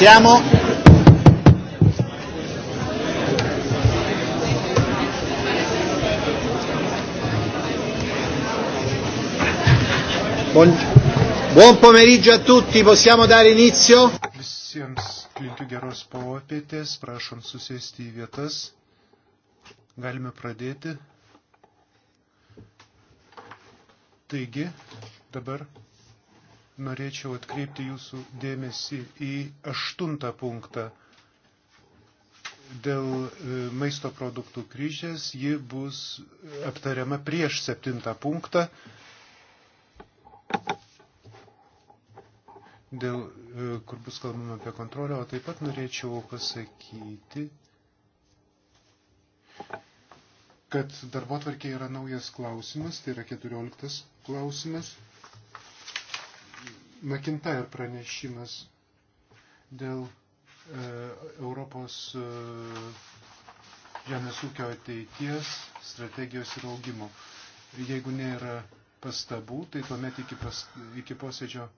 Iniziamo. Buon, buon pomeriggio a tutti, possiamo dare inizio? Visiems linkiu geros popietės, prašom susėsti į vietas. Galime pradėti. Taigi, dabar norėčiau atkreipti jūsų dėmesį į aštuntą punktą. Dėl e, maisto produktų kryžės ji bus aptariama prieš septintą punktą. Dėl, e, kur bus kalbama apie kontrolę, o taip pat norėčiau pasakyti, kad darbo tvarkė yra naujas klausimas, tai yra keturioliktas klausimas. Makinta ir pranešimas dėl e, Europos e, žemės ūkio ateities, strategijos ir augimo. Jeigu nėra pastabų, tai tuomet iki, pas, iki posėdžio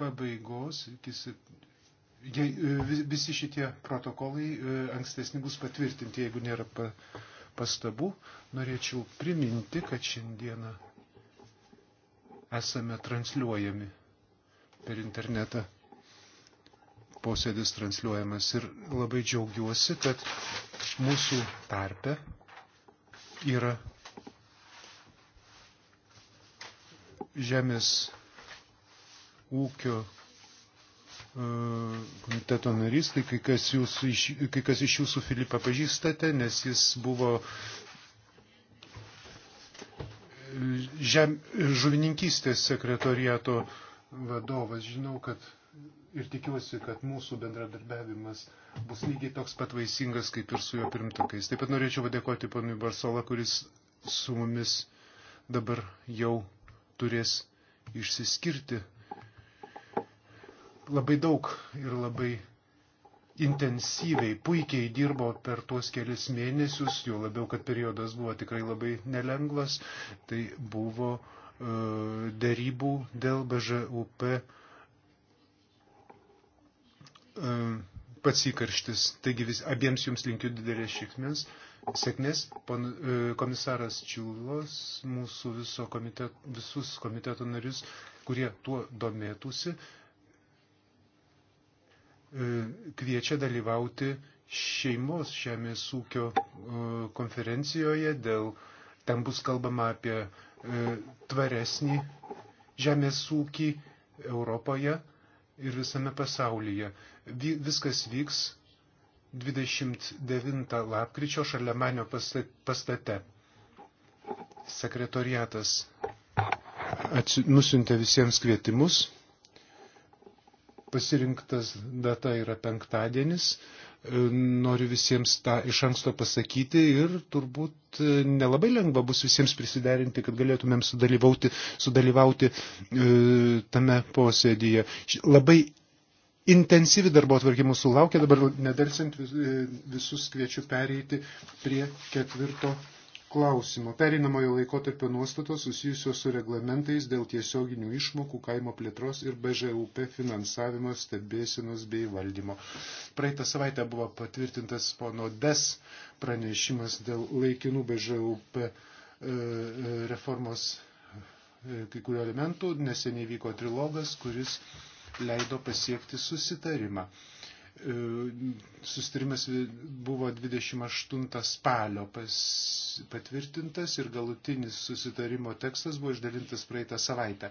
pabaigos, iki, jei, e, visi šitie protokolai e, ankstesni bus patvirtinti, jeigu nėra pa, pastabų. Norėčiau priminti, kad šiandieną esame transliuojami per internetą. Posėdis transliuojamas ir labai džiaugiuosi, kad mūsų tarpe yra Žemės ūkio e, komiteto narys, tai kai kas, jūsų, kai kas iš jūsų Filipą pažįstate, nes jis buvo žem, žuvininkystės sekretoriato vadovas. Žinau, kad ir tikiuosi, kad mūsų bendradarbiavimas bus lygiai toks pat vaisingas, kaip ir su jo pirmtakais. Taip pat norėčiau padėkoti ponui Barsola, kuris su mumis dabar jau turės išsiskirti. Labai daug ir labai intensyviai, puikiai dirbo per tuos kelius mėnesius, jo labiau, kad periodas buvo tikrai labai nelengvas, tai buvo e, dėrybų dėl BŽUP e, pats įkarštis. Taigi vis, abiems jums linkiu didelės šikmės. Sėkmės, pon, e, komisaras Čiūlos, mūsų viso komitet, visus komiteto narius, kurie tuo domėtųsi, E, kviečia dalyvauti šeimos žemės ūkio e, konferencijoje dėl, ten bus kalbama apie e, tvaresnį žemės ūkį Europoje ir visame pasaulyje. Viskas vyks 29 lapkričio šalia manio pastate. Sekretoriatas nusintė visiems kvietimus pasirinktas data yra penktadienis. E, noriu visiems tą iš anksto pasakyti ir turbūt e, nelabai lengva bus visiems prisiderinti, kad galėtumėm sudalyvauti, sudalyvauti e, tame posėdyje. Labai intensyvi darbo atvarkė mūsų laukia, dabar nedelsiant visus kviečiu pereiti prie ketvirto klausimo. Perinamojo laikotarpio nuostatos susijusios su reglamentais dėl tiesioginių išmokų kaimo plėtros ir BŽUP finansavimo stebėsinos bei valdymo. Praeitą savaitę buvo patvirtintas pono Des pranešimas dėl laikinų BŽUP e, e, reformos e, kai kurių elementų. Neseniai vyko trilogas, kuris leido pasiekti susitarimą. E, Sustarimas buvo 28 spalio pas, patvirtintas ir galutinis susitarimo tekstas buvo išdalintas praeitą savaitę.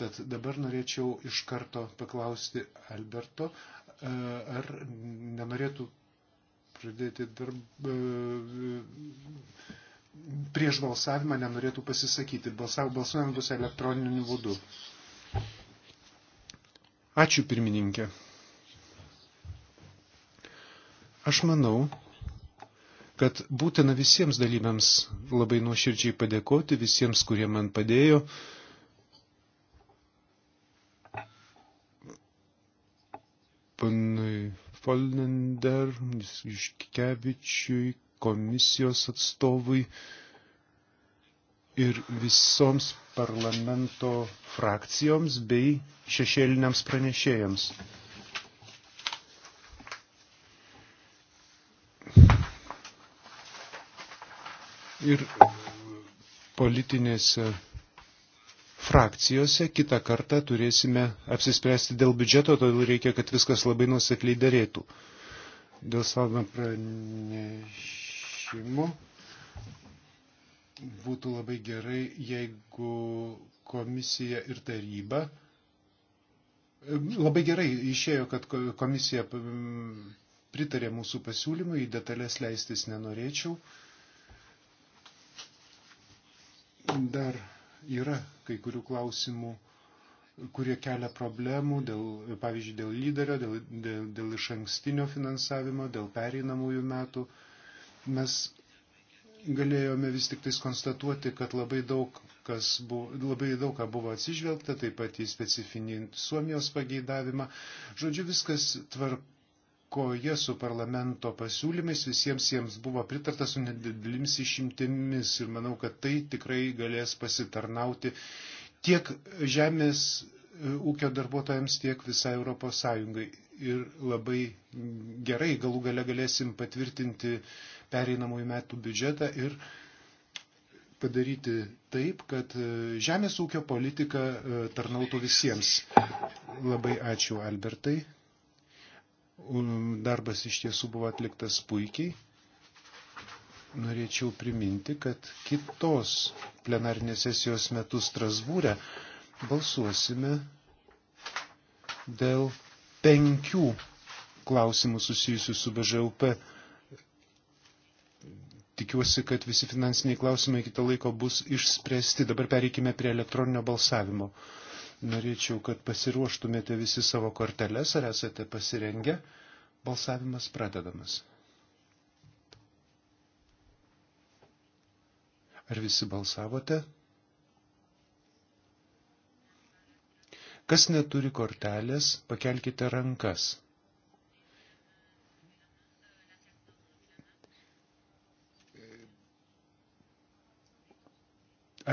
Tad dabar norėčiau iš karto paklausti Alberto, e, ar nenorėtų pradėti darbą e, prieš balsavimą, nenorėtų pasisakyti. Balsavimas bus elektroniniu būdu. Ačiū pirmininkė. Aš manau, kad būtina visiems dalyviams labai nuoširdžiai padėkoti, visiems, kurie man padėjo. Panui Folnender, Iškevičiui, komisijos atstovui ir visoms parlamento frakcijoms bei šešėliniams pranešėjams. ir e, politinėse frakcijose. Kita kartą turėsime apsispręsti dėl biudžeto, todėl reikia, kad viskas labai nusekliai darėtų. Dėl savo pranešimo būtų labai gerai, jeigu komisija ir taryba. E, labai gerai išėjo, kad komisija pritarė mūsų pasiūlymui, į detalės leistis nenorėčiau. dar yra kai kurių klausimų, kurie kelia problemų, dėl, pavyzdžiui, dėl lyderio, dėl, dėl, dėl iš ankstinio finansavimo, dėl pereinamųjų metų. Mes galėjome vis tik tais konstatuoti, kad labai daug, kas buvo, labai daug ką buvo atsižvelgta, taip pat į specifinį Suomijos pageidavimą. Žodžiu, viskas tvark, kovoje su parlamento pasiūlymais visiems jiems buvo pritarta su nedidelėmis išimtimis ir manau, kad tai tikrai galės pasitarnauti tiek žemės e, ūkio darbuotojams, tiek visai Europos Sąjungai. Ir labai gerai galų gale galėsim patvirtinti pereinamųjų metų biudžetą ir padaryti taip, kad e, žemės ūkio politika e, tarnautų visiems. Labai ačiū, Albertai. Darbas iš tiesų buvo atliktas puikiai. Norėčiau priminti, kad kitos plenarnės sesijos metu Strasbūrė balsuosime dėl penkių klausimų susijusių su BŽUP. Tikiuosi, kad visi finansiniai klausimai kito laiko bus išspręsti. Dabar pereikime prie elektroninio balsavimo. Norėčiau, kad pasiruoštumėte visi savo korteles, ar esate pasirengę. Balsavimas pradedamas. Ar visi balsavote? Kas neturi kortelės, pakelkite rankas.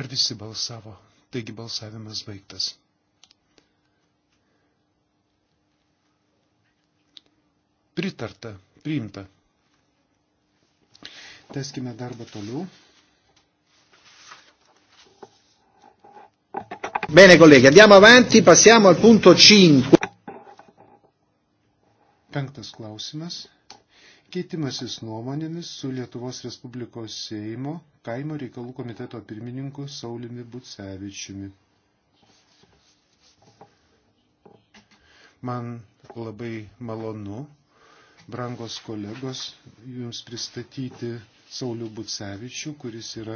Ar visi balsavo? Taigi balsavimas baigtas. pritarta, priimta. Teskime darbą toliau. Bene colleghi, andiamo avanti, passiamo al punto 5. Penktas klausimas. Keitimasis nuomonėmis su Lietuvos Respublikos Seimo kaimo reikalų komiteto pirmininku Saulimi Bucevičiumi. Man labai malonu brangos kolegos, jums pristatyti Saulių Butsevičių, kuris yra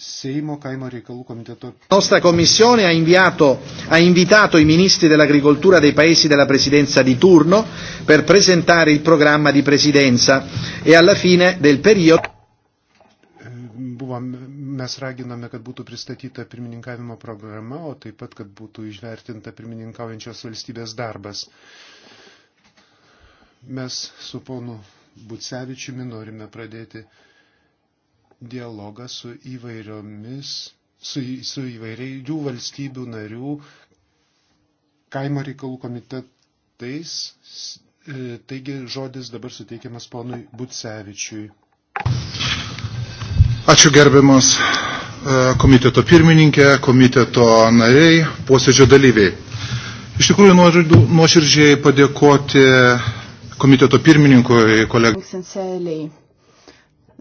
Seimo kaimo reikalų komiteto. Nostra commissione ha, inviato, ha invitato i ministri dell'agricoltura dei paesi della presidenza di turno per presentare il programma di presidenza e alla fine del periodo. Eh, Buvom, mes raginame, kad būtų pristatyta pirmininkavimo programa, o taip pat, kad būtų išvertinta pirmininkaujančios valstybės darbas. Uh, Mes su ponu Butsevičiumi norime pradėti dialogą su įvairiomis, su, su įvairių valstybių narių kaimo reikalų komitetais. E, taigi žodis dabar suteikiamas ponui Butsevičiui. Ačiū gerbiamas e, komiteto pirmininkė, komiteto nariai, posėdžio dalyviai. Iš tikrųjų noriu nuoširdžiai padėkoti komiteto pirmininkui kolegai.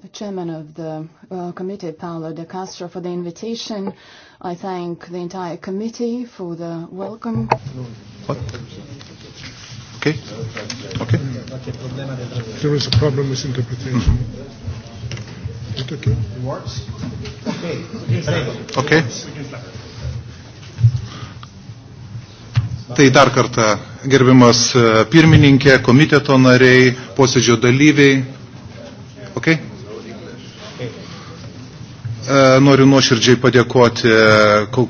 The chairman of the uh, committee, Paolo De Castro, for the invitation. I thank the entire committee for the welcome. What? Okay. Okay. There is a problem with interpretation. Mm-hmm. Is it okay? It works? Okay. Okay. okay. Tai dar kartą gerbiamas e, pirmininkė, komiteto nariai, posėdžio dalyviai. Okay? E, noriu nuoširdžiai padėkoti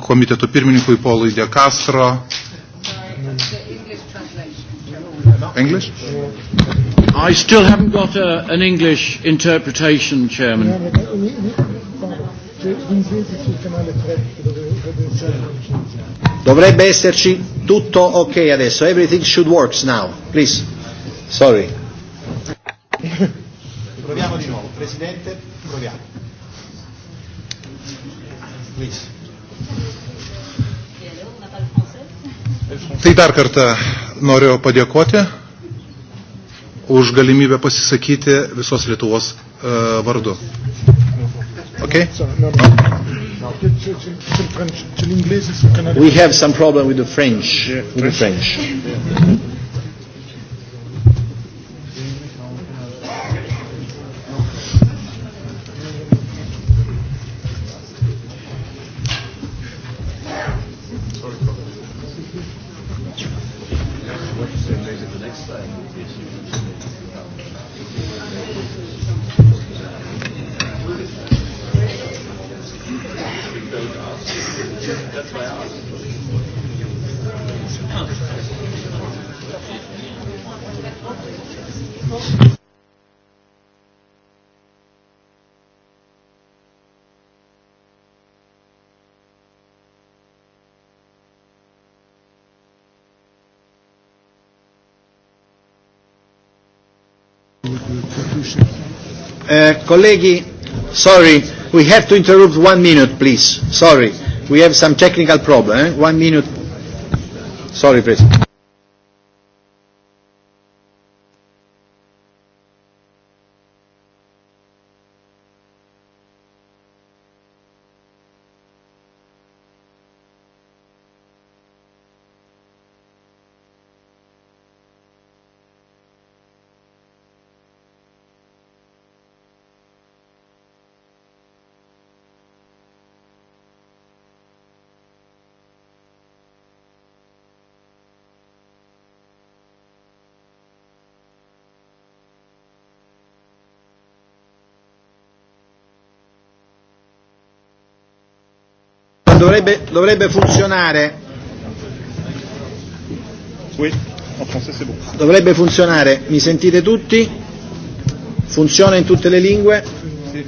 komiteto pirmininkui Polui De Castro. English? I still haven't got a, an English interpretation, Chairman. Dovrebbe esserci tutto ok adesso. Everything should work now. Please. Sorry. Proviamo di nuovo. Presidente, proviamo. Please. Tai dar kartą noriu padėkoti už galimybę pasisakyti visos Lietuvos uh, vardu. Okay? No. We have some problem with the French. Yeah, with French. the French. Uh, colleghi, sorry, we have to interrupt one minute, please. Sorry, we have some technical problem. Eh? One minute. Sorry, President. Dovrebbe, dovrebbe funzionare. Oui, en français c'est bon. Dovrebbe funzionare. Mi sentite tutti? Funziona in tutte le lingue? Sì.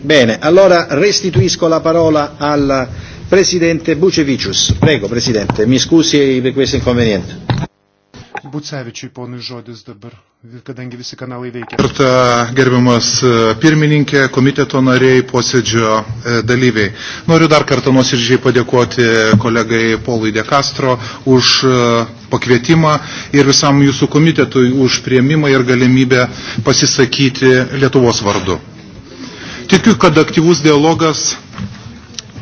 Bene, allora restituisco la parola al Presidente Bucevicius. Prego Presidente, mi scusi per questo inconveniente. Bucevičiui ponui žodis dabar, kadangi visi kanalai veikia. Kartą gerbiamas e, pirmininkė, komiteto nariai, posėdžio e, dalyviai. Noriu dar kartą nuosirdžiai padėkoti kolegai Polui De Castro už e, pakvietimą ir visam jūsų komitetui už prieimimą ir galimybę pasisakyti Lietuvos vardu. Tikiu, kad aktyvus dialogas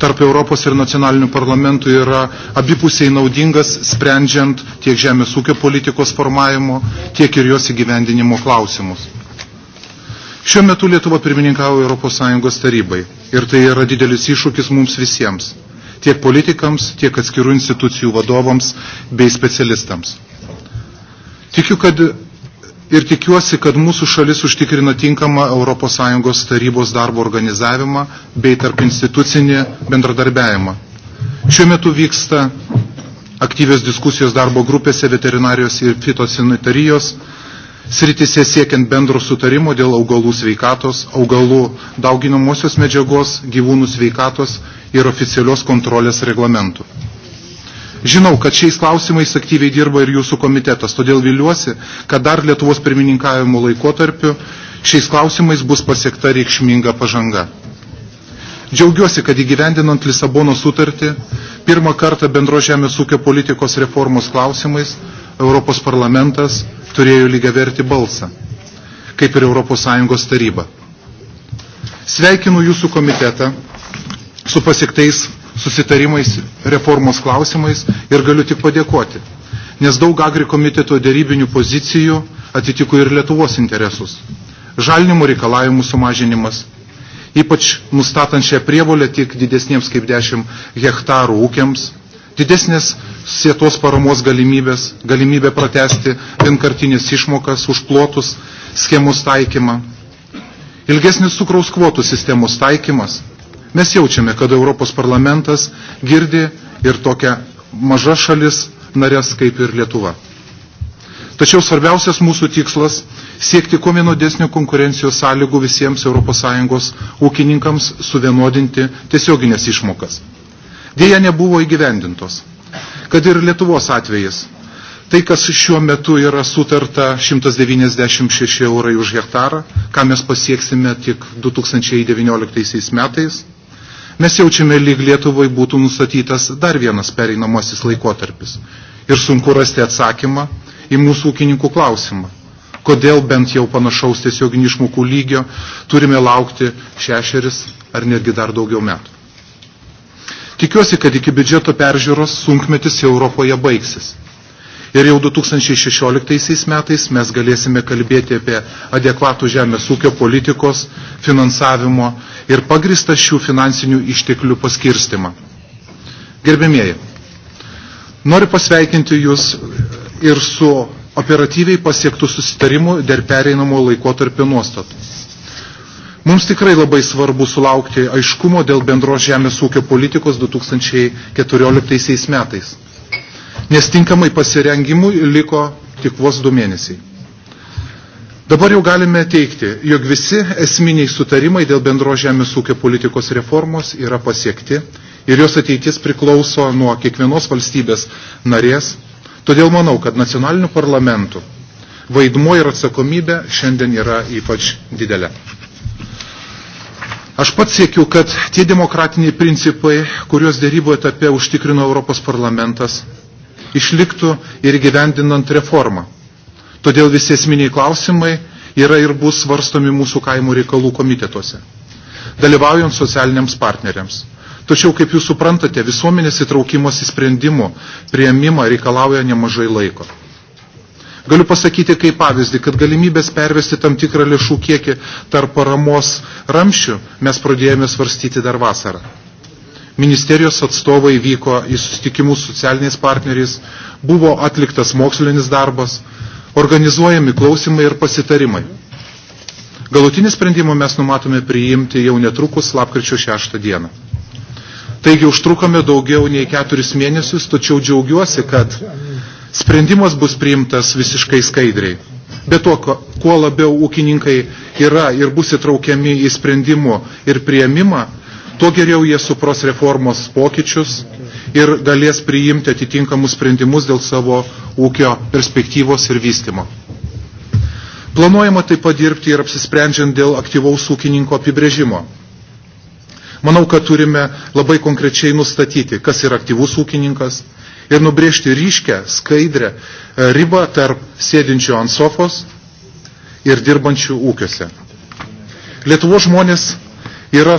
tarp Europos ir nacionalinių parlamentų yra abipusiai naudingas, sprendžiant tiek žemės ūkio politikos formavimo, tiek ir jos įgyvendinimo klausimus. Šiuo metu Lietuva pirmininkavo ES tarybai ir tai yra didelis iššūkis mums visiems, tiek politikams, tiek atskirų institucijų vadovams bei specialistams. Tikiu, kad ir tikiuosi, kad mūsų šalis užtikrina tinkamą ES tarybos darbo organizavimą bei tarp institucinį bendradarbiavimą. Šiuo metu vyksta aktyvios diskusijos darbo grupėse veterinarijos ir fitosanitarijos sritise siekiant bendro sutarimo dėl augalų sveikatos, augalų dauginamosios medžiagos, gyvūnų sveikatos ir oficialios kontrolės reglamentų. Žinau, kad šiais klausimais aktyviai dirba ir jūsų komitetas, todėl viliuosi, kad dar Lietuvos pirmininkavimo laikotarpiu šiais klausimais bus pasiekta reikšminga pažanga. Džiaugiuosi, kad įgyvendinant Lisabono sutartį, pirmą kartą bendro žemės ūkio politikos reformos klausimais Europos parlamentas turėjo lygiaverti balsą, kaip ir ES taryba. Sveikinu jūsų komitetą su pasiektais susitarimais, reformos klausimais ir galiu tik padėkoti, nes daug agri komiteto dėrybinių pozicijų atitiko ir Lietuvos interesus. Žalinimo reikalavimų sumažinimas, ypač nustatant šią prievolę tik didesniems kaip 10 hektarų ūkiams, didesnės sėtos paramos galimybės, galimybė pratesti vienkartinės išmokas už plotus, schemos taikymą, ilgesnis cukraus kvotų sistemos taikymas Mes jaučiame, kad Europos parlamentas girdi ir tokia maža šalis narės kaip ir Lietuva. Tačiau svarbiausias mūsų tikslas – siekti kuo vienodesnio konkurencijos sąlygų visiems ES ūkininkams suvienodinti tiesioginės išmokas. Dėja nebuvo įgyvendintos. Kad ir Lietuvos atvejais. Tai, kas šiuo metu yra sutarta 196 eurai už hektarą, ką mes pasieksime tik 2019 metais, mes jaučiame, lyg Lietuvai būtų nustatytas dar vienas pereinamasis laikotarpis. Ir sunku rasti atsakymą į mūsų ūkininkų klausimą, kodėl bent jau panašaus tiesioginių išmokų lygio turime laukti šešeris ar netgi dar daugiau metų. Tikiuosi, kad iki biudžeto peržiūros sunkmetis Europoje baigsis ir jau 2016 metais mes galėsime kalbėti apie adekvatų žemės ūkio politikos, finansavimo ir pagristą šių finansinių išteklių paskirstimą. Gerbėmieji, noriu pasveikinti Jūs ir su operatyviai pasiektų susitarimų dėl pereinamo laikotarpio nuostatų. Mums tikrai labai svarbu sulaukti aiškumo dėl bendros žemės ūkio politikos 2014 metais nes tinkamai pasirengimui liko tik vos du mėnesiai. Dabar jau galime teikti, jog visi esminiai sutarimai dėl bendro žemės ūkio politikos reformos yra pasiekti ir jos ateitis priklauso nuo kiekvienos valstybės narės. Todėl manau, kad nacionalinių parlamentų vaidmuo ir atsakomybė šiandien yra ypač didelė. Aš pats siekiu, kad tie demokratiniai principai, kuriuos dėrybo etape užtikrino Europos parlamentas, išliktų ir gyvendinant reformą. Todėl visi esminiai klausimai yra ir bus svarstomi mūsų kaimų reikalų komitetuose, dalyvaujant socialiniams partneriams. Tačiau, kaip jūs suprantate, visuomenės įtraukimas į sprendimų prieimimą reikalauja nemažai laiko. Galiu pasakyti kaip pavyzdį, kad galimybės pervesti tam tikrą lėšų kiekį tarp paramos ramščių mes pradėjome svarstyti dar vasarą ministerijos atstovai vyko į susitikimus socialiniais partneriais, buvo atliktas mokslinis darbas, organizuojami klausimai ir pasitarimai. Galutinį sprendimą mes numatome priimti jau netrukus lapkričio 6 dieną. Taigi užtrukome daugiau nei keturis mėnesius, tačiau džiaugiuosi, kad sprendimas bus priimtas visiškai skaidriai. Be to, kuo labiau ūkininkai yra ir bus įtraukiami į sprendimų ir prieimimą, tuo geriau jie supros reformos pokyčius ir galės priimti atitinkamus sprendimus dėl savo ūkio perspektyvos ir vystimo. Planuojama taip pat dirbti ir apsisprendžiant dėl aktyvaus ūkininko apibrėžimo. Manau, kad turime labai konkrečiai nustatyti, kas yra aktyvus ūkininkas ir nubrėžti ryškę, skaidrę e, ribą tarp sėdinčio ant sofos ir dirbančių ūkiuose. Lietuvos žmonės yra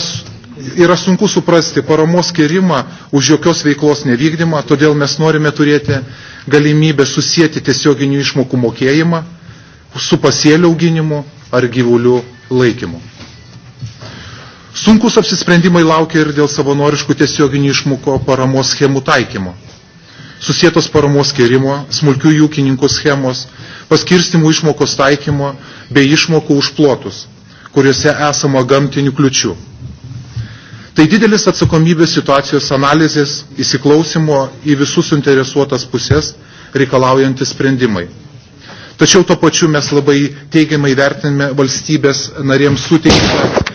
yra sunku suprasti paramos skirimą už jokios veiklos nevykdymą, todėl mes norime turėti galimybę susijęti tiesioginių išmokų mokėjimą su pasėlių auginimu ar gyvulių laikymu. Sunkus apsisprendimai laukia ir dėl savanoriškų tiesioginių išmoko paramos schemų taikymo. Susietos paramos skirimo, smulkių ūkininkų schemos, paskirstimų išmokos taikymo bei išmokų už plotus, kuriuose esama gamtinių kliučių. Tai didelis atsakomybės situacijos analizės, įsiklausimo į visus suinteresuotas pusės reikalaujantis sprendimai. Tačiau to pačiu mes labai teigiamai vertiname valstybės narėms suteiktą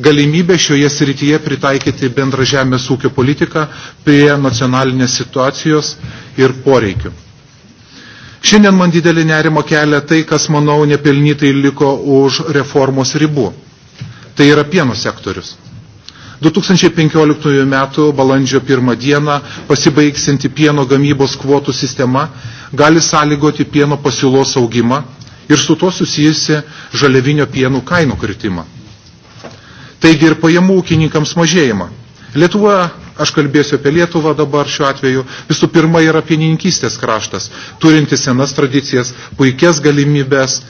galimybę šioje srityje pritaikyti bendrą žemės ūkio politiką prie nacionalinės situacijos ir poreikių. Šiandien man didelį nerimą kelia tai, kas, manau, nepelnytai liko už reformos ribų. Tai yra pieno sektorius. 2015 m. balandžio 1 d. pasibaigsinti pieno gamybos kvotų sistema gali sąlygoti pieno pasiūlos augimą ir su tuo susijusi žaliavinio pienų kainų kritimą. Taigi ir pajamų ūkininkams mažėjimą. Lietuvoje, aš kalbėsiu apie Lietuvą dabar šiuo atveju, visų pirma yra pieninkystės kraštas, turinti senas tradicijas, puikias galimybės.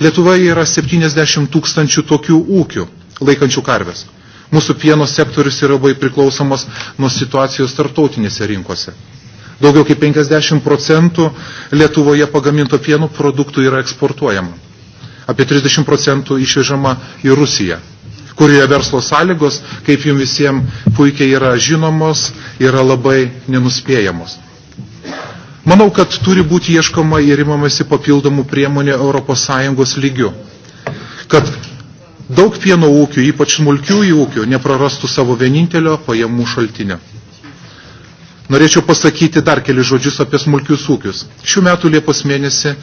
Lietuvoje yra 70 tūkstančių tokių ūkių laikančių karves. Mūsų pieno sektorius yra labai priklausomas nuo situacijos tartautinėse rinkose. Daugiau kaip 50 procentų Lietuvoje pagaminto pieno produktų yra eksportuojama. Apie 30 procentų išvežama į Rusiją, kurioje verslo sąlygos, kaip jums visiems puikiai yra žinomos, yra labai nenuspėjamos. Manau, kad turi būti ieškoma ir imamasi papildomų priemonė ES lygių, kad daug pieno ūkių, ypač smulkiųjų ūkių, neprarastų savo vienintelio pajamų šaltinio. Norėčiau pasakyti dar keli žodžius apie smulkius ūkius. Šių metų Liepos mėnesį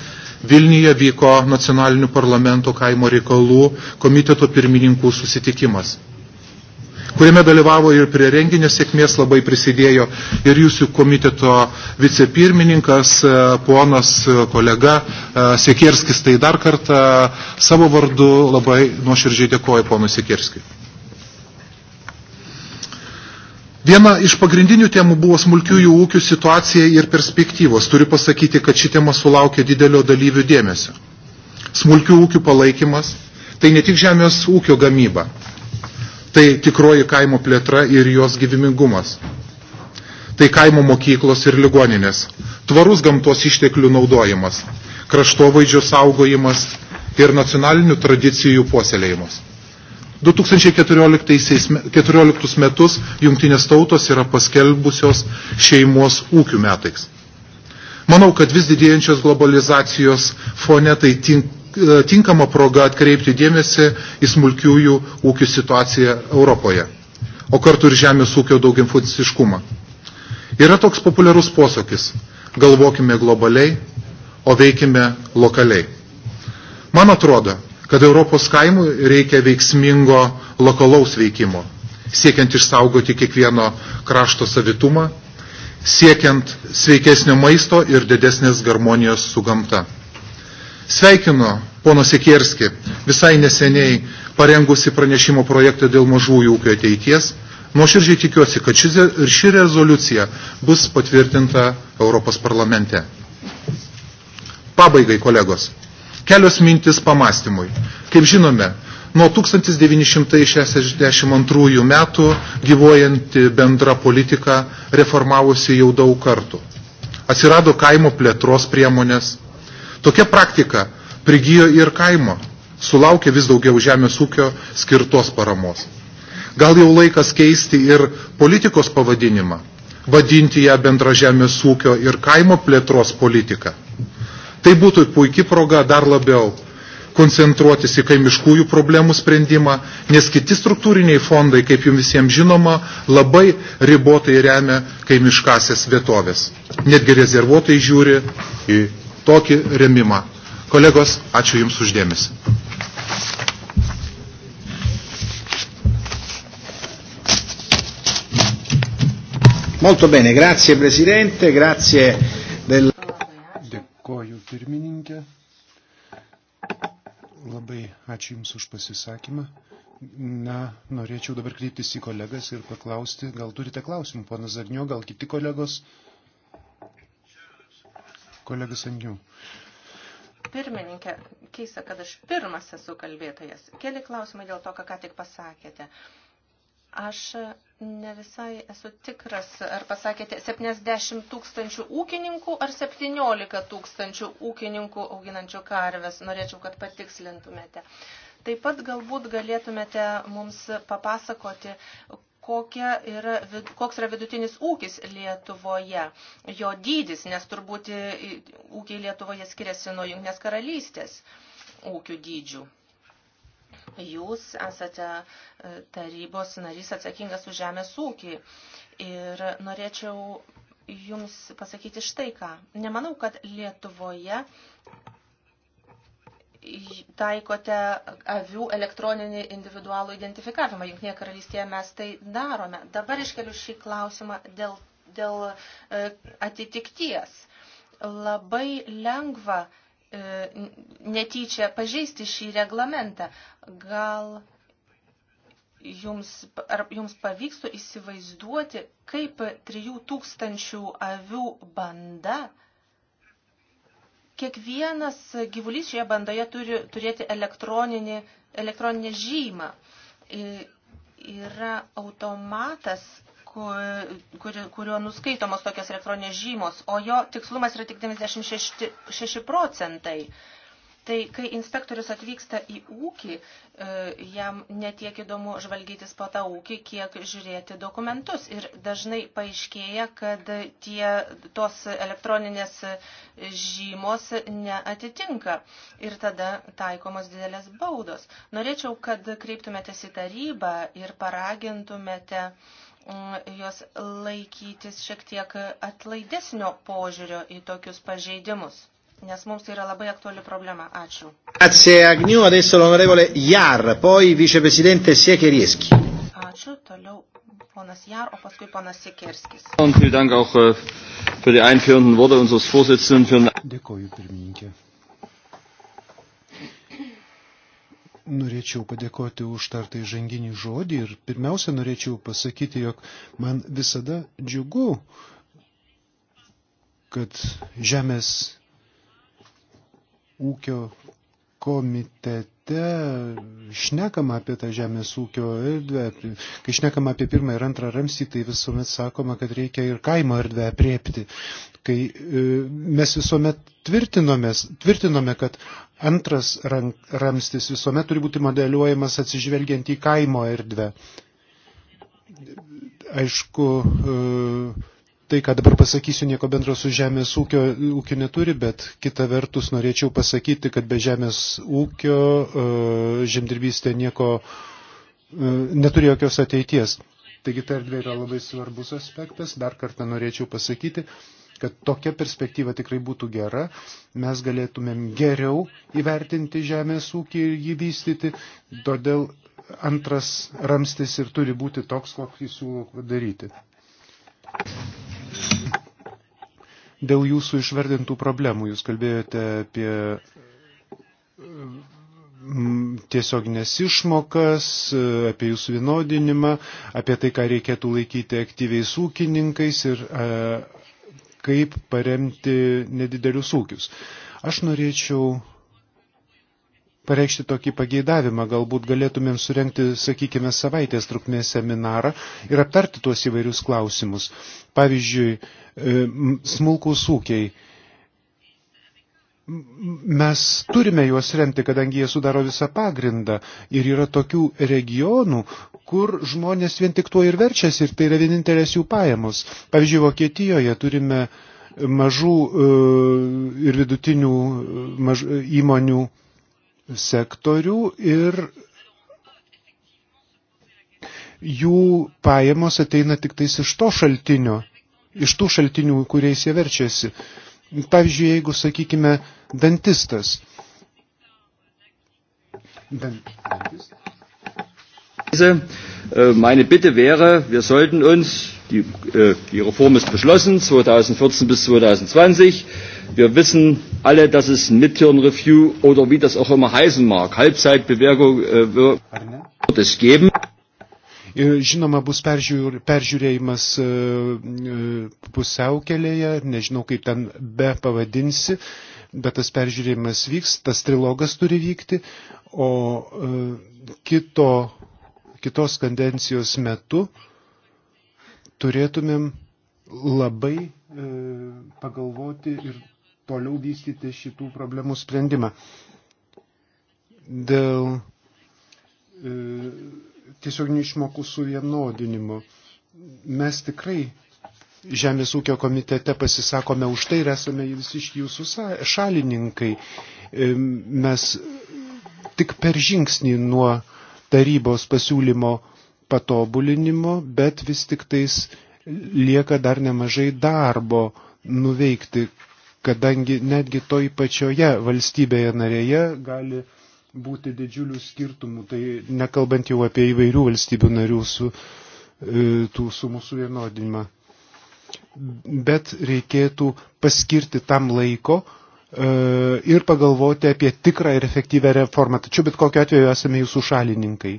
Vilniuje vyko nacionalinių parlamento kaimo reikalų komiteto pirmininkų susitikimas kuriame dalyvavo ir prie renginio sėkmės labai prisidėjo ir jūsų komiteto vicepirmininkas, e, ponas e, kolega e, Sikerskis. Tai dar kartą savo vardu labai nuoširdžiai dėkoju ponui Sikerskiui. Viena iš pagrindinių temų buvo smulkiųjų ūkių situacija ir perspektyvos. Turiu pasakyti, kad ši tema sulaukė didelio dalyvių dėmesio. Smulkių ūkių palaikymas – tai ne tik žemės ūkio gamyba, tai tikroji kaimo plėtra ir jos gyvimingumas. Tai kaimo mokyklos ir ligoninės, tvarus gamtos išteklių naudojimas, kraštovaizdžio saugojimas ir nacionalinių tradicijų puoselėjimas. 2014 metus jungtinės tautos yra paskelbusios šeimos ūkių metais. Manau, kad vis didėjančios globalizacijos fone tai tink, E, tinkama proga atkreipti dėmesį į smulkiųjų ūkių situaciją Europoje, o kartu ir žemės ūkio daugiafunkciškumą. Yra toks populiarus posakis – galvokime globaliai, o veikime lokaliai. Man atrodo, kad Europos kaimų reikia veiksmingo lokalaus veikimo, siekiant išsaugoti kiekvieno krašto savitumą, siekiant sveikesnio maisto ir didesnės harmonijos su gamta. Sveikinu pono Sikierski visai neseniai parengusi pranešimo projektą dėl mažųjų ūkio ateities. Nuoširdžiai tikiuosi, kad ši, ši rezoliucija bus patvirtinta Europos parlamente. Pabaigai, kolegos. Kelios mintis pamastymui. Kaip žinome, nuo 1962 metų gyvuojanti bendra politika reformavosi jau daug kartų. Atsirado kaimo plėtros priemonės, Tokia praktika prigijo ir kaimo, sulaukė vis daugiau žemės ūkio skirtos paramos. Gal jau laikas keisti ir politikos pavadinimą, vadinti ją bendra žemės ūkio ir kaimo plėtros politika. Tai būtų puikia proga dar labiau koncentruotis į kaimiškųjų problemų sprendimą, nes kiti struktūriniai fondai, kaip jums visiems žinoma, labai ribotai remia kaimiškasias vietovės. Netgi rezervuotai žiūri į tokį remimą. Kolegos, ačiū Jums uždėmesi. Molto bene, grazie Presidente, grazie del... Dėkoju pirmininkė. Labai ačiū Jums už pasisakymą. Na, norėčiau dabar kreiptis į kolegas ir paklausti, gal turite klausimų, ponas Zarnio, gal kiti kolegos. Kolegas Angiu. Pirmininkė, keista, kad aš pirmas esu kalbėtojas. Keli klausimai dėl to, ką, ką tik pasakėte. Aš ne visai esu tikras, ar pasakėte 70 tūkstančių ūkininkų ar 17 tūkstančių ūkininkų auginančių karves. Norėčiau, kad patikslintumėte. Taip pat galbūt galėtumėte mums papasakoti, yra, koks yra vidutinis ūkis Lietuvoje, jo dydis, nes turbūt ūkiai Lietuvoje skiriasi nuo Junknės karalystės ūkių dydžių. Jūs esate e, tarybos narys atsakingas už žemės ūkį ir norėčiau Jums pasakyti štai ką. Nemanau, kad Lietuvoje uh, taikote avių elektroninį individualų identifikavimą. Junknėje karalystėje mes tai darome. Dabar iškeliu šį klausimą dėl, dėl e, atitikties. Labai lengva e, netyčia pažeisti šį reglamentą. Gal jums, ar jums pavykstų įsivaizduoti, kaip 3000 avių banda uh, Kiekvienas gyvulys šioje bandoje turi turėti elektroninį, elektroninę žymą. Yra automatas, kur, kuriuo nuskaitomos tokios elektroninės žymos, o jo tikslumas yra tik 96 procentai. Tai kai inspektorius atvyksta į ūkį, e, jam netiek įdomu žvalgytis po tą ūkį, kiek žiūrėti dokumentus. Ir dažnai paaiškėja, kad tie, tos elektroninės žymos neatitinka. Ir tada taikomos didelės baudos. Norėčiau, kad kreiptumėte į tarybą ir paragintumėte mm, jos laikytis šiek tiek atlaidesnio požiūrio į tokius pažeidimus nes mums tai yra labai aktuali problema. Ačiū. Grazie Agniu, adesso l'onorevole Jar, poi vicepresidente Siekerieschi. Ačiū, toliau ponas Jar, o paskui ponas Siekerskis. Äh, Dėkoju, pirmininkė. Norėčiau padėkoti už tartą įžanginį žodį ir pirmiausia norėčiau pasakyti, jog man visada džiugu, kad žemės ūkio komitete šnekama apie tą žemės ūkio erdvę. Kai šnekama apie pirmą ir antrą ramstį, tai visuomet sakoma, kad reikia ir kaimo erdvę apriepti. Kai e, mes visuomet tvirtinome, kad antras ramstis visuomet turi būti modeliuojamas atsižvelgiant į kaimo erdvę. Aišku, e, tai, ką dabar pasakysiu, nieko bendro su žemės ūkio, ūkio neturi, bet kita vertus norėčiau pasakyti, kad be žemės ūkio e, žemdirbystė nieko e, neturi jokios ateities. Taigi ta erdvė yra labai svarbus aspektas. Dar kartą norėčiau pasakyti, kad tokia perspektyva tikrai būtų gera. Mes galėtumėm geriau įvertinti žemės ūkį ir jį vystyti. Todėl antras ramstis ir turi būti toks, kokį siūlau daryti. Dėl jūsų išvardintų problemų jūs kalbėjote apie mm, tiesioginės išmokas, apie jūsų vienodinimą, apie tai, ką reikėtų laikyti aktyviais ūkininkais ir e, kaip paremti nedidelius ūkius. Aš norėčiau pareikšti tokį pageidavimą. Galbūt galėtumėm surenkti, sakykime, savaitės trukmės seminarą ir aptarti tuos įvairius klausimus. Pavyzdžiui, e, smulkūs ūkiai. Mes turime juos remti, kadangi jie sudaro visą pagrindą. Ir yra tokių regionų, kur žmonės vien tik tuo ir verčiasi ir tai yra vienintelės jų pajamos. Pavyzdžiui, Vokietijoje turime mažų e, ir vidutinių e, maž, įmonių sektorių ir jų pajamos ateina tik tais iš to šaltinio, iš tų šaltinių, kuriais jie verčiasi. Pavyzdžiui, jeigu, sakykime, dantistas. Dan, dantistas Weise. Äh, meine Bitte wäre, wir sollten uns, die, äh, die Reform ist beschlossen, 2014 bis 2020. Wir wissen alle, dass es Midterm Review oder wie das auch immer heißen mag, Halbzeitbewertung äh, wird es geben. Žinoma, bus peržiūr, peržiūrėjimas pusiaukelėje, nežinau kaip ten be pavadinsi, bet tas peržiūrėjimas vyks, tas trilogas turi vykti, o kito kitos kandencijos metu turėtumėm labai e, pagalvoti ir toliau vystyti šitų problemų sprendimą. Dėl e, tiesioginių išmokų suvienodinimo. Mes tikrai Žemės ūkio komitete pasisakome už tai ir esame visi iš jūsų šalininkai. E, mes tik per žingsnį nuo tarybos pasiūlymo patobulinimo, bet vis tik tais lieka dar nemažai darbo nuveikti, kadangi netgi toj pačioje valstybėje narėje gali būti didžiulių skirtumų, tai nekalbant jau apie įvairių valstybių narių su, e, tų sumų suvienodinimą. Bet reikėtų paskirti tam laiko, E, ir pagalvoti apie tikrą ir efektyvę reformą. Tačiau bet kokiu atveju esame jūsų šalininkai.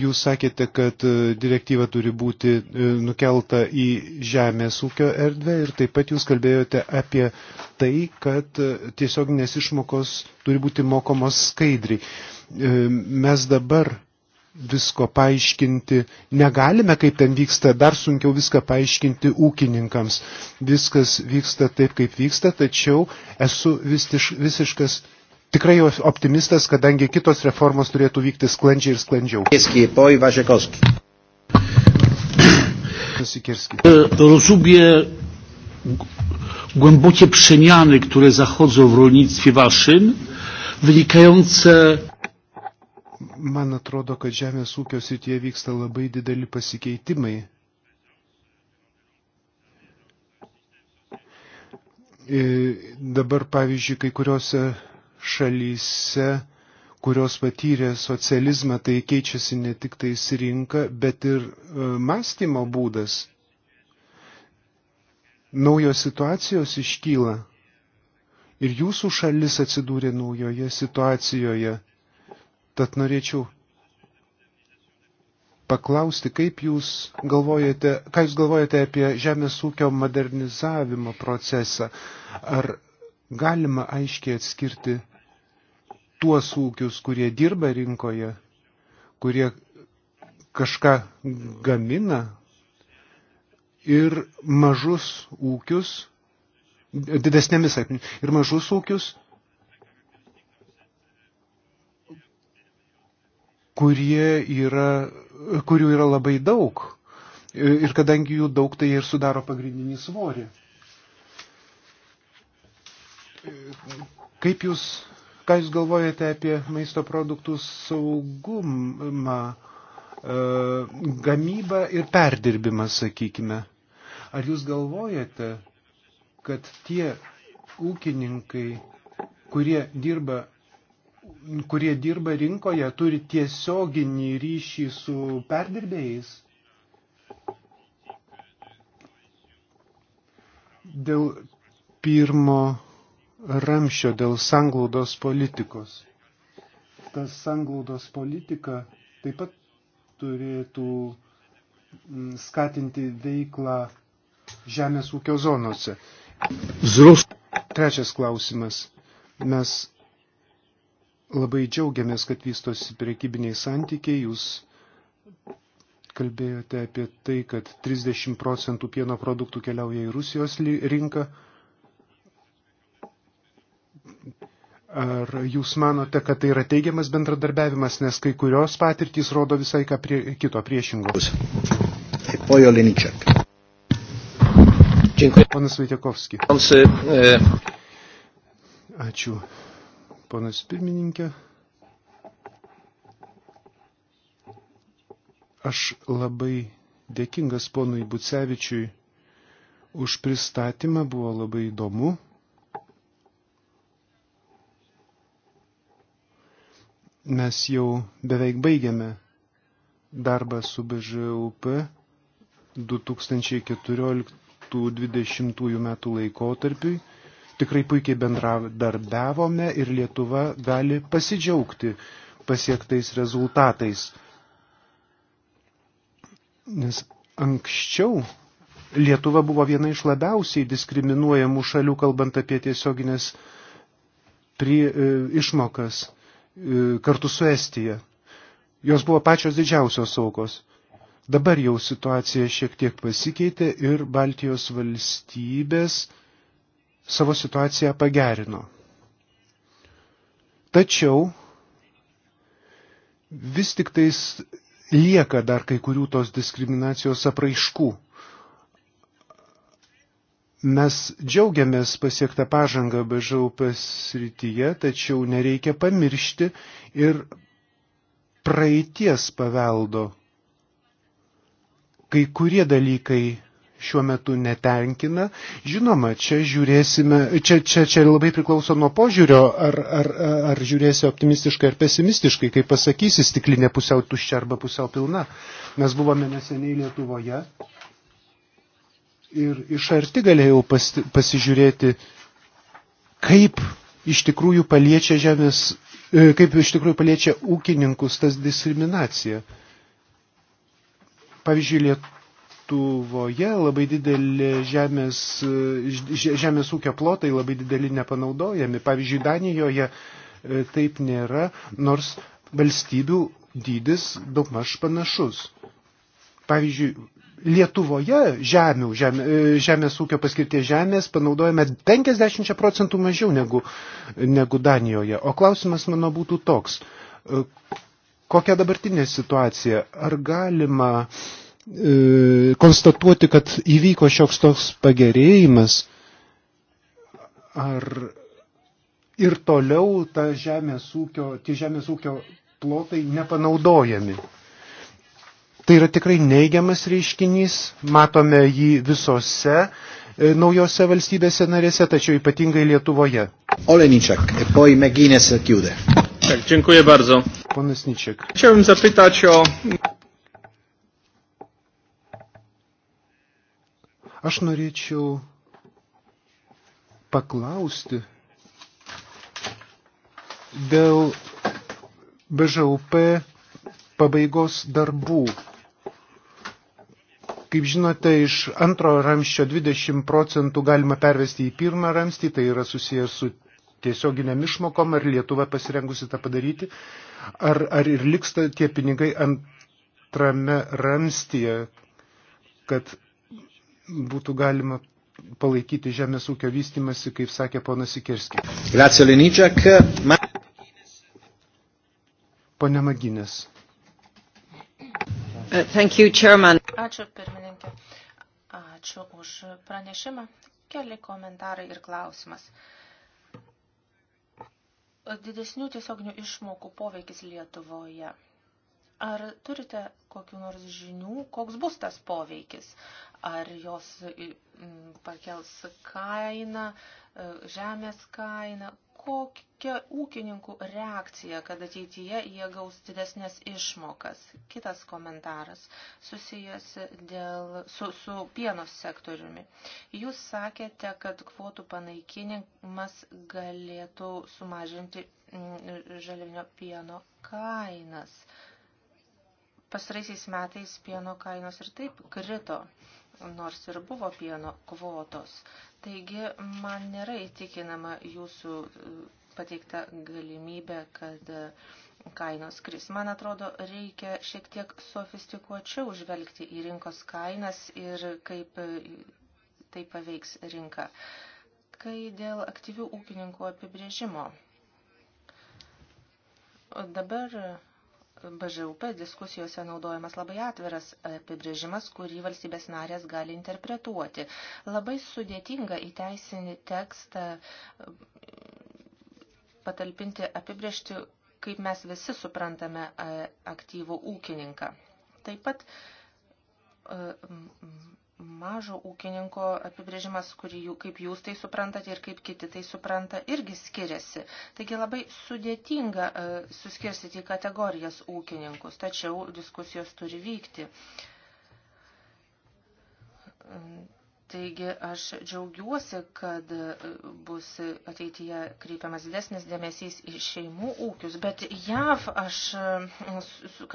Jūs sakėte, kad e, direktyva turi būti e, nukelta į žemės ūkio erdvę ir taip pat jūs kalbėjote apie tai, kad tiesioginės išmokos turi būti mokomos skaidriai. Mes dabar visko paaiškinti negalime, kaip ten vyksta, dar sunkiau viską paaiškinti ūkininkams. Viskas vyksta taip, kaip vyksta, tačiau esu visiš, visiškas tikrai optimistas, kadangi kitos reformos turėtų vykti sklandžiai ir sklandžiau. E, rozumie głębokie przemiany, które zachodzą w rolnictwie waszym, wynikające Man atrodo, kad žemės ūkio srityje vyksta labai dideli pasikeitimai. E, dabar, pavyzdžiui, kai kuriuose šalyse, kurios patyrė socializmą, tai keičiasi ne tik tais rinka, bet ir e, mąstymo būdas. Naujos situacijos iškyla ir jūsų šalis atsidūrė naujoje situacijoje. Tad norėčiau paklausti, kaip jūs galvojate, ką jūs galvojate apie žemės ūkio modernizavimo procesą. Ar galima aiškiai atskirti tuos ūkius, kurie dirba rinkoje, kurie kažką gamina ir mažus ūkius, didesnėmis, ir mažus ūkius, yra, kurių yra labai daug. Ir kadangi jų daug, tai ir sudaro pagrindinį svorį. Kaip jūs, ką jūs galvojate apie maisto produktų saugumą, e, gamybą ir perdirbimą, sakykime? Ar jūs galvojate, kad tie ūkininkai, kurie dirba kurie dirba rinkoje, turi tiesioginį ryšį su perdirbėjais? Dėl pirmo ramščio, dėl sanglaudos politikos. Tas sanglaudos politika taip pat turėtų mm, skatinti veiklą žemės ūkio zonose. Zrus. Trečias klausimas. Mes Labai džiaugiamės, kad vystosi priekybiniai santykiai. Jūs kalbėjote apie tai, kad 30 procentų pieno produktų keliauja į Rusijos rinką. Ar jūs manote, kad tai yra teigiamas bendradarbiavimas, nes kai kurios patirtys rodo visai ką prie, kito priešingo? Pojo Liničiak. Ponas Vaitiakovski. E, Ačiū ponas pirmininkė. Aš labai dėkingas ponui Bucevičiui už pristatymą, buvo labai įdomu. Mes jau beveik baigiame darbą su BŽUP 2014-2020 metų laikotarpiui tikrai puikiai bendradarbiavome ir Lietuva gali pasidžiaugti pasiektais rezultatais. Nes anksčiau Lietuva buvo viena iš labiausiai diskriminuojamų šalių, kalbant apie tiesioginės prie, e, išmokas e, kartu su Estija. Jos buvo pačios didžiausios aukos. Dabar jau situacija šiek tiek pasikeitė ir Baltijos valstybės savo situaciją pagerino. Tačiau vis tik tais lieka dar kai kurių tos diskriminacijos apraiškų. Mes džiaugiamės pasiektą pažangą BŽUP srityje, tačiau nereikia pamiršti ir praeities paveldo. Kai kurie dalykai šiuo metu netenkina. Žinoma, čia žiūrėsime, čia, čia, čia labai priklauso nuo požiūrio, ar, ar, ar žiūrėsi optimistiškai ar pesimistiškai, kaip pasakysi, stiklinė pusiau tuščia arba pusiau pilna. Mes buvome neseniai Lietuvoje ir iš arti galėjau pas, pasižiūrėti, kaip iš tikrųjų paliečia žemės, e, kaip iš tikrųjų paliečia ūkininkus tas diskriminacija. Pavyzdžiui, Lietuvoje Lietuvoje labai didelė žemės, e, žemės ūkio plotai labai dideli nepanaudojami. Pavyzdžiui, Danijoje e, taip nėra, nors valstybių dydis daugmaž panašus. Pavyzdžiui, Lietuvoje žemių, žemė, e, žemės ūkio paskirties žemės panaudojame 50 procentų mažiau negu, negu Danijoje. O klausimas mano būtų toks. Kokia dabartinė situacija? Ar galima uh, E, konstatuoti, kad įvyko šioks toks pagerėjimas, ar ir toliau ta žemės ūkio, tie žemės ūkio plotai nepanaudojami. Tai yra tikrai neigiamas reiškinys, matome jį visose e, naujose valstybėse narėse, tačiau ypatingai Lietuvoje. Oleniczek, e poi Megines chiude. Tak, dziękuję bardzo. Ponas Niczek. Chciałbym zapytać o... Aš norėčiau paklausti dėl BŽUP pabaigos darbų. Kaip žinote, iš antro ramščio 20 procentų galima pervesti į pirmą ramstį, tai yra susijęs su tiesioginėm išmokom, ar Lietuva pasirengusi tą padaryti, ar, ar ir liks tie pinigai antrame ramstyje, kad būtų galima palaikyti žemės ūkio vystimasi, kaip sakė ponas Sikirski. Grazie Leničiak. Ma... Pone Maginės. Uh, thank you, Chairman. Ačiū, pirmininkė. Ačiū už pranešimą. Keli komentarai ir klausimas. Didesnių tiesioginių išmokų poveikis Lietuvoje. Ar turite kokiu nors žinių, koks bus tas poveikis? ar jos pakels kainą, e, žemės kainą, kokia ūkininkų reakcija, kad ateityje jie gaus didesnės išmokas. Kitas komentaras susijęs dėl, su, su pieno sektoriumi. Jūs sakėte, kad kvotų panaikinimas galėtų sumažinti žalivinio pieno kainas. Pasraisiais metais pieno kainos ir taip krito nors ir buvo pieno kvotos. Taigi man nėra įtikinama jūsų e, pateikta galimybė, kad e, kainos kris. Man atrodo, reikia šiek tiek sofistikuočiau žvelgti į rinkos kainas ir kaip e, tai paveiks rinką. Kai dėl aktyvių ūkininkų apibrėžimo. O dabar BŽUP diskusijose naudojamas labai atviras apibrėžimas, kurį valstybės narės gali interpretuoti. Labai sudėtinga į teisinį tekstą mm, patalpinti apibrėžti, kaip mes visi suprantame e, aktyvų ūkininką. Taip pat e, mažo ūkininko apibrėžimas, kurį kaip jūs tai suprantate ir kaip kiti tai supranta, irgi skiriasi. Taigi labai sudėtinga e, suskirstyti į kategorijas ūkininkus, tačiau diskusijos turi vykti. Taigi aš džiaugiuosi, kad e, bus ateityje kreipiamas didesnis dėmesys į šeimų ūkius, bet JAV aš e,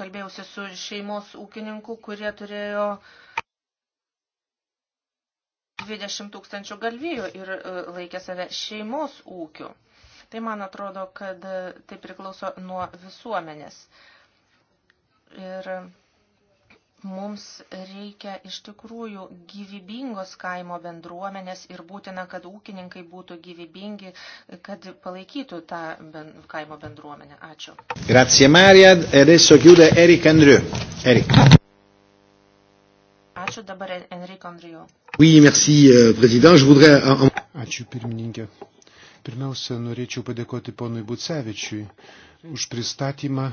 kalbėjausi su šeimos ūkininku, kurie turėjo uh, 20 tūkstančių galvijų ir e, laikė save šeimos ūkiu. Tai man atrodo, kad e, tai priklauso nuo visuomenės. Ir mums reikia iš tikrųjų gyvybingos kaimo bendruomenės ir būtina, kad ūkininkai būtų gyvybingi, kad palaikytų tą ben, kaimo bendruomenę. Ačiū. Grazie Marija, e adesso chiude Erik Andriu. Erik. Ačiū dabar Enrico Andrijo. Oui, merci, euh, président. Je voudrais... Ačiū pirmininkė. Pirmiausia, norėčiau padėkoti ponui Bucevičiui už pristatymą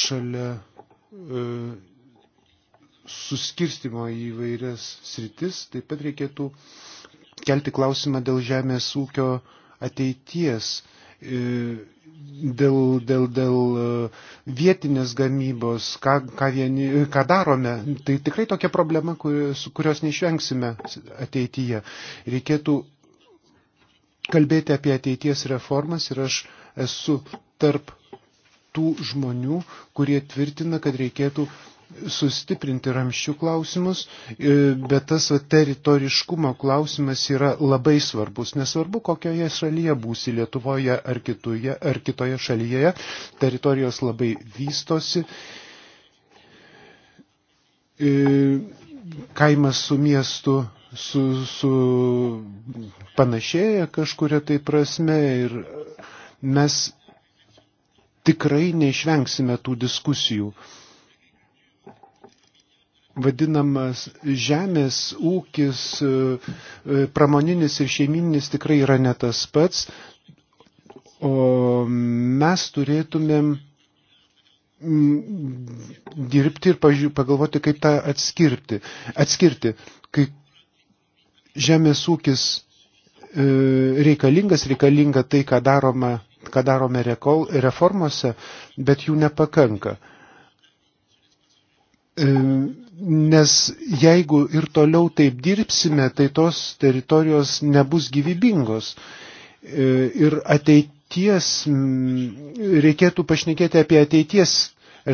šalia e, suskirstimo į vairias sritis, taip pat reikėtų kelti klausimą dėl žemės ūkio ateities. E, E, dėl, dėl, dėl e, vietinės gamybos, ką, ką, vieni, e, ką darome. Tai tikrai tokia problema, kurios neišvengsime ateityje. Reikėtų kalbėti apie ateities reformas ir aš esu tarp tų žmonių, kurie tvirtina, kad reikėtų sustiprinti ramščių klausimus, e, bet tas va, teritoriškumo klausimas yra labai svarbus. Nesvarbu, kokioje šalyje būsi, Lietuvoje ar, kituje, ar kitoje šalyje, teritorijos labai vystosi. E, kaimas su miestu su, su panašėja kažkuria tai prasme ir mes tikrai neišvengsime tų diskusijų. Uh, vadinamas žemės ūkis, e, e, pramoninis ir šeimininis tikrai yra ne tas pats, o mes turėtumėm mm, dirbti ir pagalvoti, kaip tą atskirti. atskirti. Kai žemės ūkis e, reikalingas, reikalinga tai, ką darome, ką darome reformose, bet jų nepakanka. E, nes jeigu ir toliau taip dirbsime, tai tos teritorijos nebus gyvybingos. E, ir ateities, reikėtų pašnekėti apie ateities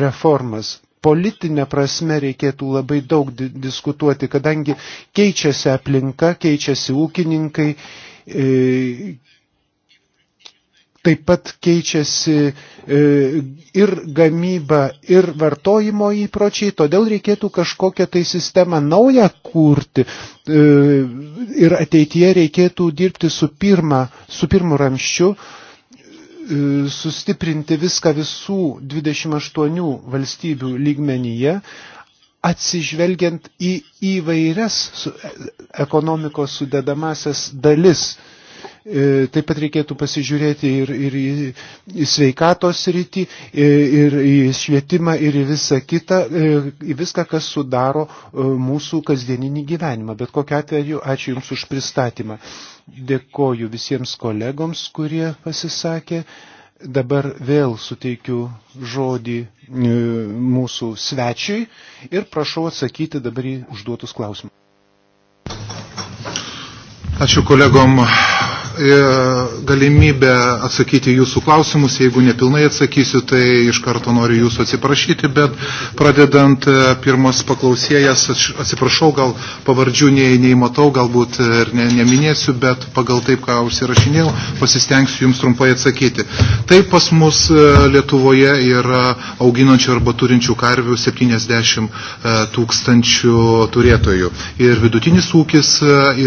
reformas. Politinė prasme reikėtų labai daug diskutuoti, kadangi keičiasi aplinka, keičiasi ūkininkai, e, Taip pat keičiasi e, ir gamyba, ir vartojimo įpročiai, todėl reikėtų kažkokią tai sistemą naują kurti e, ir ateityje reikėtų dirbti su, pirma, su pirmu ramščiu, e, sustiprinti viską visų 28 valstybių lygmenyje, atsižvelgiant į įvairias ekonomikos sudedamasias dalis E, taip pat reikėtų pasižiūrėti ir, ir į, į sveikatos rytį, ir, e, ir į švietimą, ir į visą kitą, e, į viską, kas sudaro mūsų kasdieninį gyvenimą. Bet kokiu atveju, ačiū Jums už pristatymą. Dėkoju visiems kolegoms, kurie pasisakė. Dabar vėl suteikiu žodį mūsų svečiui ir prašau atsakyti dabar į užduotus klausimus. Ačiū kolegom E, galimybę atsakyti jūsų klausimus. Jeigu nepilnai atsakysiu, tai iš karto noriu jūsų atsiprašyti, bet pradedant e, pirmas paklausėjas, atsiprašau, gal pavardžių nei, nei matau, galbūt ir ne, neminėsiu, bet pagal taip, ką užsirašinėjau, pasistengsiu jums trumpai atsakyti. Taip pas mus e, Lietuvoje yra auginančių arba turinčių karvių 70 tūkstančių turėtojų. Ir vidutinis ūkis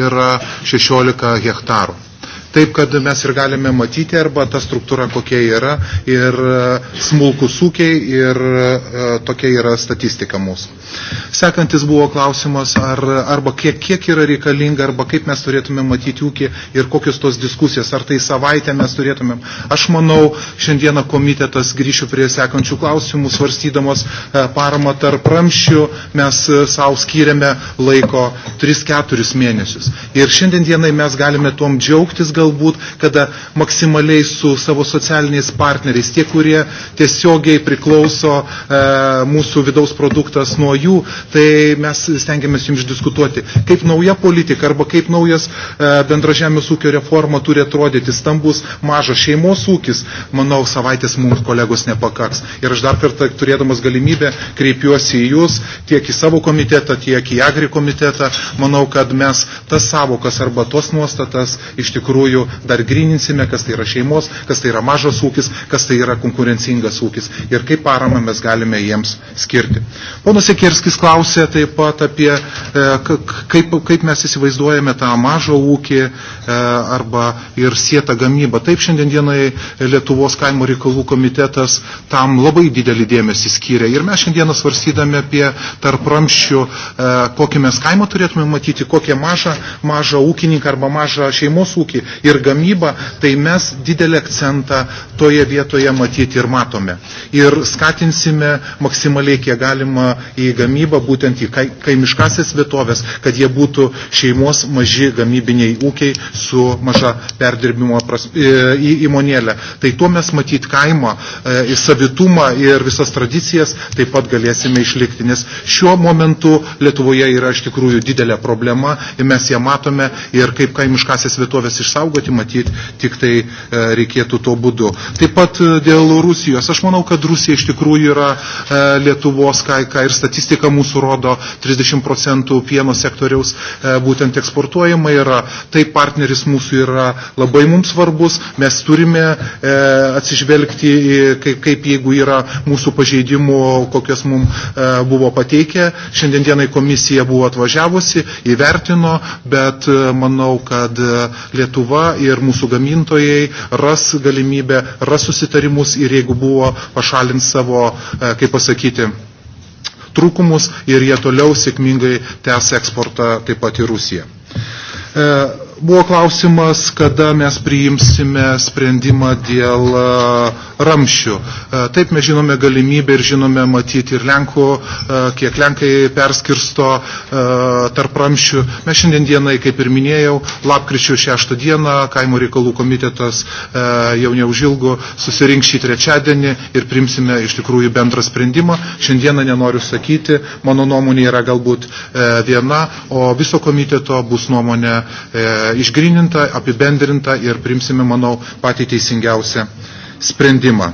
yra 16 hektarų. Taip, kad mes ir galime matyti arba ta struktūra kokia yra ir e, smulkus ūkiai ir e, tokia yra statistika mūsų. Sekantis buvo klausimas, ar, arba kiek, kiek yra reikalinga, arba kaip mes turėtume matyti ūkį ir kokios tos diskusijos, ar tai savaitę mes turėtumėm. Aš manau, šiandieną komitetas grįšiu prie sekančių klausimų, svarstydamos e, paramą tarp ramščių, mes savo skiriame laiko 3-4 mėnesius. Ir šiandien dienai mes galime tuom džiaugtis, galbūt, kada maksimaliai su savo socialiniais partneriais, tie, kurie tiesiogiai priklauso e, mūsų vidaus produktas nuo jų, tai mes stengiamės jums diskutuoti, kaip nauja politika arba kaip naujas e, bendražėmės ūkio reforma turi atrodyti stambus mažas šeimos ūkis, manau, savaitės mums kolegos nepakaks. Ir aš dar kartą turėdamas galimybę kreipiuosi į jūs, tiek į savo komitetą, tiek į agri komitetą. Manau, kad mes tas savokas arba tos nuostatas iš tikrųjų tikrųjų dar grininsime, kas tai yra šeimos, kas tai yra mažas ūkis, kas tai yra konkurencingas ūkis ir kaip paramą mes galime jiems skirti. Ponas Ekirskis klausė taip pat apie, e, kaip, kaip mes įsivaizduojame tą mažą ūkį e, arba ir sietą gamybą. Taip šiandienai Lietuvos kaimo reikalų komitetas tam labai didelį dėmesį skyrė. Ir mes šiandieną svarstydami apie tarp ramščių, e, kokį mes kaimą turėtume matyti, kokią mažą, mažą ūkininką arba mažą šeimos ūkį, ir gamybą, tai mes didelį akcentą toje vietoje matyti ir matome. Ir skatinsime maksimaliai kiek galima į gamybą, būtent į kaimiškasias vietovės, kad jie būtų šeimos maži gamybiniai ūkiai su maža perdirbimo pras, e, į įmonėlę. Tai tuo mes matyti kaimą, e, į savitumą ir visas tradicijas taip pat galėsime išlikti, nes šiuo momentu Lietuvoje yra iš tikrųjų didelė problema ir mes ją matome ir kaip kaimiškasias vietovės išsaugoti apsaugoti, matyti tik tai e, reikėtų to būdu. Taip pat e, dėl Rusijos. Aš manau, kad Rusija iš tikrųjų yra e, Lietuvos, ką, ką ir statistika mūsų rodo, 30 procentų pieno sektoriaus būtent eksportuojama yra. Tai partneris mūsų yra labai mums svarbus. Mes turime atsižvelgti, kaip, kaip jeigu yra mūsų pažeidimų, kokios mums buvo pateikę. Šiandienai komisija buvo atvažiavusi, įvertino, bet manau, kad Lietuva Lietuva ir mūsų gamintojai ras galimybę, ras susitarimus ir jeigu buvo pašalins savo, e, kaip pasakyti, trūkumus ir jie toliau sėkmingai tęs eksportą taip pat į Rusiją. E, Buvo klausimas, kada mes priimsime sprendimą dėl e, ramšių. E, taip mes žinome galimybę ir žinome matyti ir Lenkų, e, kiek Lenkai perskirsto tarp ramšių. Mes šiandien dienai, kaip ir minėjau, lapkričio 6 dieną kaimo reikalų komitetas jau neužilgo susirinks šį trečiadienį ir primsime iš tikrųjų bendrą sprendimą. Šiandieną nenoriu sakyti, mano nuomonė yra galbūt viena, o viso komiteto bus nuomonė išgrininta, apibendrinta ir primsime, manau, patį teisingiausią sprendimą.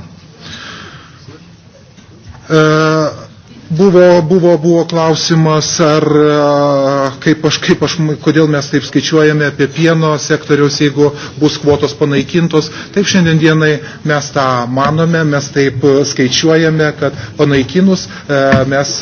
E, Buvo, buvo, buvo klausimas, ar kaip aš, kaip aš, kodėl mes taip skaičiuojame apie pieno sektoriaus, jeigu bus kvotos panaikintos. Taip šiandienai mes tą manome, mes taip skaičiuojame, kad panaikinus mes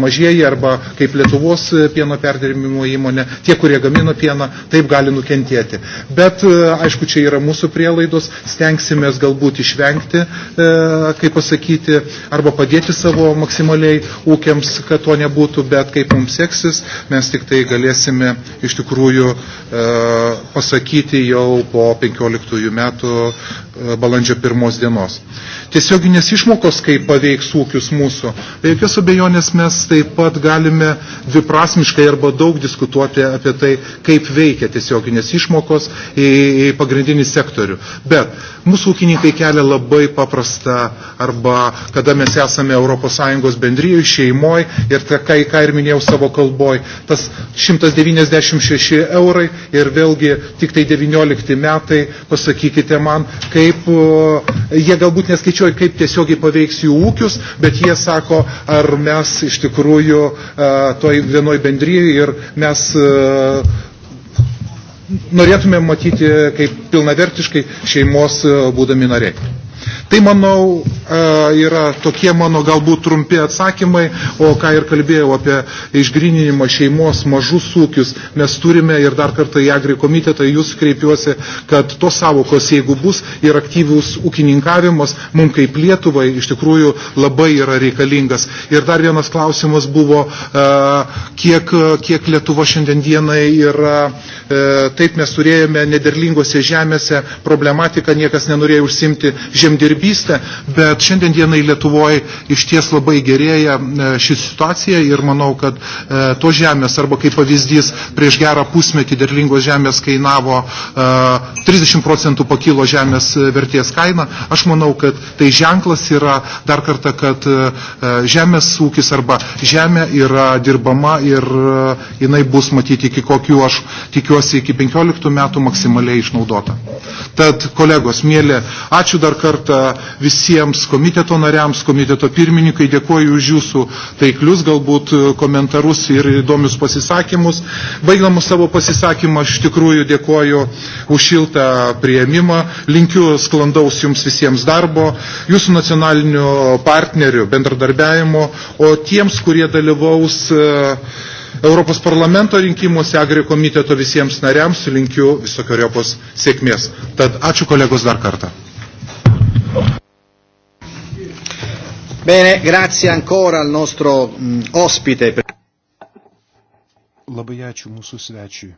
mažieji arba kaip Lietuvos pieno perdirbimo įmonė, tie, kurie gamina pieną, taip gali nukentėti. Bet, aišku, čia yra mūsų prielaidos, stengsimės galbūt išvengti, kaip pasakyti, arba padėti savo maksimaliai ūkiams, kad to nebūtų, bet kaip mums seksis, mes tik tai galėsime iš tikrųjų e, pasakyti jau po 15 metų E, balandžio pirmos dienos. Tiesioginės išmokos, kaip paveiks ūkius mūsų, be jokios abejonės mes taip pat galime dviprasmiškai arba daug diskutuoti apie tai, kaip veikia tiesioginės išmokos į, į pagrindinį sektorių. Bet mūsų ūkininkai kelia labai paprastą arba kada mes esame ES bendryjų šeimoje ir tai, ką, ką ir minėjau savo kalboj, tas 196 eurai ir vėlgi tik tai 19 metai, pasakykite man, kai kaip e, jie galbūt neskaičiuoja, kaip tiesiogiai paveiks jų ūkius, bet jie sako, ar mes iš tikrųjų e, toj vienoj bendryje ir mes e, norėtume matyti kaip pilnavertiškai šeimos būdami nariai. Tai, manau, e, yra tokie mano galbūt trumpi atsakymai, o ką ir kalbėjau apie išgrininimą šeimos mažus ūkius, mes turime ir dar kartą į Agri komitetą jūs kreipiuosi, kad tos savokos, jeigu bus ir aktyvius ūkininkavimas, mums kaip Lietuvai iš tikrųjų labai yra reikalingas. Ir dar vienas klausimas buvo, e, kiek, kiek Lietuva šiandienai yra, e, taip mes turėjome nederlingose žemėse problematiką, niekas nenorėjo užsimti žemės žemdirbystę, bet šiandien dienai Lietuvoje iš ties labai gerėja e, ši situacija ir manau, kad e, to žemės arba kaip pavyzdys prieš gerą pusmetį derlingos žemės kainavo 30 e, procentų pakilo žemės vertės kaina. Aš manau, kad tai ženklas yra dar kartą, kad žemės ūkis arba žemė yra dirbama ir jinai bus matyti iki kokių aš tikiuosi iki 15 metų maksimaliai išnaudota. Tad kolegos, mėly, ačiū dar kartą kartą visiems komiteto nariams, komiteto pirmininkai, dėkuoju už jūsų taiklius, galbūt e, komentarus ir įdomius pasisakymus. Baigdamas savo pasisakymą, aš tikrųjų dėkuoju už šiltą prieimimą, linkiu sklandaus jums visiems darbo, jūsų nacionalinių partnerių bendradarbiavimo, o tiems, kurie dalyvaus e, Europos parlamento rinkimuose agri komiteto visiems nariams linkiu visokiojopos sėkmės. Tad ačiū kolegos dar kartą. Bene, grazie ancora al nostro mh, mm, ospite. Labai ačiū mūsų svečiui.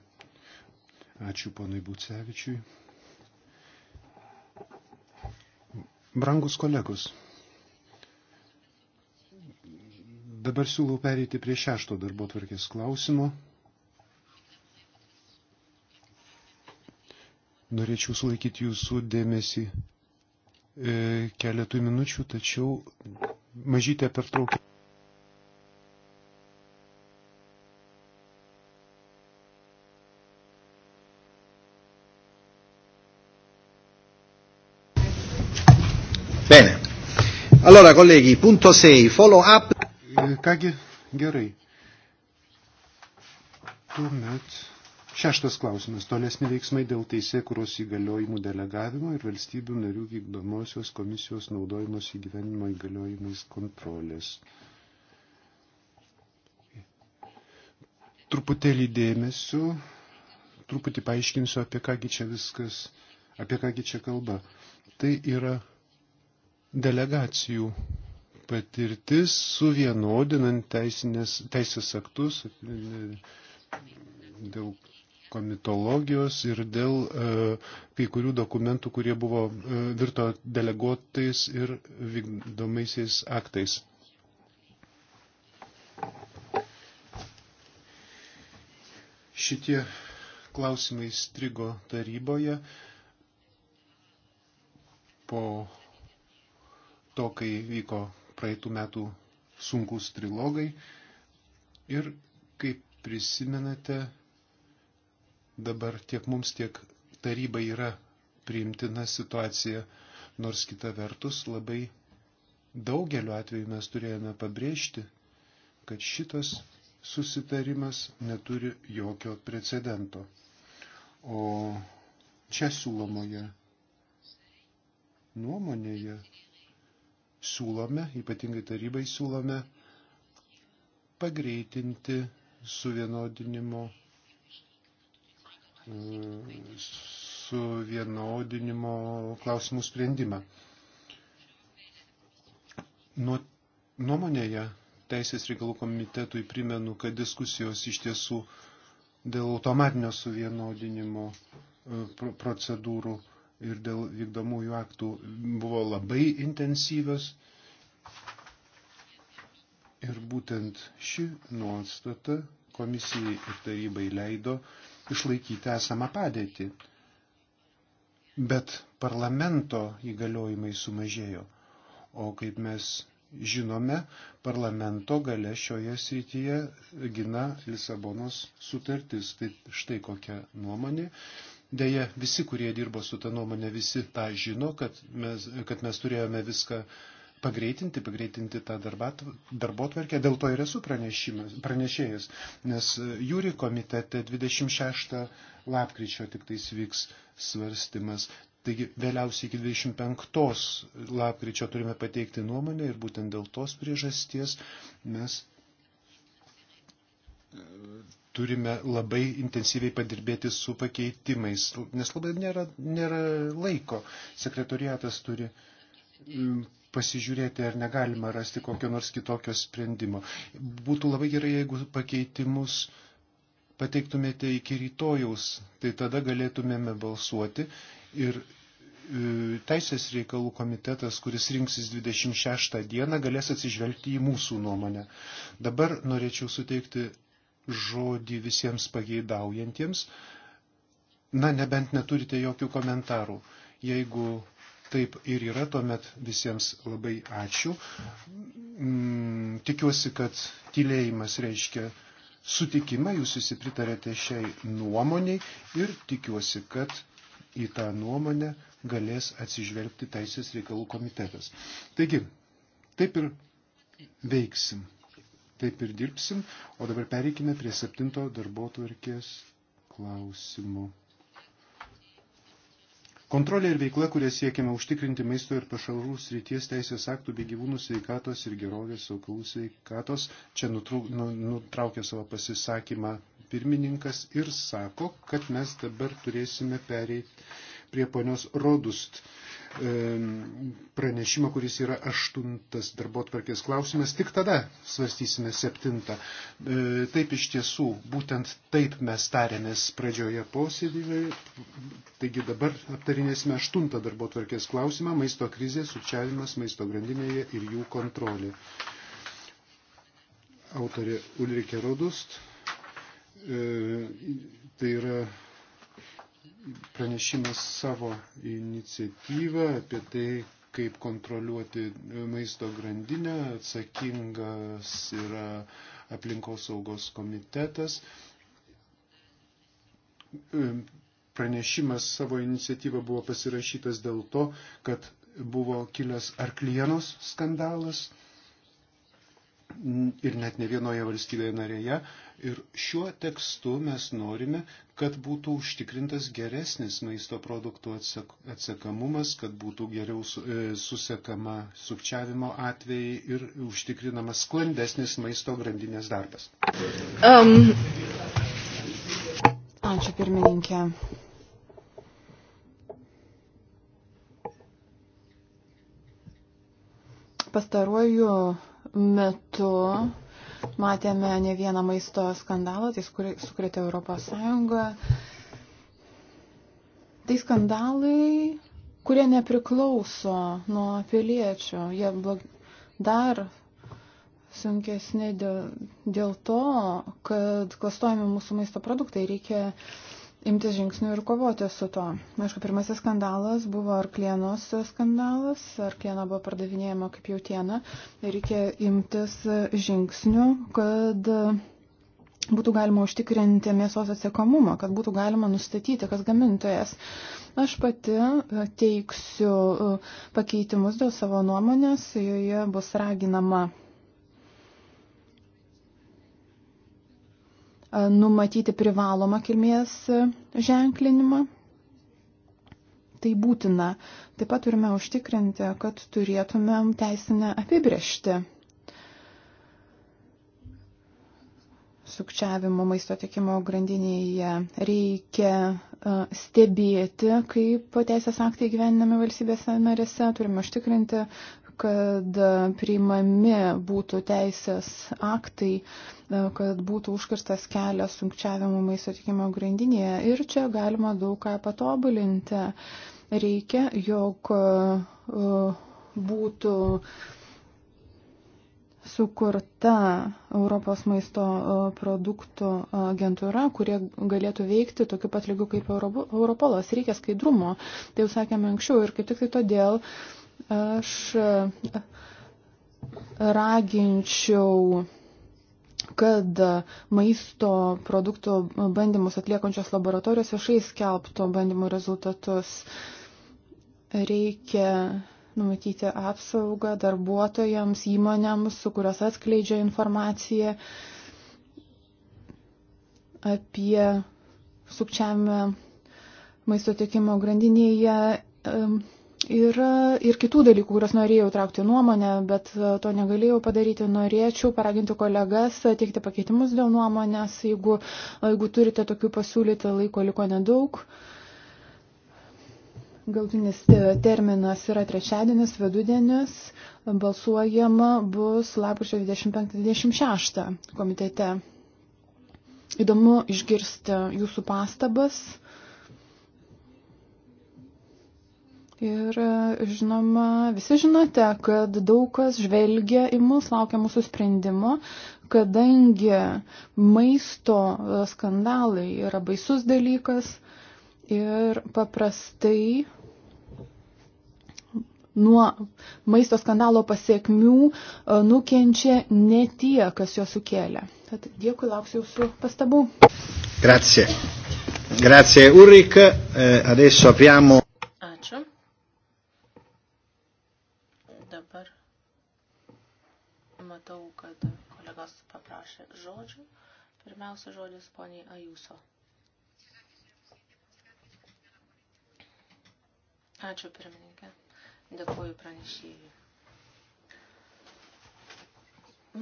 Ačiū ponui Būcevičiui. Brangus kolegos, dabar siūlau pereiti prie šešto darbo tvarkės klausimo. Norėčiau sulaikyti jūsų dėmesį E, keletui minučių, tačiau mažytę pertraukę. Bene. Allora colleghi, punto 6, follow up. E, kągi, gerai. Tuomet Šeštas klausimas. Tolesni veiksmai dėl teisėkuros įgaliojimų delegavimo ir valstybių narių vykdomosios komisijos naudojimos įgyvenimo įgaliojimais kontrolės. Truputėlį dėmesio, truputį paaiškinsiu, apie kągi čia viskas, apie kągi čia kalba. Tai yra delegacijų patirtis suvienodinant teisinės, teisės aktus, dėl komitologijos ir dėl e, kai kurių dokumentų, kurie buvo e, virto deleguotais ir vykdomaisiais aktais. Šitie klausimai strigo taryboje po to, kai vyko praeitų metų sunkus trilogai. Ir kaip prisimenate, dabar tiek mums, tiek tarybai yra priimtina situacija, nors kita vertus labai daugeliu atveju mes turėjome pabrėžti, kad šitas susitarimas neturi jokio precedento. O čia siūlomoje nuomonėje siūlome, ypatingai tarybai siūlome, pagreitinti suvienodinimo suvienodinimo klausimų sprendimą. Nuo nuomonėje Teisės reikalų komitetui primenu, kad diskusijos iš tiesų dėl automatinio suvienodinimo e, procedūrų ir dėl vykdomųjų aktų buvo labai intensyvios. Ir būtent ši nuostata komisijai ir tarybai leido uh, išlaikyti esamą padėtį. Bet parlamento įgaliojimai sumažėjo, o kaip mes žinome, parlamento gale šioje srityje gina Lisabonos sutartis. Tai štai kokia nuomonė. Deja, visi, kurie dirbo su tą nuomonė, visi tą žino, kad mes, kad mes turėjome viską uh, pagreitinti, pagreitinti tą darbo tvarkę. Dėl to ir esu pranešėjas, nes jūri komitete 26 lapkričio tik tais vyks svarstymas. Taigi vėliausiai iki 25 lapkričio turime pateikti nuomonę ir būtent dėl tos priežasties mes e, turime labai intensyviai padirbėti su pakeitimais, nes labai nėra, nėra laiko. Sekretoriatas turi pasižiūrėti, ar negalima rasti kokio nors kitokio sprendimo. Būtų labai gerai, jeigu pakeitimus pateiktumėte iki rytojaus, tai tada galėtumėme balsuoti ir e, Teisės reikalų komitetas, kuris rinksis 26 dieną, galės atsižvelgti į mūsų nuomonę. Dabar norėčiau suteikti žodį visiems pageidaujantiems. Na, nebent neturite jokių komentarų. Jeigu Taip ir yra, tuomet visiems labai ačiū. Mm, tikiuosi, kad tylėjimas reiškia sutikimą, jūs visi pritarėte šiai nuomoniai ir tikiuosi, kad į tą nuomonę galės atsižvelgti Teisės reikalų komitetas. Taigi, taip ir veiksim, taip ir dirbsim, o dabar pereikime prie septinto darbo tvarkės klausimų. Kontrolė ir veikla, kurią siekiame užtikrinti maisto ir pašarų srities teisės aktų bei gyvūnų sveikatos ir gerovės aukalų sveikatos, čia nu, nutraukė savo pasisakymą pirmininkas ir sako, kad mes dabar turėsime pereiti prie ponios Rodust E, pranešimą, kuris yra aštuntas darbo tvarkės klausimas, tik tada svarstysime septintą. E, taip iš tiesų, būtent taip mes tarėmės pradžioje posėdėje. Taigi dabar aptarinėsime aštuntą darbo tvarkės klausimą - maisto krizė, sukčiavimas maisto grandinėje ir jų kontrolė. Autorė Ulrike Rodust. E, tai yra pranešimas savo iniciatyvą apie tai, kaip kontroliuoti maisto grandinę, atsakingas yra aplinkos saugos komitetas. Pranešimas savo iniciatyva buvo pasirašytas dėl to, kad buvo kilęs arklienos skandalas ir net ne vienoje valstybėje narėje. Ir šiuo tekstu mes norime, kad būtų užtikrintas geresnis maisto produktų atsekamumas, kad būtų geriau e, susekama sukčiavimo atvejai ir užtikrinamas sklandesnis maisto grandinės darbas. Um. Ačiū pirmininkė. Pastaruoju metu matėme ne vieną maisto skandalą, tai sukrėtė Europos Sąjungą. Tai skandalai, kurie nepriklauso nuo piliečio, jie blog... dar sunkesni dėl, dėl to, kad klastojami mūsų maisto produktai, reikia imtis žingsnių ir kovoti su to. Aišku, pirmasis skandalas buvo arklienos skandalas, arkliena buvo pardavinėjama kaip jautiena, reikia imtis žingsnių, kad būtų galima užtikrinti mėsos atsiekomumą, kad būtų galima nustatyti, kas gamintojas. Aš pati e, teiksiu e, pakeitimus dėl savo nuomonės, joje bus raginama numatyti privalomą kilmės ženklinimą. Tai būtina. Taip pat turime užtikrinti, kad turėtumėm teisinę apibriešti sukčiavimo maisto tiekimo grandinėje. Reikia stebėti, kaip teisės aktai gyvenami valstybėse narėse. Turime užtikrinti, kad priimami būtų teisės aktai, kad būtų užkirstas kelias sunkčiavimo maisto tikimo grandinėje. Ir čia galima daug ką patobulinti. Reikia, jog e, būtų sukurta Europos maisto e, produktų agentūra, kurie galėtų veikti tokiu pat lygiu kaip Europolas. Reikia skaidrumo, tai jau sakėme anksčiau ir kaip tik tai todėl Aš e, raginčiau kad maisto produktų bandymus atliekančios laboratorijos viešai skelbtų bandymų rezultatus. Reikia numatyti apsaugą darbuotojams, įmonėms, su kurios atskleidžia informaciją apie sukčiavimą maisto tiekimo grandinėje. Um, Yra ir kitų dalykų, kuriuos norėjau traukti nuomonę, bet e, to negalėjau padaryti. Norėčiau paraginti kolegas teikti pakeitimus dėl nuomonės, jeigu, e, jeigu turite tokių pasiūlyti, laiko liko nedaug. Galtinis e, terminas yra trečiadienis, vidudienis, balsuojama bus lapkričio 25-26 komitete. Įdomu išgirsti jūsų pastabas Ir e, žinoma, visi žinote, kad daug kas žvelgia į mus, laukia mūsų sprendimo, kadangi maisto e, skandalai yra baisus dalykas ir paprastai nuo maisto skandalo pasiekmių e, nukenčia ne tie, kas jo sukėlė. Tad dėkui, lauksiu jūsų pastabų. Grazie. Grazie Ulrik, eh, adesso apriamo. matau, kad kolegos paprašė žodžių. Pirmiausia žodis poniai Ajuso. Ačiū pirmininkė. Dėkuoju pranešėjai.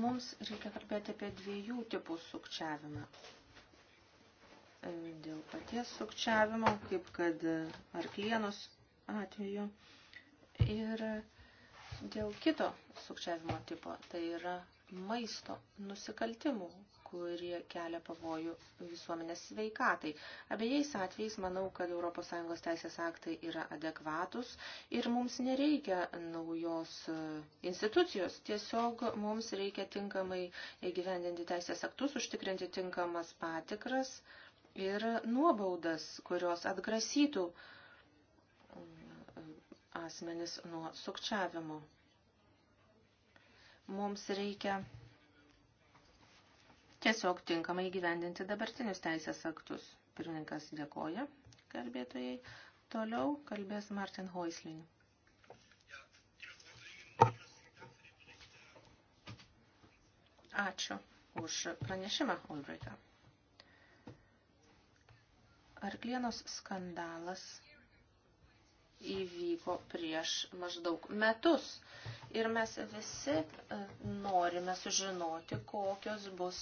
Mums reikia kalbėti apie dviejų tipų sukčiavimą. E, dėl paties sukčiavimo, kaip kad arklienos atveju. Ir dėl kito sukčiavimo tipo, tai yra maisto nusikaltimų, kurie kelia pavojų visuomenės sveikatai. Abiejais atvejais manau, kad ES teisės aktai yra adekvatus ir mums nereikia naujos e, institucijos, tiesiog mums reikia tinkamai įgyvendinti teisės aktus, užtikrinti tinkamas patikras ir nuobaudas, kurios atgrasytų mm, e, asmenis nuo sukčiavimo mums reikia tiesiog tinkamai gyvendinti dabartinius teisės aktus. Pirmininkas dėkoja kalbėtojai. Toliau kalbės Martin Hoisling. Ačiū už pranešimą, Ulbrika. Arklienos skandalas įvyko prieš maždaug metus. Ir mes visi e, norime sužinoti, kokios bus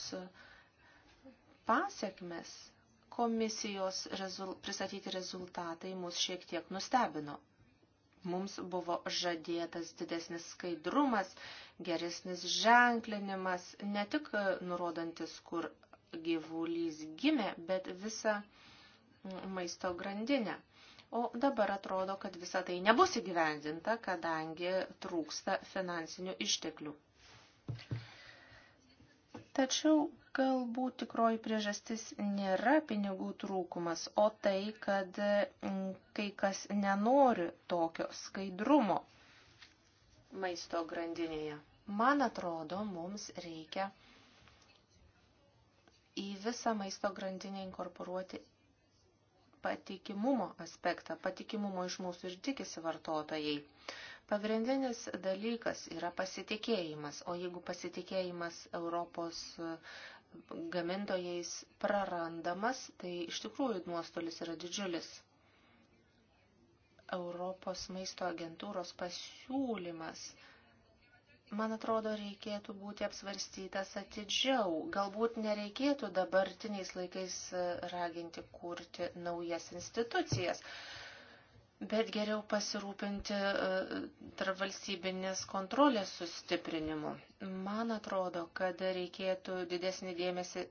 pasiekmes komisijos rezul pristatyti rezultatai mus šiek tiek nustebino. Mums buvo žadėtas didesnis skaidrumas, geresnis ženklinimas, ne tik nurodantis, kur gyvulys gimė, bet visą maisto grandinę. O dabar atrodo, kad visa tai nebus įgyvendinta, kadangi trūksta finansinių išteklių. Tačiau galbūt tikroji priežastis nėra pinigų trūkumas, o tai, kad mm, kai kas nenori tokio skaidrumo maisto grandinėje. Man atrodo, mums reikia į visą maisto grandinę inkorporuoti patikimumo aspektą, patikimumo iš mūsų ir tikisi vartotojai. Pagrindinis dalykas yra pasitikėjimas, o jeigu pasitikėjimas Europos e, gamintojais prarandamas, tai iš tikrųjų nuostolis yra didžiulis. Europos maisto agentūros pasiūlymas – man atrodo, reikėtų būti apsvarstytas atidžiau. Galbūt nereikėtų dabartiniais laikais e, raginti kurti naujas institucijas, bet geriau pasirūpinti e, tarp valstybinės kontrolės sustiprinimu. Man atrodo, kad reikėtų didesnį dėmesį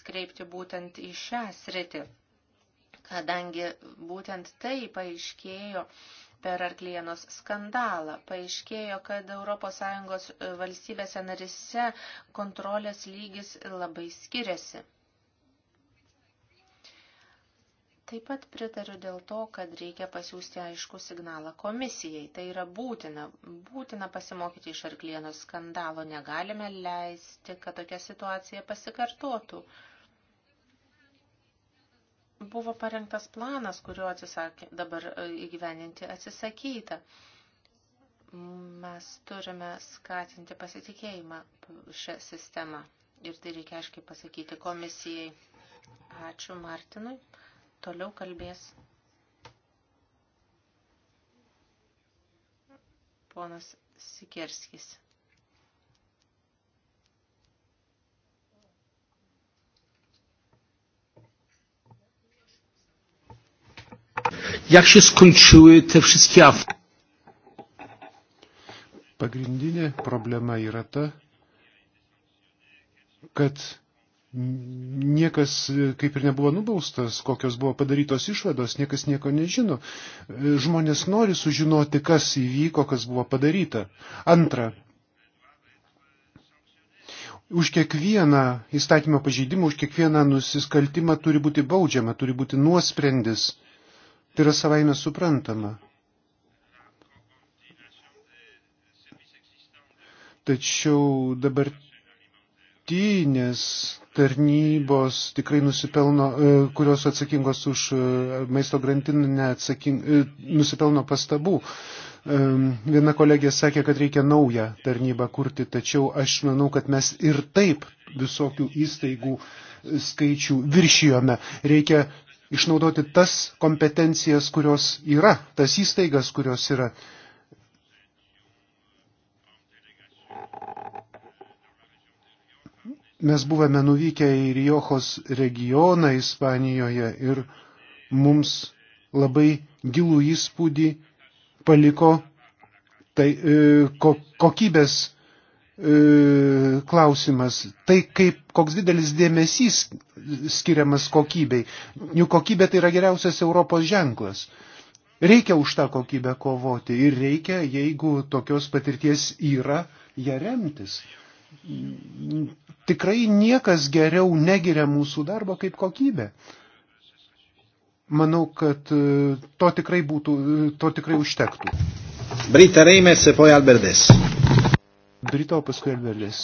skreipti būtent į šią sritį, kadangi būtent tai paaiškėjo per Arklienos skandalą. Paaiškėjo, kad ES valstybėse narise kontrolės lygis labai skiriasi. Taip pat pritariu dėl to, kad reikia pasiūsti aišku signalą komisijai. Tai yra būtina. Būtina pasimokyti iš arklienos skandalo. Negalime leisti, kad tokia situacija pasikartotų. Buvo parengtas planas, kurio atsisakė, dabar e, įgyveninti atsisakyta. Mes turime skatinti pasitikėjimą šią sistemą ir tai reikia aiškiai pasakyti komisijai. Ačiū Martinui. Toliau kalbės ponas Sikerskis. jak się skończyły te wszystkie afery. Pagrindinė problema yra ta, kad niekas e, kaip ir nebuvo nubaustas, kokios buvo padarytos išvados, niekas nieko nežino. E, žmonės nori sužinoti, kas įvyko, kas buvo padaryta. Antra, už kiekvieną įstatymą pažeidimą, už kiekvieną nusikaltimą turi būti baudžiama, turi būti nuosprendis. Tai yra savaime suprantama. Tačiau dabartinės tarnybos tikrai nusipelno, e, kurios atsakingos už e, maisto grandinę, e, nusipelno pastabų. Viena kolegė sakė, kad reikia naują tarnybą kurti, tačiau aš manau, kad mes ir taip visokių įstaigų skaičių viršijome. Reikia išnaudoti tas kompetencijas, kurios yra, tas įstaigas, kurios yra. Mes buvome nuvykę į Riojos regioną Ispanijoje ir mums labai gilų įspūdį paliko tai, e, kokybės E, klausimas. Tai kaip, koks didelis dėmesys skiriamas kokybei. Juk kokybė tai yra geriausias Europos ženklas. Reikia už tą kokybę kovoti ir reikia, jeigu tokios patirties yra, ją remtis. Tikrai niekas geriau negiria mūsų darbo kaip kokybė. Manau, kad e, to tikrai, būtų, e, to tikrai užtektų. Brita Reimers, poi Alberdes. Brito, paskui Elvelis.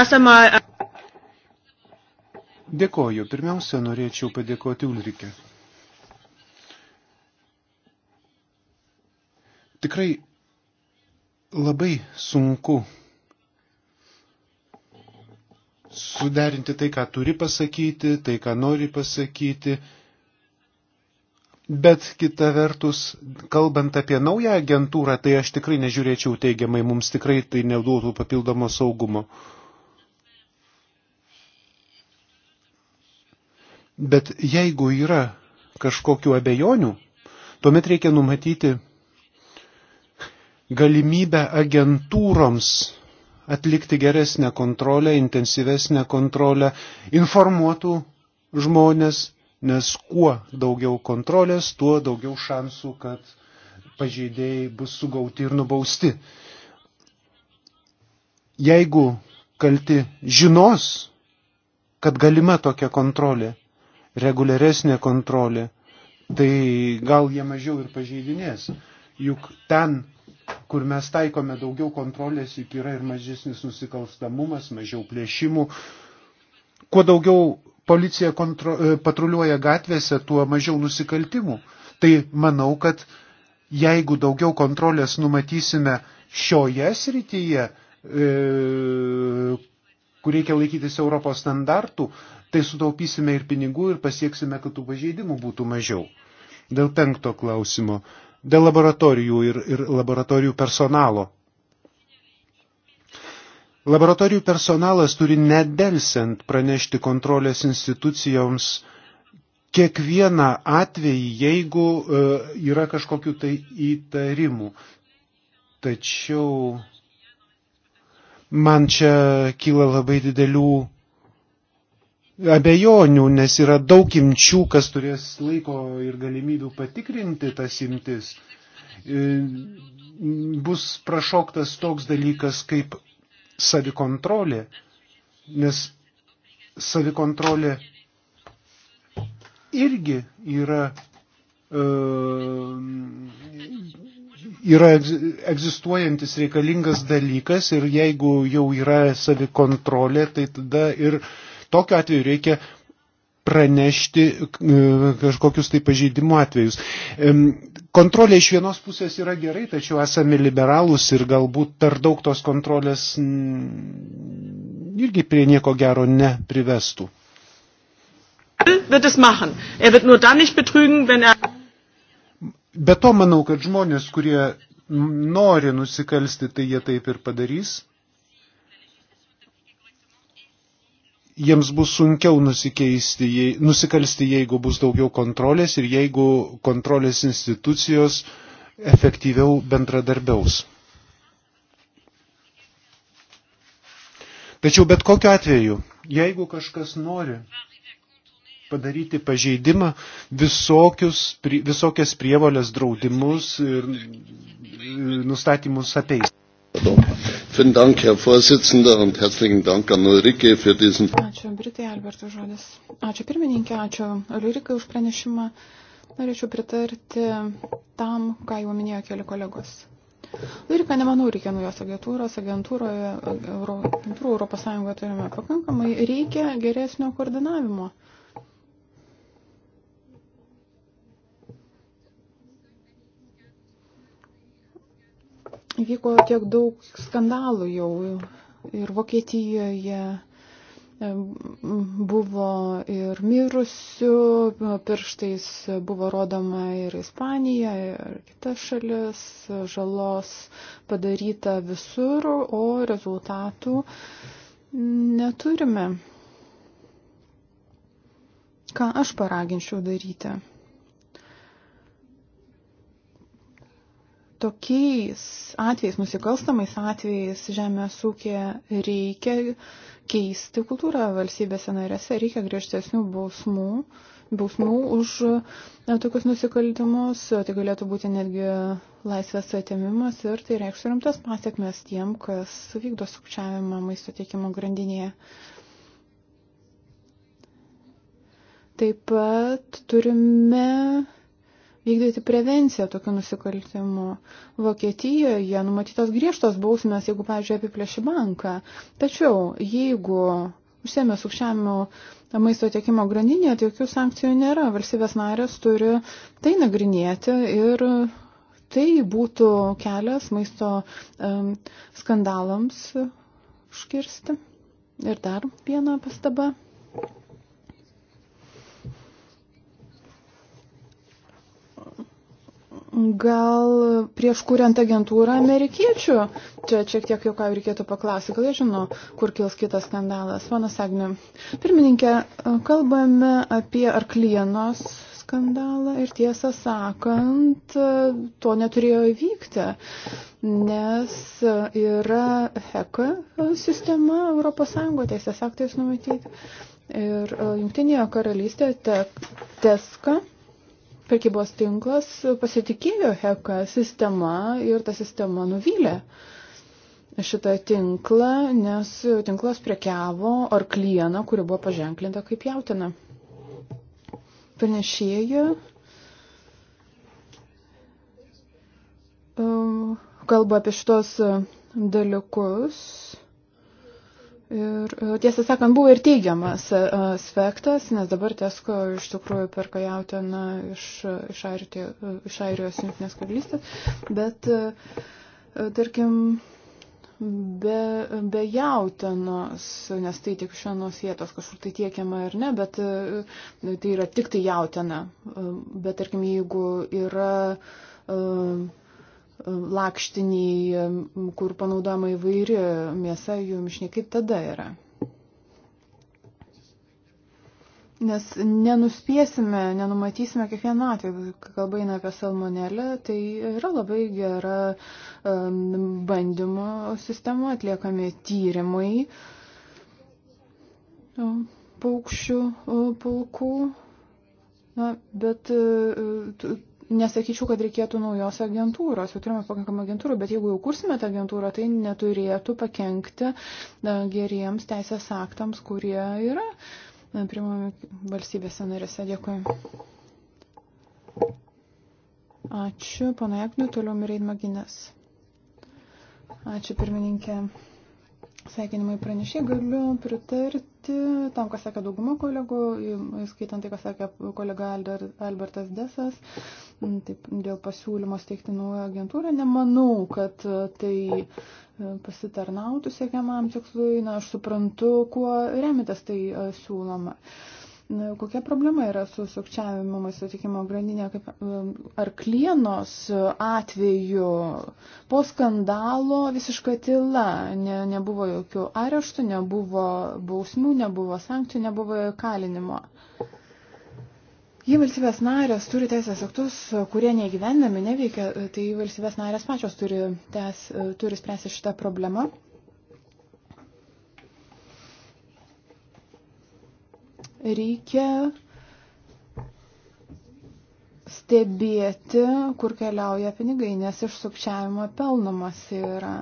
Esame. E, Dėkoju. Pirmiausia, norėčiau padėkoti Ulrike. Tikrai labai sunku suderinti tai, ką turi pasakyti, tai, ką nori pasakyti Bet kita vertus, kalbant apie naują agentūrą, tai aš tikrai nežiūrėčiau teigiamai, mums tikrai tai neduotų papildomo saugumo. Bet jeigu yra kažkokiu abejonių, tuomet reikia numatyti galimybę agentūroms atlikti geresnę kontrolę, intensyvesnę kontrolę, informuotų žmonės, nes kuo daugiau kontrolės, tuo daugiau šansų, kad pažeidėjai bus sugauti ir nubausti. Jeigu kalti žinos, kad galima tokia kontrolė, reguliaresnė kontrolė, tai gal jie mažiau ir pažeidinės. Juk ten, kur mes taikome daugiau kontrolės, juk yra ir mažesnis nusikalstamumas, mažiau plėšimų. Kuo daugiau policija kontro, e, patruliuoja gatvėse, tuo mažiau nusikaltimų. Tai manau, kad jeigu daugiau kontrolės numatysime šioje srityje, e, kur reikia laikytis Europos standartų, tai sutaupysime ir pinigų ir pasieksime, kad tų pažeidimų būtų mažiau. Dėl penkto klausimo. Dėl laboratorijų ir, ir laboratorijų personalo. Laboratorijų personalas turi nedelsiant pranešti kontrolės institucijoms kiekvieną atvejį, jeigu e, yra kažkokiu tai įtarimu. Tačiau man čia kyla labai didelių abejonių, nes yra daug imčių, kas turės laiko ir galimybių patikrinti tas imtis. E, bus prašoktas toks dalykas kaip savikontrolė, nes savikontrolė irgi yra, e, yra egzistuojantis reikalingas dalykas ir jeigu jau yra savikontrolė, tai tada ir tokiu atveju reikia pranešti e, kažkokius tai pažeidimų atvejus. Kontrolė iš vienos pusės yra gerai, tačiau esame liberalūs ir galbūt per daug tos kontrolės irgi prie nieko gero neprivestų. Wird es machen. Er wird nur dann nicht betrügen, wenn er. Be to manau, kad žmonės, kurie nori nusikalsti, tai jie taip ir padarys. jiems bus sunkiau jei, nusikalsti, jeigu bus daugiau kontrolės ir jeigu kontrolės institucijos efektyviau bendradarbiaus. Tačiau bet kokiu atveju, jeigu kažkas nori padaryti pažeidimą, visokius, visokias prievalės draudimus ir nustatymus apeis. Vielen Dank, Herr Vorsitzender, und herzlichen Dank an Ulrike für diesen. Ačiū, Britai, Alberto žodis. Ačiū pirmininkė, ačiū Ulrike už pranešimą. Norėčiau pritarti tam, ką jau minėjo keli kolegos. Lyrika, nemanau, reikia naujos agentūros, agentūroje, agentūrų Europos Sąjungoje turime pakankamai, reikia geresnio koordinavimo. Uh, Vyko tiek daug skandalų jau ir Vokietijoje e, buvo ir mirusių, pirštais buvo rodoma ir Ispanija, ir kitas šalis, žalos padaryta visur, o rezultatų neturime. Ką aš paraginčiau daryti? tokiais atvejais, nusikalstamais atvejais žemės ūkė reikia keisti kultūrą valstybėse narėse, reikia griežtesnių bausmų, bausmų už tokius nusikaltimus, tai galėtų būti netgi laisvės atėmimas ir tai reikštų rimtas pasiekmes tiem, kas vykdo sukčiavimą maisto tiekimo grandinėje. Taip pat turime vykdyti prevenciją tokių nusikaltimų. Vokietijoje numatytos griežtos bausmės, jeigu, pavyzdžiui, apiplėši banką. Tačiau, jeigu užsėmė sukšiamio maisto tiekimo grandinėje, tai jokių sankcijų nėra. Valstybės narės turi tai nagrinėti ir tai būtų kelias maisto um, skandalams užkirsti. Ir dar viena pastaba. Gal prieš kuriant agentūrą amerikiečių, čia šiek tiek jau ką reikėtų paklausyti, gal jie žino, kur kils kitas skandalas. Vanas Agniu, pirmininkė, kalbame apie arklienos skandalą ir tiesą sakant, to neturėjo įvykti, nes yra HECA sistema ES teisės aktais numatyti. Ir e, Junktinėje karalystėje te, Teska prekybos tinklas pasitikėjo HECA sistema ir ta sistema nuvylė šitą tinklą, nes tinklas prekiavo arklieną, kuri buvo paženklinta kaip jautina. Pranešėja e, kalba apie šitos dalykus. Ir e, tiesą sakant, buvo ir teigiamas e, aspektas, nes dabar Tesko iš tikrųjų perka jautieną iš, iš, Airtė, e, iš Airijos jungtinės karalystės, bet, tarkim, be, be jautienos, nes tai tik šiandienos vietos kažkur tai tiekiama ir ne, bet tai yra tik tai jautiena, bet, tarkim, jeigu yra. Uh, lakštiniai, kur panaudojama įvairi mėsa, jų mišinė, kaip tada yra. Nes nenuspėsime, nenumatysime kiekvieną atveju, kai kalba eina apie salmonelę, tai yra labai gera um, bandymo sistema, atliekami tyrimai paukščių pulkų. Na, bet e, Nesakyčiau, kad reikėtų naujos agentūros, jau turime pakankamą agentūrą, bet jeigu jau kursime tą agentūrą, tai neturėtų pakengti geriems teisės aktams, kurie yra primami valstybėse narėse. Dėkui. Ačiū, pana Ekniu, toliau Mirėd Maginės. Ačiū, pirmininkė. Sveikinimai pranešė, galiu pritarti tam, ką sakė dauguma kolegų, įskaitant tai, ką sakė kolega Albertas Desas. Taip, dėl pasiūlymo steigti naują agentūrą, nemanau, kad e, tai e, pasitarnautų siekiamam tikslui. Na, aš suprantu, kuo remitas tai e, siūloma. Kokia problema yra su sukčiavimu maisto tikimo grandinė, kaip arklienos atveju po skandalo visiška tyla, ne, nebuvo jokių areštų, nebuvo bausmių, nebuvo sankcijų, nebuvo kalinimo. Uh, Jei valstybės narės turi teisės aktus, kurie neįgyvendami neveikia, tai valstybės narės pačios turi, tes, turi spręsti šitą problemą. Reikia stebėti, kur keliauja pinigai, nes iš sukčiavimo pelnomas yra.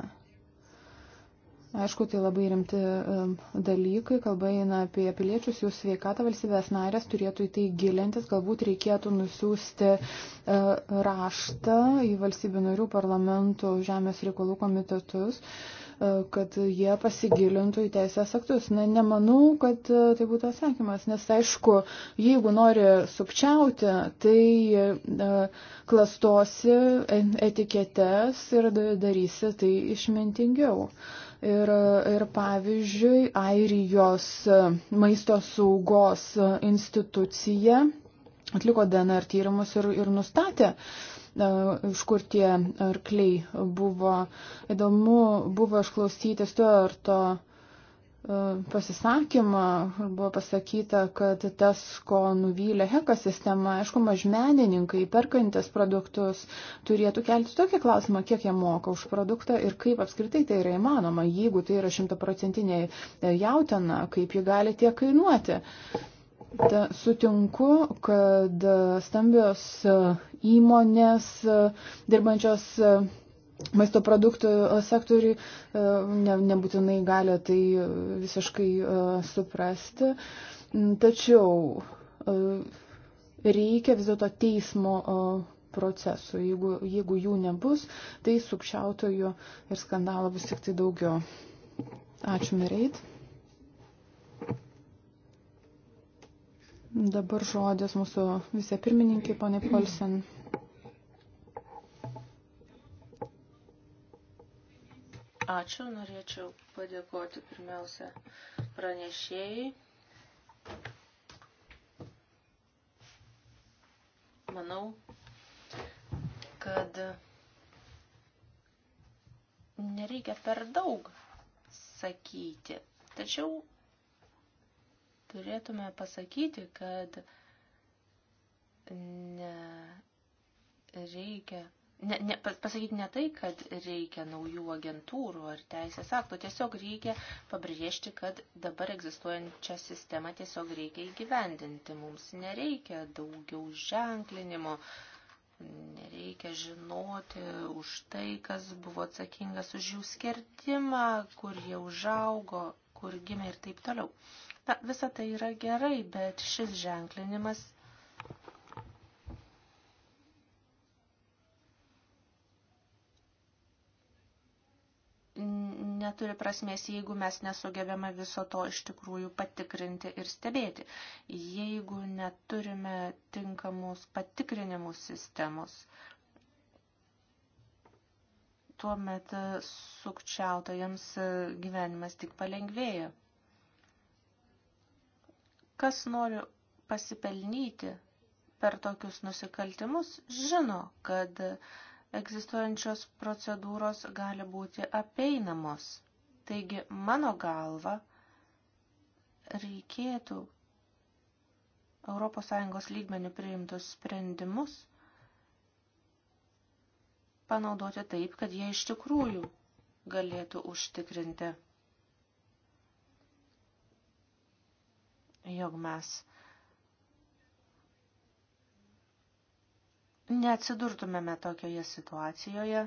Aišku, tai labai rimti dalykai, kalba eina apie piliečius, jų sveikatą valstybės narės turėtų į tai gilintis, galbūt reikėtų nusiųsti e, raštą į valstybių narių parlamentų žemės reikalų komitetus e, kad jie pasigilintų į teisės aktus. Na, nemanau, kad e, tai būtų atsakymas, nes aišku, jeigu nori sukčiauti, tai klastosi etiketes ir darysi tai išmintingiau. Uh, Ir, ir pavyzdžiui, Airijos maisto saugos institucija atliko DNR tyrimus ir, ir nustatė, e, iš kur tie arkliai buvo. Įdomu buvo išklausyti Stuarto pasisakymą buvo pasakyta, kad tas, ko nuvylė heka sistema, aišku, mažmenininkai perkantis produktus turėtų kelti tokį klausimą, kiek jie moka už produktą ir kaip apskritai tai yra įmanoma, jeigu tai yra šimtaprocentinė jautena, kaip ji gali tiek kainuoti. Ta, sutinku, kad stambios įmonės dirbančios maisto produktų e, sektoriui, e, ne, nebūtinai gali tai e, visiškai suprasti. Mm, tačiau reikia vis dėlto teismo procesų. Jeigu, jeigu jų nebus, tai sukčiautojų ir skandalų bus tik tai daugiau. Ačiū, Mireit. Dabar žodis mūsų vicepirmininkai, ponai Polsen. Mm -hmm. Ačiū, norėčiau padėkoti pirmiausia pranešėjai. Manau, kad nereikia per daug sakyti, tačiau turėtume pasakyti, kad nereikia ne, ne, pasakyti ne tai, kad reikia naujų agentūrų ar teisės aktų, tiesiog reikia pabrėžti, kad dabar egzistuojančią sistemą tiesiog reikia įgyvendinti. Mums nereikia daugiau ženklinimo, nereikia žinoti už tai, kas buvo atsakingas už jų skirtimą, kur jie užaugo, kur gimė ir taip toliau. Na, visa tai yra gerai, bet šis ženklinimas neturi prasmės, jeigu mes nesugebėme viso to iš tikrųjų patikrinti ir stebėti, jeigu neturime tinkamus patikrinimų sistemos. Tuomet sukčiautojams gyvenimas tik palengvėja. Kas nori pasipelnyti per tokius nusikaltimus, žino, kad egzistuojančios procedūros gali būti apeinamos. Taigi, mano galva, reikėtų ES lygmenių priimtus sprendimus panaudoti taip, kad jie iš tikrųjų galėtų užtikrinti, jog mes neatsidurtumėme tokioje situacijoje,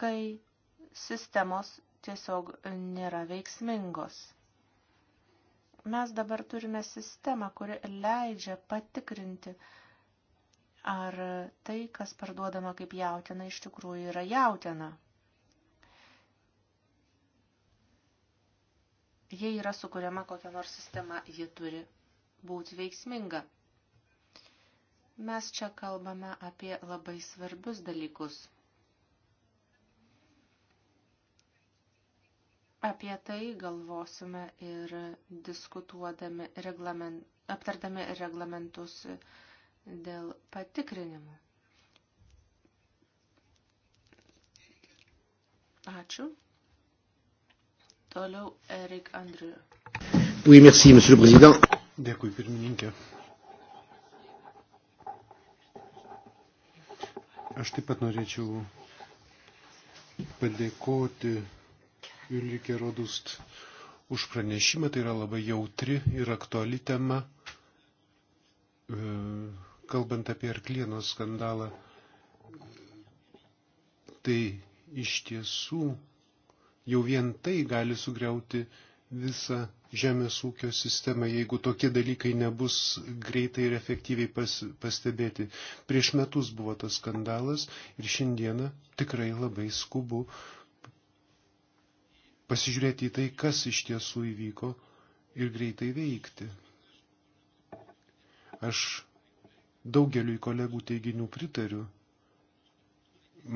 kai sistemos tiesiog nėra veiksmingos. Mes dabar turime sistemą, kuri leidžia patikrinti, ar tai, kas parduodama kaip jautina, iš tikrųjų yra jautina. Jei yra sukuriama kokia nors sistema, ji turi būti veiksminga. Mes čia kalbame apie labai svarbius dalykus – Apie tai galvosime ir diskutuodami, reglament, aptardami reglamentus dėl patikrinimų. Ačiū. Toliau Erik Andriu. Oui, merci, monsieur le président. Dėkui, pirmininkė. Aš taip pat norėčiau padėkoti Julikė Rodust už pranešimą. Tai yra labai jautri ir aktuali tema. E, kalbant apie arklieno skandalą, tai iš tiesų jau vien tai gali sugriauti visą žemės ūkio sistemą, jeigu tokie dalykai nebus greitai ir efektyviai pas, pastebėti. Prieš metus buvo tas skandalas ir šiandieną tikrai labai skubu uh, pasižiūrėti į tai, kas iš tiesų įvyko ir greitai veikti. Aš daugeliu kolegų teiginių pritariu.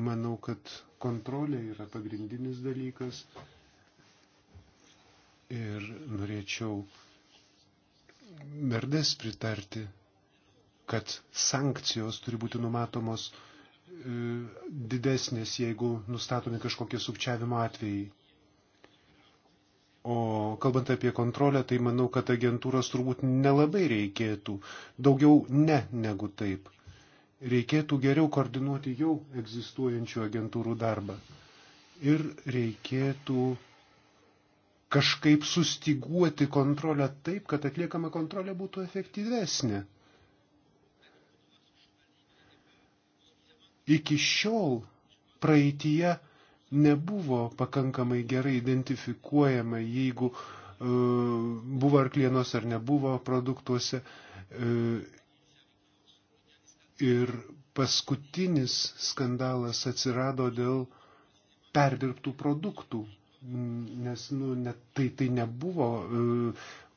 Manau, kad kontrolė yra pagrindinis dalykas ir norėčiau merdes pritarti, kad sankcijos turi būti numatomos e, didesnės, jeigu nustatomi kažkokie sukčiavimo atvejai. O kalbant apie kontrolę, tai manau, kad agentūros turbūt nelabai reikėtų. Daugiau ne negu taip. Reikėtų geriau koordinuoti jau egzistuojančių agentūrų darbą. Ir reikėtų kažkaip sustiguoti kontrolę taip, kad atliekama kontrolė būtų efektyvesnė. Iki šiol praeitie nebuvo pakankamai gerai identifikuojama, jeigu e, buvo arklienos ar nebuvo produktuose. E, ir paskutinis skandalas atsirado dėl perdirbtų produktų, nes nu, net, tai, tai nebuvo e,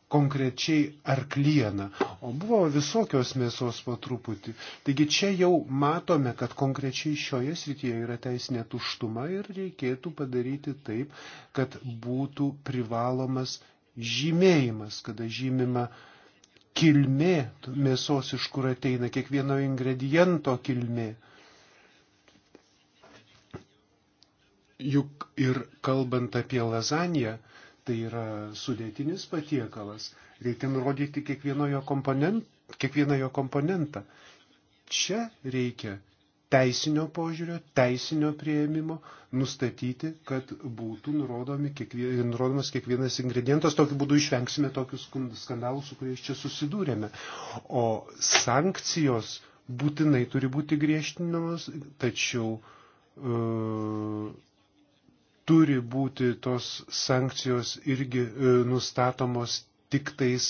konkrečiai arklieną, o buvo visokios mėsos po truputį. Taigi čia jau matome, kad konkrečiai šioje srityje yra teisinė tuštuma ir reikėtų padaryti taip, kad būtų privalomas žymėjimas, kada žymima kilmė mėsos, iš kur ateina kiekvieno ingrediento kilmė. Juk ir kalbant apie lazaniją, Tai yra sudėtinis patiekalas. Reikia nurodyti kiekvieną jo, komponent, kiekvieną jo komponentą. Čia reikia teisinio požiūrio, teisinio prieimimo, nustatyti, kad būtų kiekvie, nurodomas kiekvienas ingredientas, tokiu būdu išvengsime tokius skandalų, su kuriais čia susidūrėme. O sankcijos būtinai turi būti griežtinamos, tačiau e, turi būti tos sankcijos irgi e, nustatomos tik tais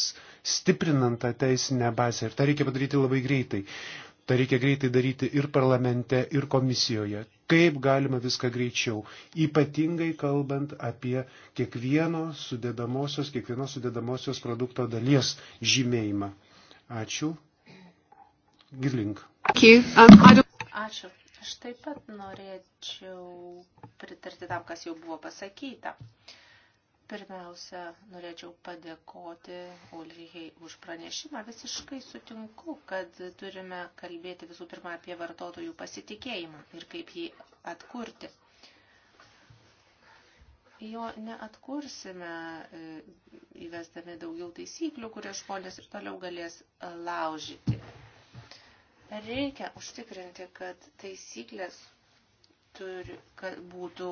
stiprinant tą teisinę bazę. Ir tą reikia padaryti labai greitai. Ta reikia greitai daryti ir parlamente, ir komisijoje. Kaip galima viską greičiau. Ypatingai kalbant apie kiekvieno sudėdamosios, kiekvienos sudėdamosios produkto dalies žymėjimą. Ačiū. Girlink. Um, Ačiū. Aš taip pat norėčiau pritarti tam, kas jau buvo pasakyta. Pirmiausia, norėčiau padėkoti Ulrihei už pranešimą. Visiškai sutinku, kad turime kalbėti visų pirma apie vartotojų pasitikėjimą ir kaip jį atkurti. Jo neatkursime e, įvesdami daugiau taisyklių, kurias žmonės ir toliau galės laužyti. Reikia užtikrinti, kad taisyklės turi, kad būtų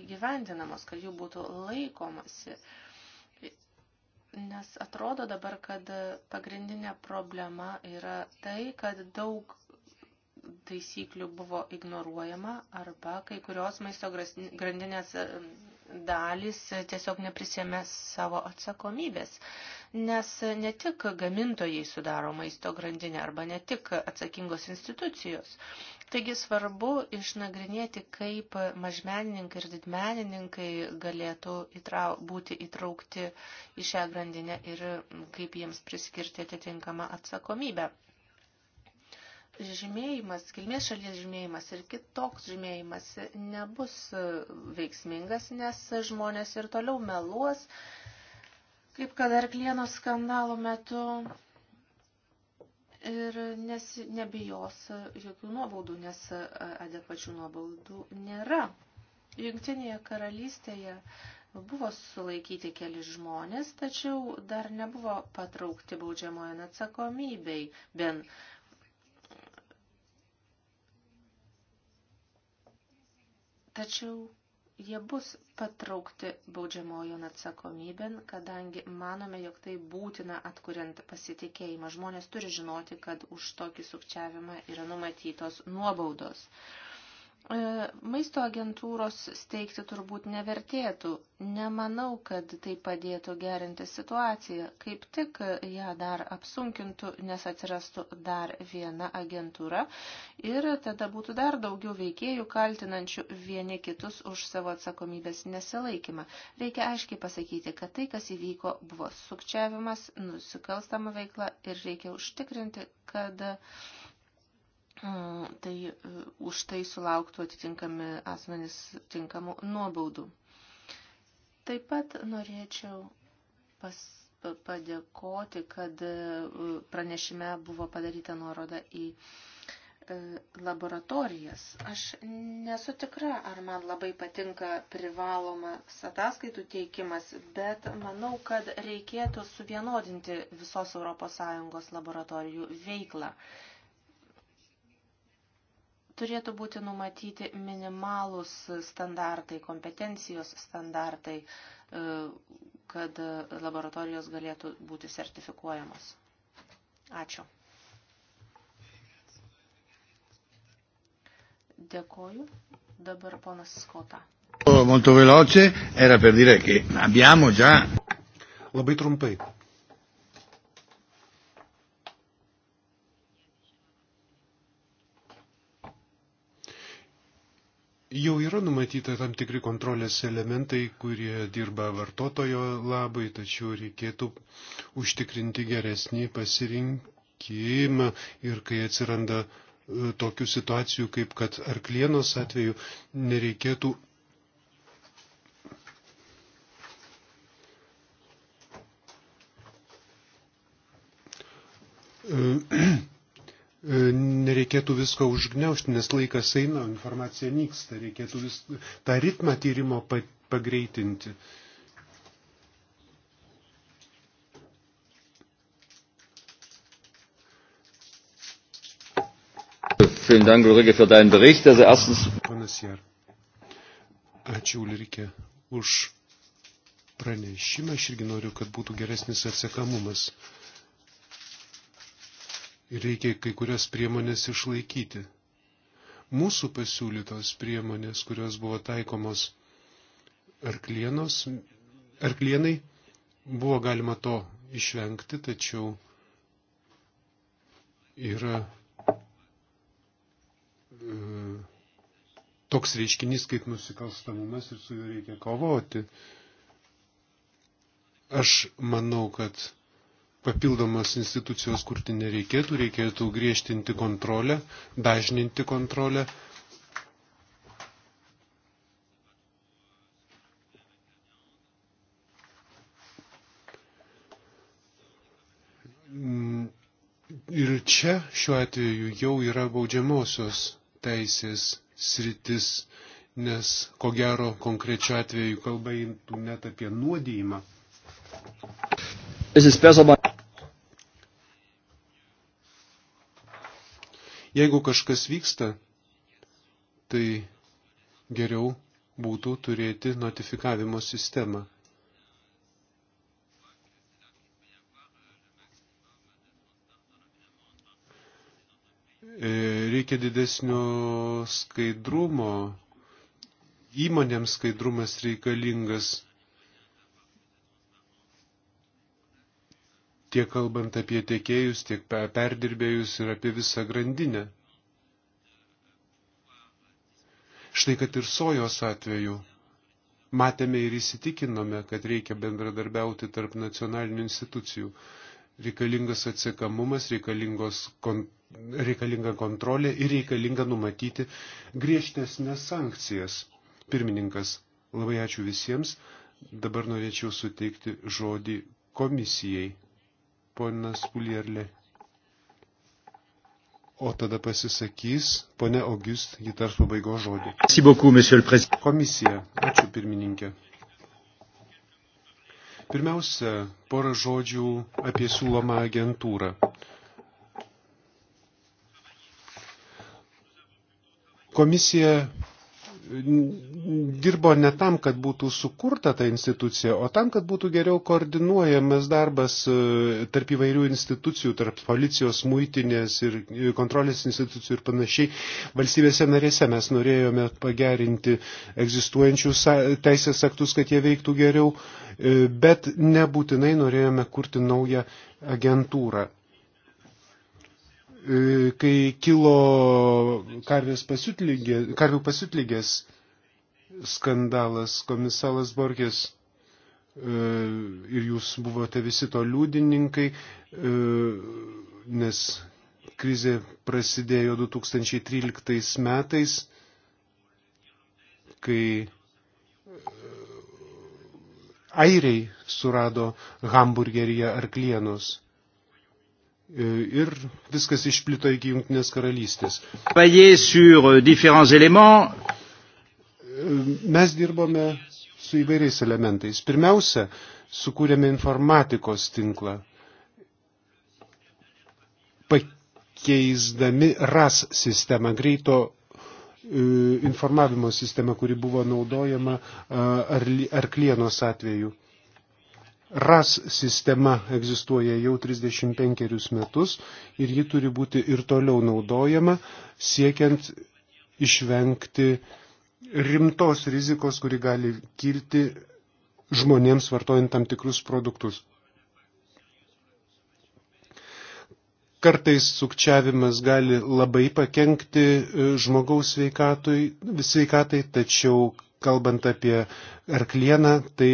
įgyvendinamos, kad jų būtų laikomasi. Nes atrodo dabar, kad pagrindinė problema yra tai, kad daug taisyklių buvo ignoruojama arba kai kurios maisto grandinės dalys tiesiog neprisėmė savo atsakomybės nes ne tik gamintojai sudaro maisto grandinę arba ne tik atsakingos institucijos. Taigi svarbu išnagrinėti, kaip mažmenininkai ir didmenininkai galėtų įtrau, būti įtraukti į šią grandinę ir kaip jiems priskirti atitinkamą atsakomybę žymėjimas, kilmės šalies žymėjimas ir kitoks žymėjimas nebus veiksmingas, nes žmonės ir toliau meluos kaip kad arklieno skandalo metu ir nes, nebijos jokių nuobaudų, nes adekvačių nuobaudų nėra. Jungtinėje karalystėje buvo sulaikyti keli žmonės, tačiau dar nebuvo patraukti baudžiamojo atsakomybei, ben Tačiau jie bus patraukti baudžiamojon atsakomybėn, kadangi manome, jog tai būtina atkuriant pasitikėjimą. Žmonės turi žinoti, kad už tokį sukčiavimą yra numatytos nuobaudos. E, maisto agentūros steigti turbūt nevertėtų. Nemanau, kad tai padėtų gerinti situaciją. Kaip tik ją dar apsunkintų, nes atsirastų dar viena agentūra ir tada būtų dar daugiau veikėjų kaltinančių vieni kitus už savo atsakomybės nesilaikymą. Reikia aiškiai pasakyti, kad tai, kas įvyko, buvo sukčiavimas, nusikalstama veikla ir reikia užtikrinti, kad uh, tai e, už tai sulauktų atitinkami asmenys tinkamų nuobaudų. Taip pat norėčiau pas, padėkoti, kad e, pranešime buvo padaryta nuoroda į e, laboratorijas. Aš nesu tikra, ar man labai patinka privalomas ataskaitų teikimas, bet manau, kad reikėtų suvienodinti visos ES laboratorijų veiklą. Uh, turėtų būti numatyti minimalūs standartai, kompetencijos standartai, e, kad laboratorijos galėtų būti sertifikuojamos. Ačiū. Dėkoju. Dabar ponas Skota. Molto veloce, era per dire che abbiamo già. Labai trumpai. jau yra numatyta tam tikri kontrolės elementai, kurie dirba vartotojo labai, tačiau reikėtų užtikrinti geresnį pasirinkimą ir kai atsiranda e, tokių situacijų, kaip kad arklienos atveju, nereikėtų e, E, nereikėtų visko užgneušti, nes laikas eina, informacija nyksta, reikėtų vis, tą ritmą tyrimo pagreitinti. Vielen Dank, Ulrike, für deinen Bericht. Also erstens. Ačiū, Ulrike, už pranešimą. Aš irgi noriu, kad būtų geresnis atsekamumas ir reikia kai kurias priemonės išlaikyti. Mūsų pasiūlytos priemonės, kurios buvo taikomos arklienos, arklienai, buvo galima to išvengti, tačiau yra e, toks reiškinys kaip nusikalstamumas ir su juo reikia kovoti. Aš manau, kad papildomas institucijos kurti nereikėtų, reikėtų griežtinti kontrolę, dažninti kontrolę. Ir čia šiuo atveju jau yra baudžiamosios teisės sritis, nes ko gero konkrečiu atveju kalba net apie nuodėjimą. Es ist besser bei Jeigu kažkas vyksta, tai geriau būtų turėti notifikavimo sistemą. E, reikia didesnio skaidrumo, įmonėms skaidrumas reikalingas tiek kalbant apie tiekėjus, tiek perdirbėjus ir apie visą grandinę. Štai kad ir sojos atveju matėme ir įsitikinome, kad reikia bendradarbiauti tarp nacionalinių institucijų. Reikalingas atsiekamumas, reikalingos kontrolės reikalinga kontrolė ir reikalinga numatyti griežtesnės sankcijas. Pirmininkas, labai ačiū visiems. Dabar norėčiau suteikti žodį komisijai ponas Pulierlė. O tada pasisakys ponė August, ji tars pabaigos žodį. Komisija. Ačiū pirmininkė. Pirmiausia, porą žodžių apie siūlomą agentūrą. Komisija dirbo ne tam, kad būtų sukurta ta institucija, o tam, kad būtų geriau koordinuojamas darbas e, tarp įvairių institucijų, tarp policijos, muitinės ir kontrolės institucijų ir panašiai. Valstybėse narėse mes norėjome pagerinti egzistuojančius teisės aktus, kad jie veiktų geriau, e, bet nebūtinai norėjome kurti naują agentūrą. E, kai kilo pasiutlygė, karvių pasiutlygės skandalas, komisalas Borgės e, ir jūs buvote visi to liudininkai, e, nes krizė prasidėjo 2013 metais, kai airiai surado hamburgeryje arklienus. E, ir viskas išplito iki Junktinės karalystės. Euh, e, mes dirbome su įvairiais elementais. Pirmiausia, sukūrėme informatikos tinklą, pakeisdami RAS sistemą, greito e, informavimo sistemą, kuri buvo naudojama arklienos atveju. RAS sistema egzistuoja jau 35 metus ir ji turi būti ir toliau naudojama, siekiant išvengti rimtos rizikos, kuri gali kilti žmonėms vartojant tam tikrus produktus. Kartais sukčiavimas gali labai pakengti e, žmogaus sveikatui, sveikatai, tačiau kalbant apie arklieną, tai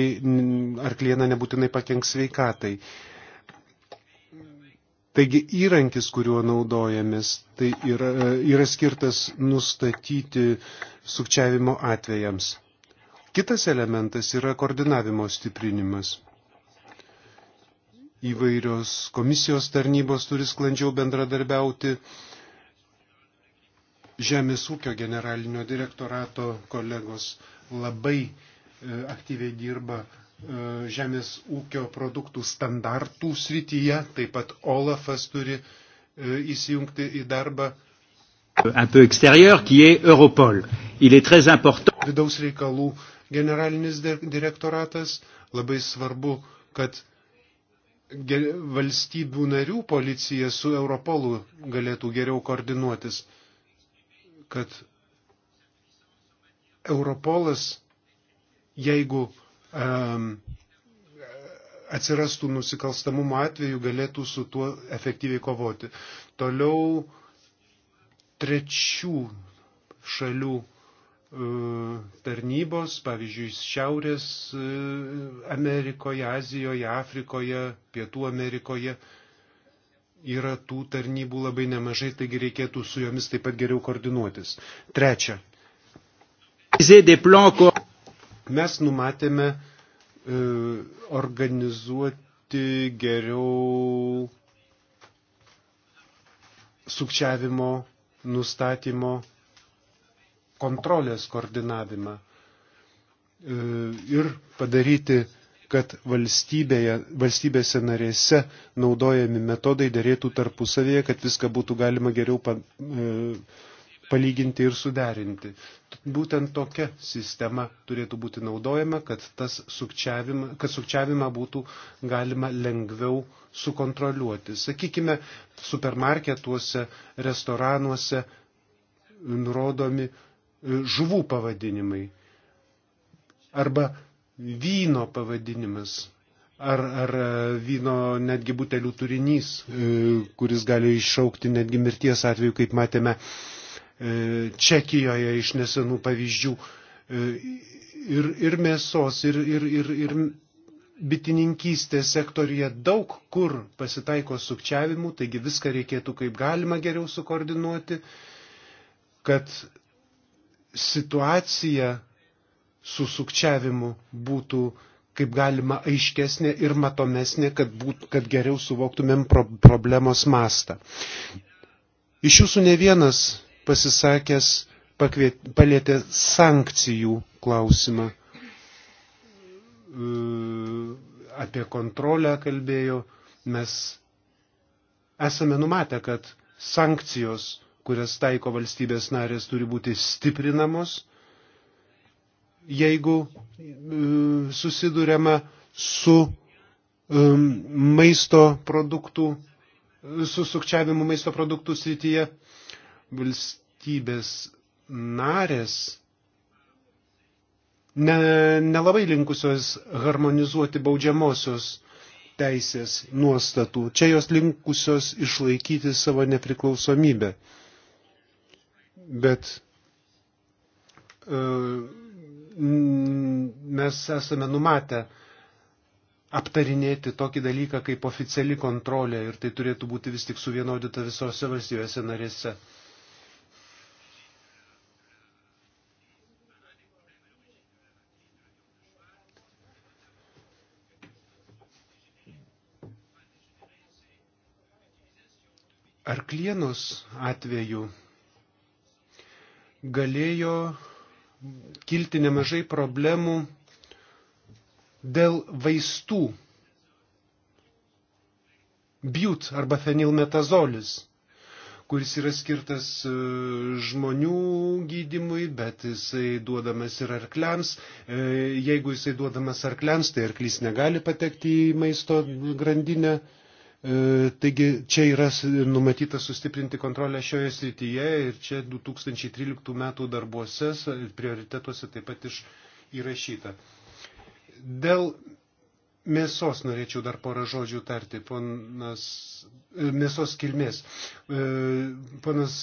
arkliena nebūtinai pakenks sveikatai. Taigi įrankis, kuriuo naudojamės, tai yra, yra skirtas nustatyti sukčiavimo atvejams. Kitas elementas yra koordinavimo stiprinimas. Įvairios komisijos tarnybos turi sklandžiau bendradarbiauti. Žemės ūkio generalinio direktorato kolegos labai e, aktyviai dirba e, žemės ūkio produktų standartų srityje, taip pat Olafas turi e, įsijungti į darbą. Un peu extérieur, qui est Europol. Il est très important. Vidaus reikalų generalinis direktoratas labai svarbu, kad valstybių narių policija su Europolu galėtų geriau koordinuotis, kad Europolas, jeigu um, atsirastų nusikalstamumo atveju, galėtų su tuo efektyviai kovoti. Toliau trečių šalių e, tarnybos, pavyzdžiui, Šiaurės e, Amerikoje, Azijoje, Afrikoje, Pietų Amerikoje yra tų tarnybų labai nemažai, taigi reikėtų su jomis taip pat geriau koordinuotis. Trečia, Mes numatėme e, organizuoti geriau sukčiavimo, nustatymo, kontrolės koordinavimą e, ir padaryti, kad valstybėse narėse naudojami metodai dėrėtų tarpusavėje, kad viską būtų galima geriau pa, e, palyginti ir suderinti. Būtent tokia sistema turėtų būti naudojama, kad, sukčiavimą, kad sukčiavimą būtų galima lengviau sukontroliuoti. Sakykime, supermarketuose, restoranuose nurodomi e, žuvų pavadinimai arba vyno pavadinimas ar, ar e, vyno netgi butelių turinys, e, kuris gali iššaukti netgi mirties atveju, kaip matėme E, Čekijoje iš nesenų pavyzdžių. E, ir, ir mėsos, ir, ir, ir, ir bitininkystės sektorija daug kur pasitaiko sukčiavimų, taigi viską reikėtų kaip galima geriau sukoordinuoti, kad situacija su sukčiavimu būtų kaip galima aiškesnė ir matomesnė, kad, būt, kad geriau suvoktumėm pro, problemos mastą. Iš jūsų ne vienas pasisakęs pakviet, palėtė sankcijų klausimą. E, apie kontrolę kalbėjo. Mes esame numatę, kad sankcijos, kurias taiko valstybės narės, turi būti stiprinamos, jeigu e, susidurėma su e, maisto produktų, su sukčiavimu maisto produktų srityje valstybės narės ne, nelabai linkusios harmonizuoti baudžiamosios teisės nuostatų. Čia jos linkusios išlaikyti savo nepriklausomybę. Bet e, mes esame numatę aptarinėti tokį dalyką kaip oficiali kontrolė ir tai turėtų būti vis tik suvienodita visose valstybėse narėse. arklienos atveju galėjo kilti nemažai problemų dėl vaistų biut arba fenilmetazolis, kuris yra skirtas e, žmonių gydimui, bet jisai duodamas ir arkliams. E, jeigu jisai duodamas arkliams, tai arklys negali patekti į maisto grandinę. E, taigi čia yra numatyta sustiprinti kontrolę šioje srityje ir čia 2013 metų darbuose ir prioritetuose taip pat iš, įrašyta. Dėl mėsos norėčiau dar porą žodžių tarti, ponas, e, mėsos kilmės. E, ponas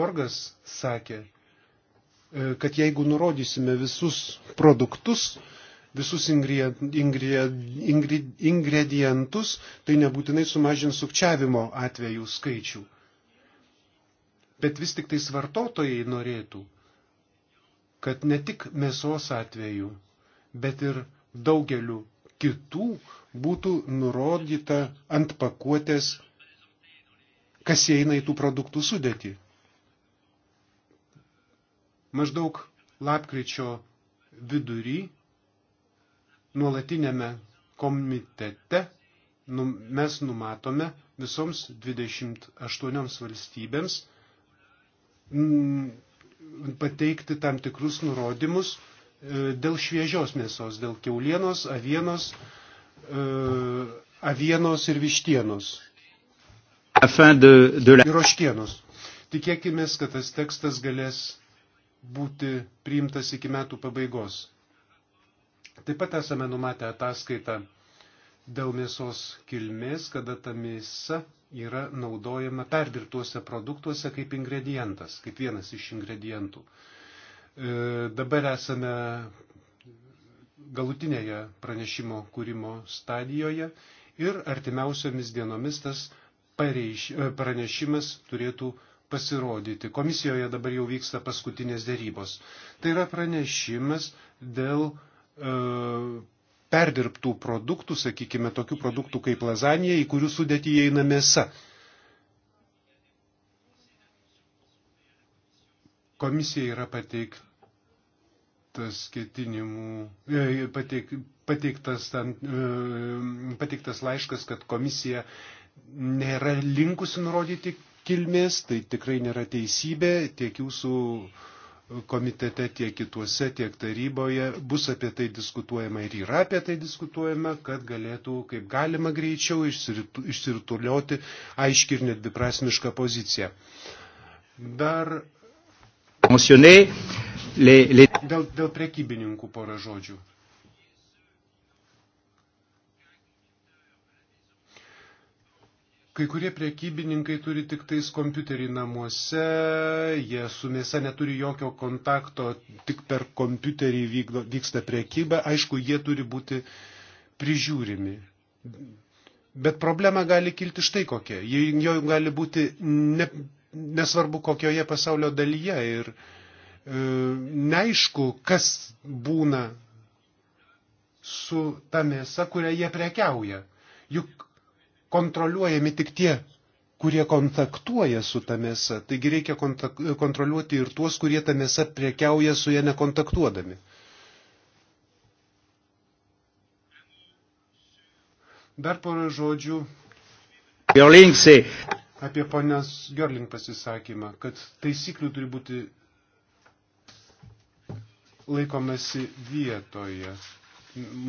Borgas sakė, kad jeigu nurodysime visus produktus, visus ingredientus, tai nebūtinai sumažins sukčiavimo atvejų skaičių. Bet vis tik tais vartotojai norėtų, kad ne tik mėsos atveju, bet ir daugeliu kitų būtų nurodyta ant pakuotės, kas įeina į tų produktų sudėtį. Maždaug lapkričio vidury nuolatinėme komitete nu, mes numatome visoms 28 valstybėms mm, pateikti tam tikrus nurodymus e, dėl šviežios mėsos, dėl keulienos, avienos, e, avienos ir vištienos. Ir oštienos. Tikėkime, kad tas tekstas galės būti priimtas iki metų pabaigos. Taip pat esame numatę ataskaitą dėl mėsos kilmės, kada ta mėsa yra naudojama perdirbtuose produktuose kaip ingredientas, kaip vienas iš ingredientų. E, dabar esame galutinėje pranešimo kūrimo stadijoje ir artimiausiomis dienomis tas pareiš, e, pranešimas turėtų pasirodyti. Komisijoje dabar jau vyksta paskutinės dėrybos. Tai yra pranešimas dėl E, perdirbtų produktų, sakykime, tokių produktų kaip lazanija, į kurių sudėtį įeina mėsa. Komisija yra pateiktas ketinimų, e, pateik, pateiktas, tam, e, pateiktas laiškas, kad komisija nėra linkusi nurodyti kilmės, tai tikrai nėra teisybė, tiek jūsų uh, komitete, tiek kituose, tiek taryboje bus apie tai diskutuojama ir yra apie tai diskutuojama, kad galėtų kaip galima greičiau išsirutulioti aiški ir nedviprasmišką poziciją. Dar. Dėl, dėl prekybininkų porą žodžių. Kai kurie priekybininkai turi tik tais kompiuterį namuose, jie su mėsa neturi jokio kontakto, tik per kompiuterį vykdo, vyksta priekyba, aišku, jie turi būti prižiūrimi. Bet problema gali kilti štai kokia. Jie jo gali būti ne, nesvarbu kokioje pasaulio dalyje ir e, neaišku, kas būna su ta mėsa, kurią jie prekiauja. Juk kontroliuojami tik tie, kurie kontaktuoja su ta mėsa. Taigi reikia kontroliuoti ir tuos, kurie tą mėsą priekiauja su ją nekontaktuodami. Dar porą žodžių. Gerlingsai. Apie ponios Gerling pasisakymą, kad taisyklių turi būti laikomasi vietoje.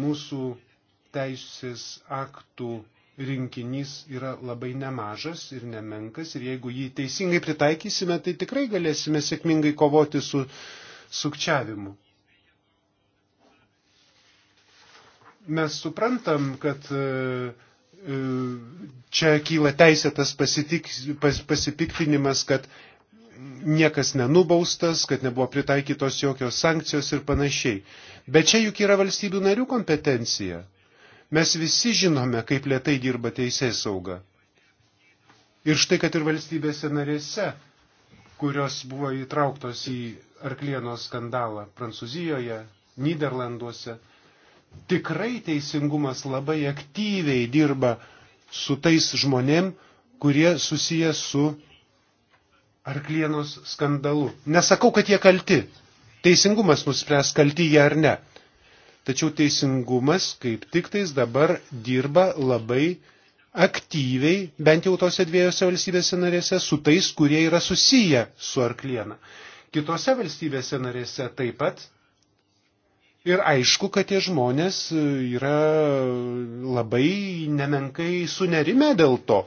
Mūsų teisės aktų rinkinys yra labai nemažas ir nemenkas ir jeigu jį teisingai pritaikysime, tai tikrai galėsime sėkmingai kovoti su sukčiavimu. Mes suprantam, kad e, e, čia kyla teisėtas pasitik, pas, pasipiktinimas, kad niekas nenubaustas, kad nebuvo pritaikytos jokios sankcijos ir panašiai. Bet čia juk yra valstybių narių kompetencija. Mes visi žinome, kaip lietai dirba teisės sauga. Ir štai, kad ir valstybėse narėse, kurios buvo įtrauktos į Arklieno skandalą Prancūzijoje, Niderlanduose, tikrai teisingumas labai aktyviai dirba su tais žmonėm, kurie susiję su Arklienos skandalu. Nesakau, kad jie kalti. Teisingumas nuspręs, kalti jie ar ne. Tačiau teisingumas kaip tik tais dabar dirba labai aktyviai, bent jau tose dviejose valstybėse narėse, su tais, kurie yra susiję su arklieną. Kitose valstybėse narėse taip pat. Ir aišku, kad tie žmonės e, yra labai nemenkai sunerime dėl to.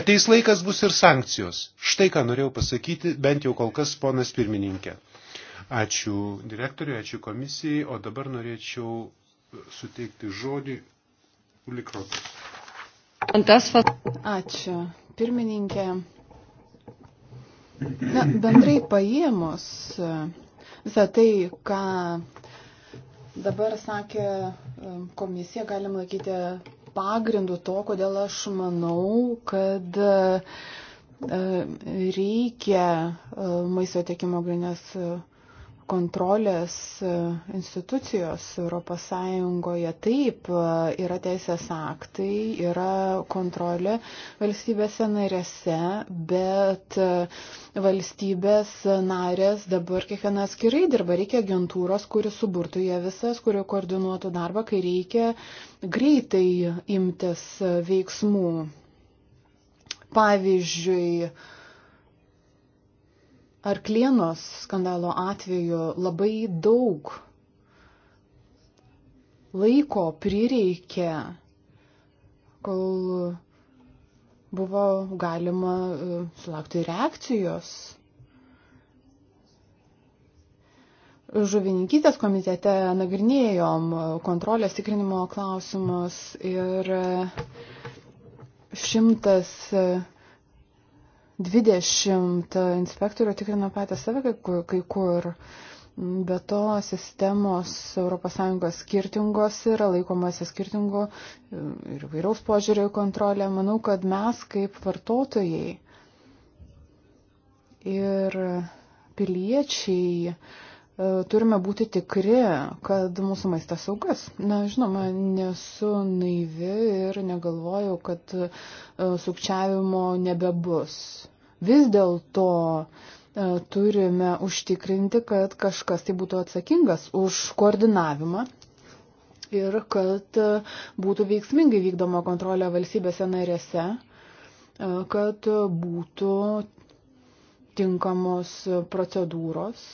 Ateis laikas bus ir sankcijos. Štai ką norėjau pasakyti, bent jau kol kas, ponas pirmininkė. Ačiū direktoriui, ačiū komisijai, o dabar norėčiau suteikti žodį Ulikrotas. Ačiū, pirmininkė. Na, bendrai paėmus visą tai, ką dabar sakė e, komisija, galim laikyti pagrindų to, kodėl aš manau, kad e, reikia e, maisto tiekimo grinės kontrolės e, institucijos ES taip e, yra teisės aktai, yra kontrolė valstybėse narėse, bet e, valstybės narės dabar kiekviena atskirai dirba, reikia agentūros, kuri suburtų ją visas, kuri koordinuotų darbą, kai reikia greitai imtis veiksmų. Pavyzdžiui, arklienos skandalo atveju labai daug laiko prireikė, kol buvo galima e, sulaukti reakcijos. Žuvininkytės komitete nagrinėjom kontrolės tikrinimo klausimus ir 100 20 inspektorių tikrina patys save kai, kai kur. Be to, sistemos ES skirtingos yra laikomasi skirtingo e, ir vairaus požiūrio į kontrolę. Manau, kad mes kaip vartotojai ir piliečiai E, turime būti tikri, kad mūsų maistas saugas. Na, žinoma, nesu naivi ir negalvoju, kad e, sukčiavimo nebebus. Vis dėlto e, turime užtikrinti, kad kažkas tai būtų atsakingas už koordinavimą ir kad būtų veiksmingai vykdoma kontrolė valstybėse narėse, kad būtų tinkamos procedūros,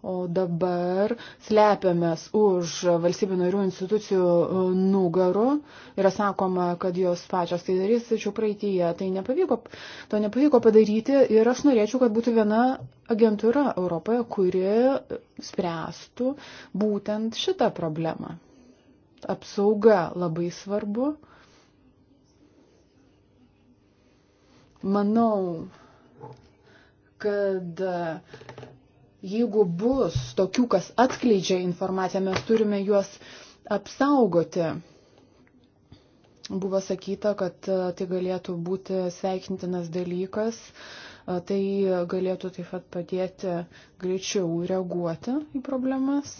O dabar slepiamės už valstybių narių institucijų e, nugarų. Yra sakoma, kad jos pačios tai darys, tačiau praeitįje tai nepavyko, to nepavyko padaryti. Ir aš norėčiau, kad būtų viena agentūra Europoje, kuri spręstų būtent šitą problemą. Apsauga labai svarbu. Manau, kad jeigu bus tokių, kas atskleidžia informaciją, mes turime juos apsaugoti. Buvo sakyta, kad e, tai galėtų būti sveikintinas dalykas, e, tai galėtų taip pat padėti greičiau reaguoti į problemas.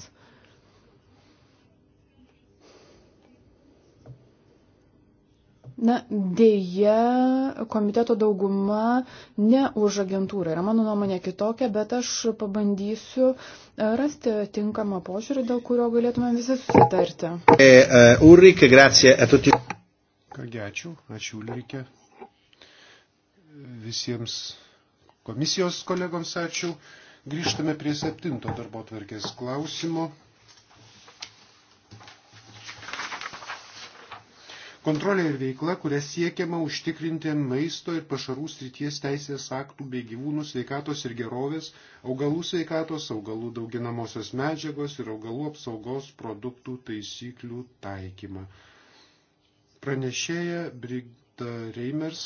Na, dėja, komiteto dauguma ne už agentūrą. Yra mano nuomonė kitokia, bet aš pabandysiu e, rasti tinkamą požiūrį, dėl kurio galėtume visi susitarti. E, e, Ulrike, grazie a tutti. Kągi, ačiū, ačiū Ulrike. Visiems komisijos kolegoms ačiū. Grįžtame prie septinto darbo tvarkės klausimo. Kontrolė ir veikla, kuria siekiama užtikrinti maisto ir pašarų srities teisės aktų bei gyvūnų sveikatos ir gerovės, augalų sveikatos, augalų dauginamosios medžiagos ir augalų apsaugos produktų taisyklių taikymą. Pranešėja Brigda Reimers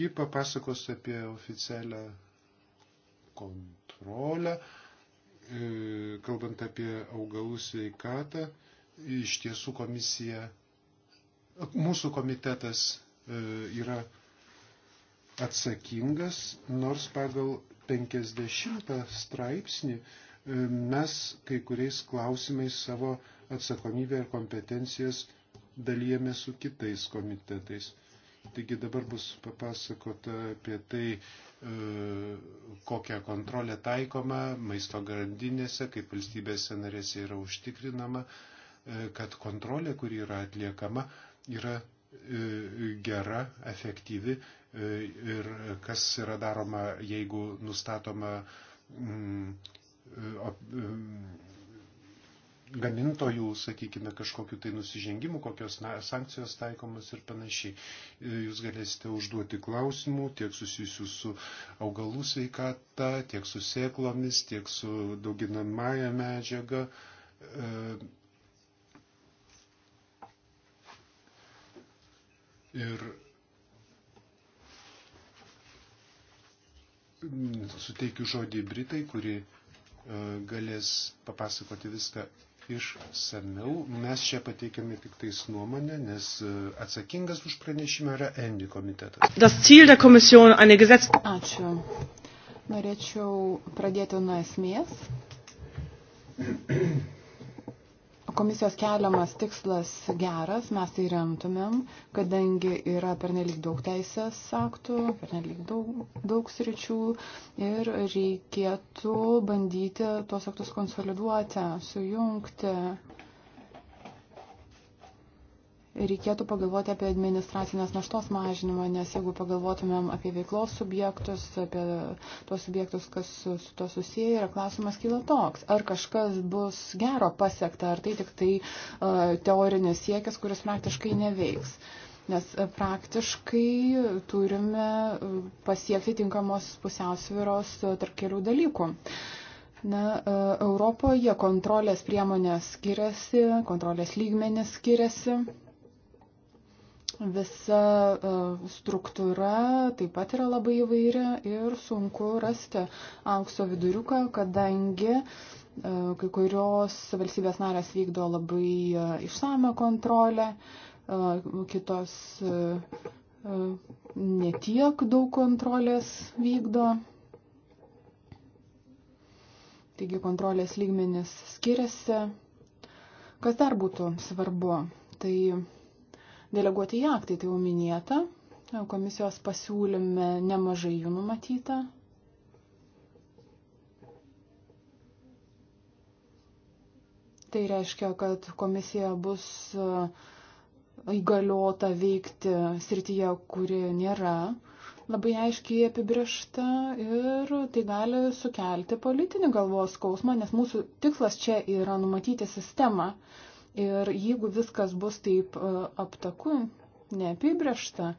ji papasakos apie oficialią kontrolę, e, kalbant apie augalų sveikatą iš tiesų komisija, mūsų komitetas e, yra atsakingas, nors pagal 50 straipsnį e, mes kai kuriais klausimais savo atsakomybę ir kompetencijas dalyjame su kitais komitetais. Taigi dabar bus papasakota apie tai, e, kokią kontrolę taikoma maisto grandinėse, kaip valstybėse narėse yra užtikrinama, E, kad kontrolė, kuri yra atliekama, yra e, gera, efektyvi e, ir kas yra daroma, jeigu nustatoma mm, gamintojų, sakykime, kažkokiu tai nusižengimu, kokios na, sankcijos taikomas ir panašiai. Jūs galėsite užduoti klausimų tiek susijusių su augalų sveikata, tiek su sėklomis, tiek su dauginamąją medžiagą. ir suteikiu žodį Britai, kuri e, galės papasakoti viską išsameu. Mes čia pateikėme tik tais nuomonę, nes e, atsakingas už pranešimą yra Endi komitetas. Das Ziel der Kommission eine Gesetz... Ačiū. Norėčiau pradėti nuo esmės. Komisijos keliamas tikslas geras, mes tai remtumėm, kadangi yra pernelik daug teisės aktų, pernelik daug, daug sričių ir reikėtų bandyti tuos aktus konsoliduoti, sujungti reikėtų pagalvoti apie administracinės naštos mažinimą, nes jeigu pagalvotumėm apie veiklos subjektus, apie tuos subjektus, kas su, su to susiję, yra klausimas kyla toks, ar kažkas bus gero pasiekta, ar tai tik tai uh, teorinis siekis, kuris praktiškai neveiks. Nes e, praktiškai turime e, pasiekti tinkamos pusiausvyros tarp kelių dalykų. Uh, Na, Europoje kontrolės priemonės skiriasi, kontrolės lygmenės skiriasi visa e, struktūra taip pat yra labai įvairi ir sunku rasti aukso viduriuką, kadangi e, kai kurios valstybės narės vykdo labai e, išsame kontrolę, kitos netiek daug kontrolės vykdo. Taigi kontrolės lygmenis skiriasi. Kas dar būtų svarbu? Tai Deleguoti į aktai tai jau minėta, komisijos pasiūlyme nemažai jų numatyta. Tai reiškia, kad komisija bus e, įgaliota veikti srityje, kuri nėra labai aiškiai apibriešta ir tai gali sukelti politinį galvos skausmą, nes mūsų tikslas čia yra numatyti sistemą, Ir jeigu viskas bus taip e, aptaku, neapibriešta,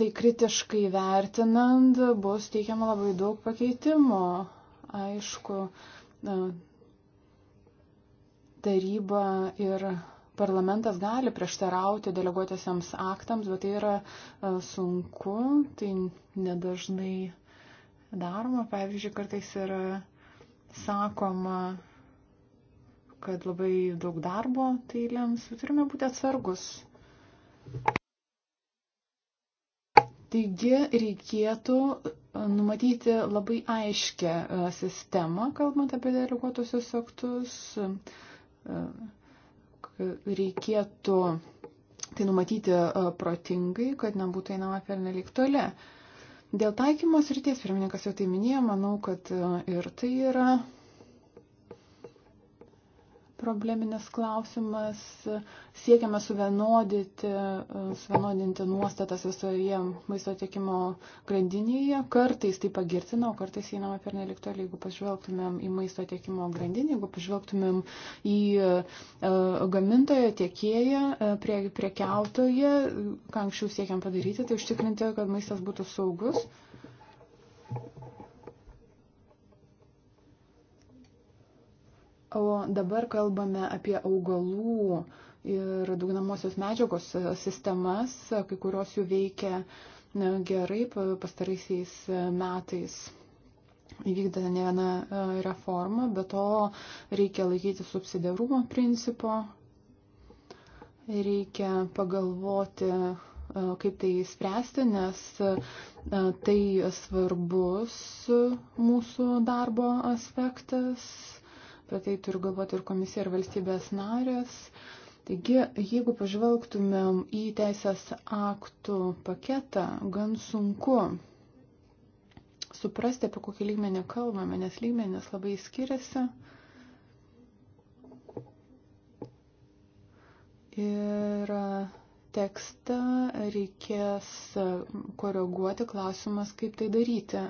tai kritiškai vertinant bus teikiama labai daug pakeitimo. Aišku, e, taryba ir parlamentas gali prieštarauti deleguotėsiams aktams, bet tai yra e, sunku, tai nedažnai daroma. Pavyzdžiui, kartais yra sakoma, kad labai daug darbo tai lems, turime būti atsargus. Taigi reikėtų e, numatyti labai aiškę e, sistemą, kalbant apie deleguotusius aktus. E, reikėtų tai numatyti protingai, kad nebūtų einama per nelik toli. Dėl taikymos ryties pirmininkas jau tai minėjo, manau, kad ir tai yra probleminis klausimas. Siekiame suvienodinti, suvienodinti nuostatas visoje maisto tiekimo grandinėje. Kartais tai pagirtina, o kartais einama per neliktolį. Jeigu pažvelgtumėm į maisto tiekimo grandinį, jeigu pažvelgtumėm į e, gamintoją, tiekėją, e, prie, prekiautoją, ką anksčiau siekiam padaryti, tai užtikrinti, kad maistas būtų saugus O dabar kalbame apie augalų ir dugnamosios medžiagos e, sistemas, e, kai kurios jų veikia gerai pastaraisiais e, metais. Įvykdė ne viena reforma, bet to reikia laikyti subsidiarumo principo, reikia pagalvoti, kaip tai spręsti, nes tai svarbus mūsų darbo aspektas apie tai turi galvoti ir komisija, ir valstybės narės. Taigi, jeigu pažvelgtumėm į teisės aktų paketą, gan sunku suprasti, apie kokį lygmenį kalbame, nes lygmenis labai skiriasi. Ir tekstą reikės koreguoti klausimas, kaip tai daryti.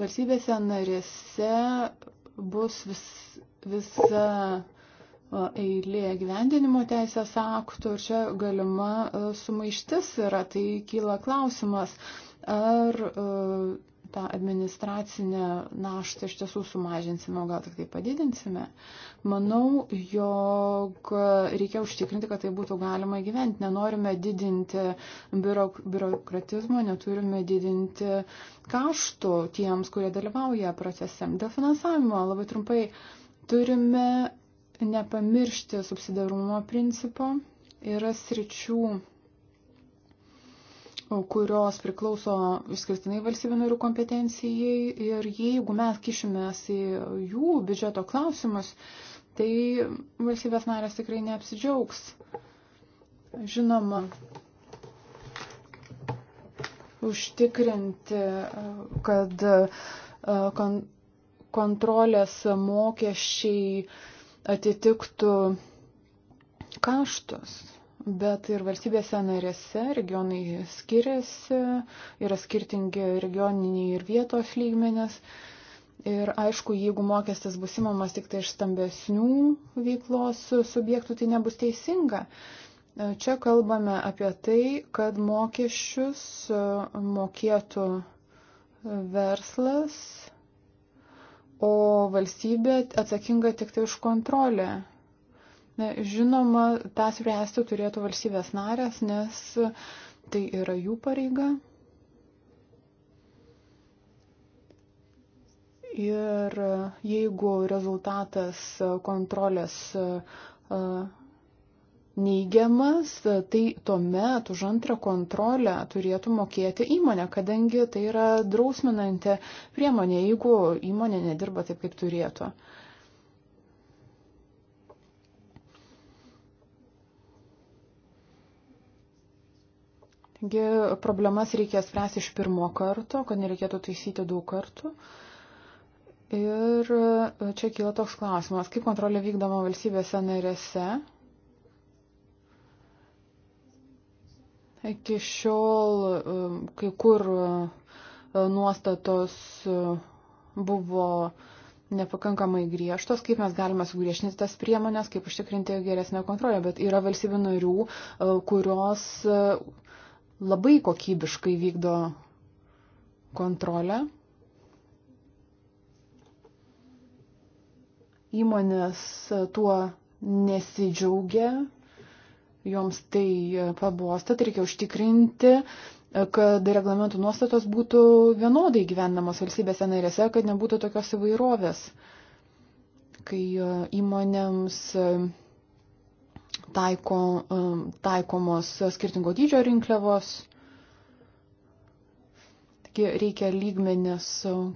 valstybėse narėse bus vis, visa eilė gyvendinimo teisės aktų ir čia galima e, sumaištis yra, tai kyla klausimas, ar e, tą administracinę naštą iš tiesų sumažinsime, o gal tik tai padidinsime. Manau, jog reikia užtikrinti, kad tai būtų galima įgyventi. Nenorime didinti biurok biurokratizmo, neturime didinti kaštų tiems, kurie dalyvauja procese. Dėl finansavimo labai trumpai turime nepamiršti subsidarumo principo. Yra sričių kurios priklauso išskirtinai valstybių narių kompetencijai ir jeigu mes kišimės į jų biudžeto klausimus, tai valstybės narės tikrai neapsidžiaugs. Žinoma, užtikrinti, kad e, kontrolės mokesčiai atitiktų kaštus bet ir valstybėse narėse regionai skiriasi, yra skirtingi regioniniai ir vietos lygmenės. Ir aišku, jeigu mokestis bus įmamas tik tai iš stambesnių veiklos subjektų, tai nebus teisinga. Čia kalbame apie tai, kad mokesčius mokėtų verslas, o valstybė atsakinga tik tai už kontrolę Na, žinoma, tą spręsti turėtų valstybės narės, nes tai yra jų pareiga. Ir jeigu rezultatas kontrolės neigiamas, tai tuomet už antrą kontrolę turėtų mokėti įmonė, kadangi tai yra drausminanti priemonė, jeigu įmonė nedirba taip, kaip turėtų. Uh, problemas reikia spręsti iš pirmo karto, kad nereikėtų taisyti daug kartų. Ir čia kyla toks klausimas, kaip kontrolė vykdoma valstybėse narėse. Iki šiol um, kai kur uh, nuostatos uh, buvo nepakankamai griežtos, kaip mes galime sugriešinti tas priemonės, kaip užtikrinti geresnę kontrolę, bet yra valstybių narių, uh, kurios labai kokybiškai vykdo kontrolę. Įmonės tuo nesidžiaugia, joms tai pabosta, tai reikia užtikrinti, kad reglamentų nuostatos būtų vienodai gyvenamos valstybėse narėse, kad nebūtų tokios įvairovės, kai įmonėms taiko, um, taikomos skirtingo dydžio rinkliavos. Taigi reikia lygmenis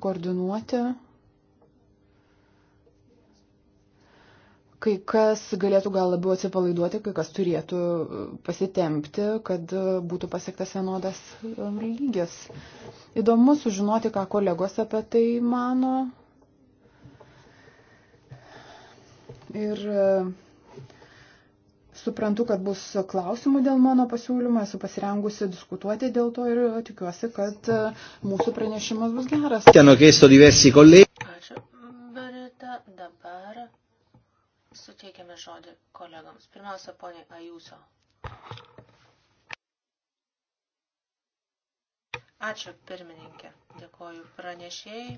koordinuoti. Kai kas galėtų gal labiau atsipalaiduoti, kai kas turėtų uh, pasitempti, kad uh, būtų pasiektas vienodas um, lygis. Įdomu sužinoti, ką kolegos apie tai mano. Ir uh, Suprantu, kad bus klausimų dėl mano pasiūlymo, esu pasirengusi diskutuoti dėl to ir tikiuosi, kad e, mūsų pranešimas bus geras. Ačiū, Birita. Dabar suteikiame žodį kolegams. Pirmiausia, ponė Ajuso. Ačiū, pirmininkė. Dėkoju pranešėjai.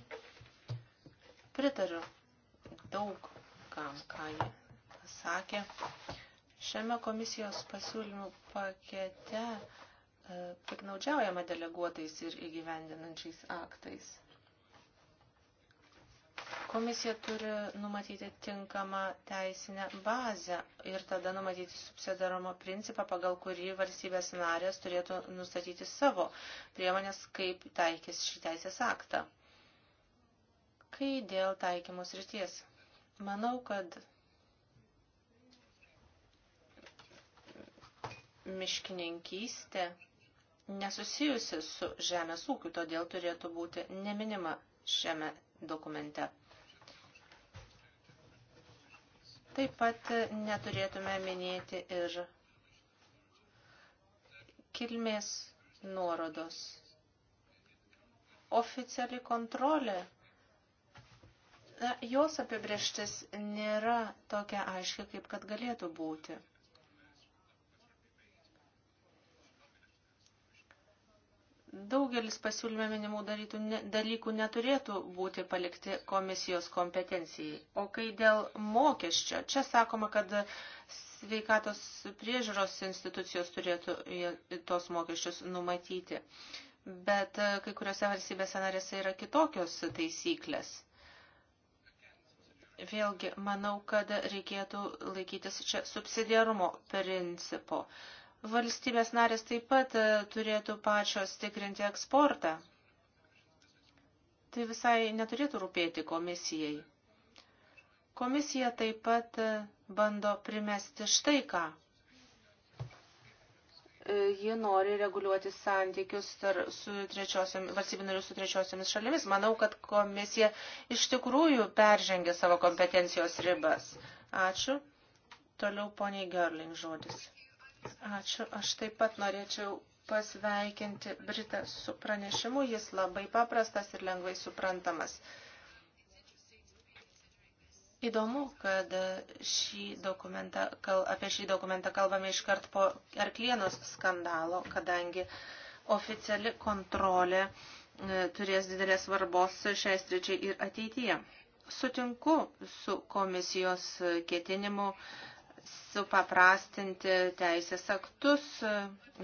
Pritariu daug kam, ką jie pasakė. Šiame komisijos pasiūlymų pakete e, piknaudžiaujama deleguotais ir įgyvendinančiais aktais. Komisija turi numatyti tinkamą teisinę bazę ir tada numatyti subsidarumo principą, pagal kurį valstybės narės turėtų nustatyti savo priemonės, kaip taikys šį teisės aktą. Kai dėl taikymos ryties. Manau, kad miškininkystė nesusijusi su žemės ūkiu, todėl turėtų būti neminima šiame dokumente. Taip pat neturėtume minėti ir kilmės nuorodos. Oficiali kontrolė. Na, jos apibrieštis nėra tokia aiški, kaip kad galėtų būti. Daugelis pasiūlyme minimų darytų, ne, dalykų neturėtų būti palikti komisijos kompetencijai. O kai dėl mokesčio, čia sakoma, kad sveikatos priežiūros institucijos turėtų tos mokesčius numatyti. Bet e, kai kuriuose valstybėse narėse yra kitokios taisyklės. Vėlgi, manau, kad reikėtų laikytis čia subsidiarumo principo. Valstybės narės taip pat e, turėtų pačios tikrinti eksportą. Tai visai neturėtų rūpėti komisijai. Komisija taip pat e, bando primesti štai ką. E, ji nori reguliuoti santykius su valstybinariu su trečiosiamis šalimis. Manau, kad komisija iš tikrųjų peržengia savo kompetencijos ribas. Ačiū. Toliau poniai Gerling žodis. Ačiū. Aš taip pat norėčiau pasveikinti Britą su pranešimu. Jis labai paprastas ir lengvai suprantamas. Įdomu, kad šį dokumentą, kal, apie šį dokumentą kalbame iškart po Arklienos skandalo, kadangi oficiali kontrolė e, turės didelės svarbos šiai stričiai ir ateityje. Sutinku su komisijos ketinimu e, supaprastinti teisės aktus,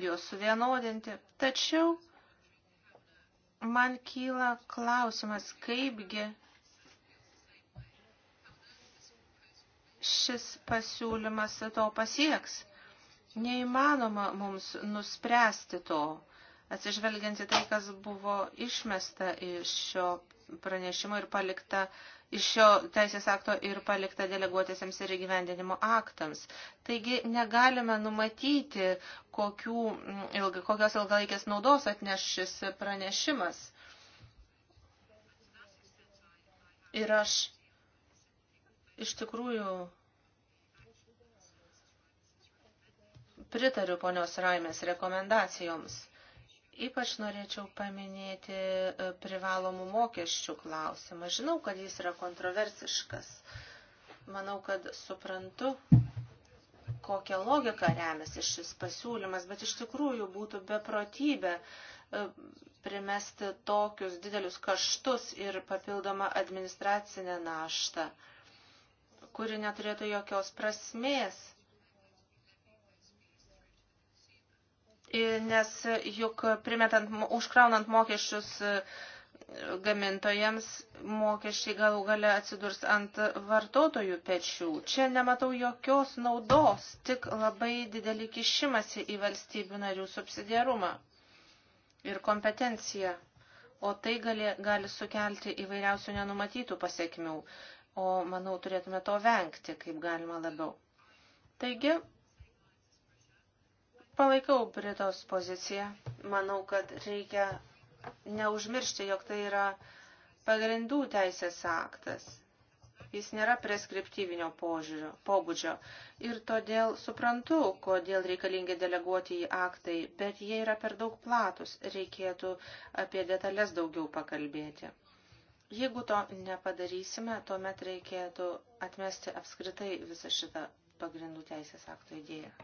juos suvienodinti. Tačiau man kyla klausimas, kaipgi šis pasiūlymas to pasieks. Neįmanoma mums nuspręsti to, atsižvelgiant į tai, kas buvo išmesta iš šio pranešimo ir palikta šio teisės akto ir palikta deleguotėsiams ir įgyvendinimo aktams. Taigi negalime numatyti, kokių, ilga, kokios ilgalaikės naudos atneš šis pranešimas. Ir aš iš tikrųjų pritariu ponios Raimės rekomendacijoms. Ypač norėčiau paminėti e, privalomų mokesčių klausimą. Žinau, kad jis yra kontroversiškas. Manau, kad suprantu, kokią logiką remiasi šis pasiūlymas, bet iš tikrųjų būtų beprotybė e, primesti tokius didelius kaštus ir papildomą administracinę naštą, kuri neturėtų jokios prasmės nes juk primetant, užkraunant mokesčius e, gamintojams, mokesčiai galų gale atsidurs ant vartotojų pečių. Čia nematau jokios naudos, tik labai didelį kišimasi į valstybių narių subsidiarumą ir kompetenciją. O tai gali, gali sukelti įvairiausių nenumatytų pasiekmių, o manau turėtume to vengti kaip galima labiau. Taigi, Palaikau Britos poziciją. Manau, kad reikia neužmiršti, jog tai yra pagrindų teisės aktas. Jis nėra preskriptyvinio požiūrio, pobūdžio. Ir todėl suprantu, kodėl reikalingi deleguoti į aktai, bet jie yra per daug platus, reikėtų apie detalės daugiau pakalbėti. Jeigu to nepadarysime, tuomet reikėtų atmesti apskritai visą šitą pagrindų teisės akto idėją.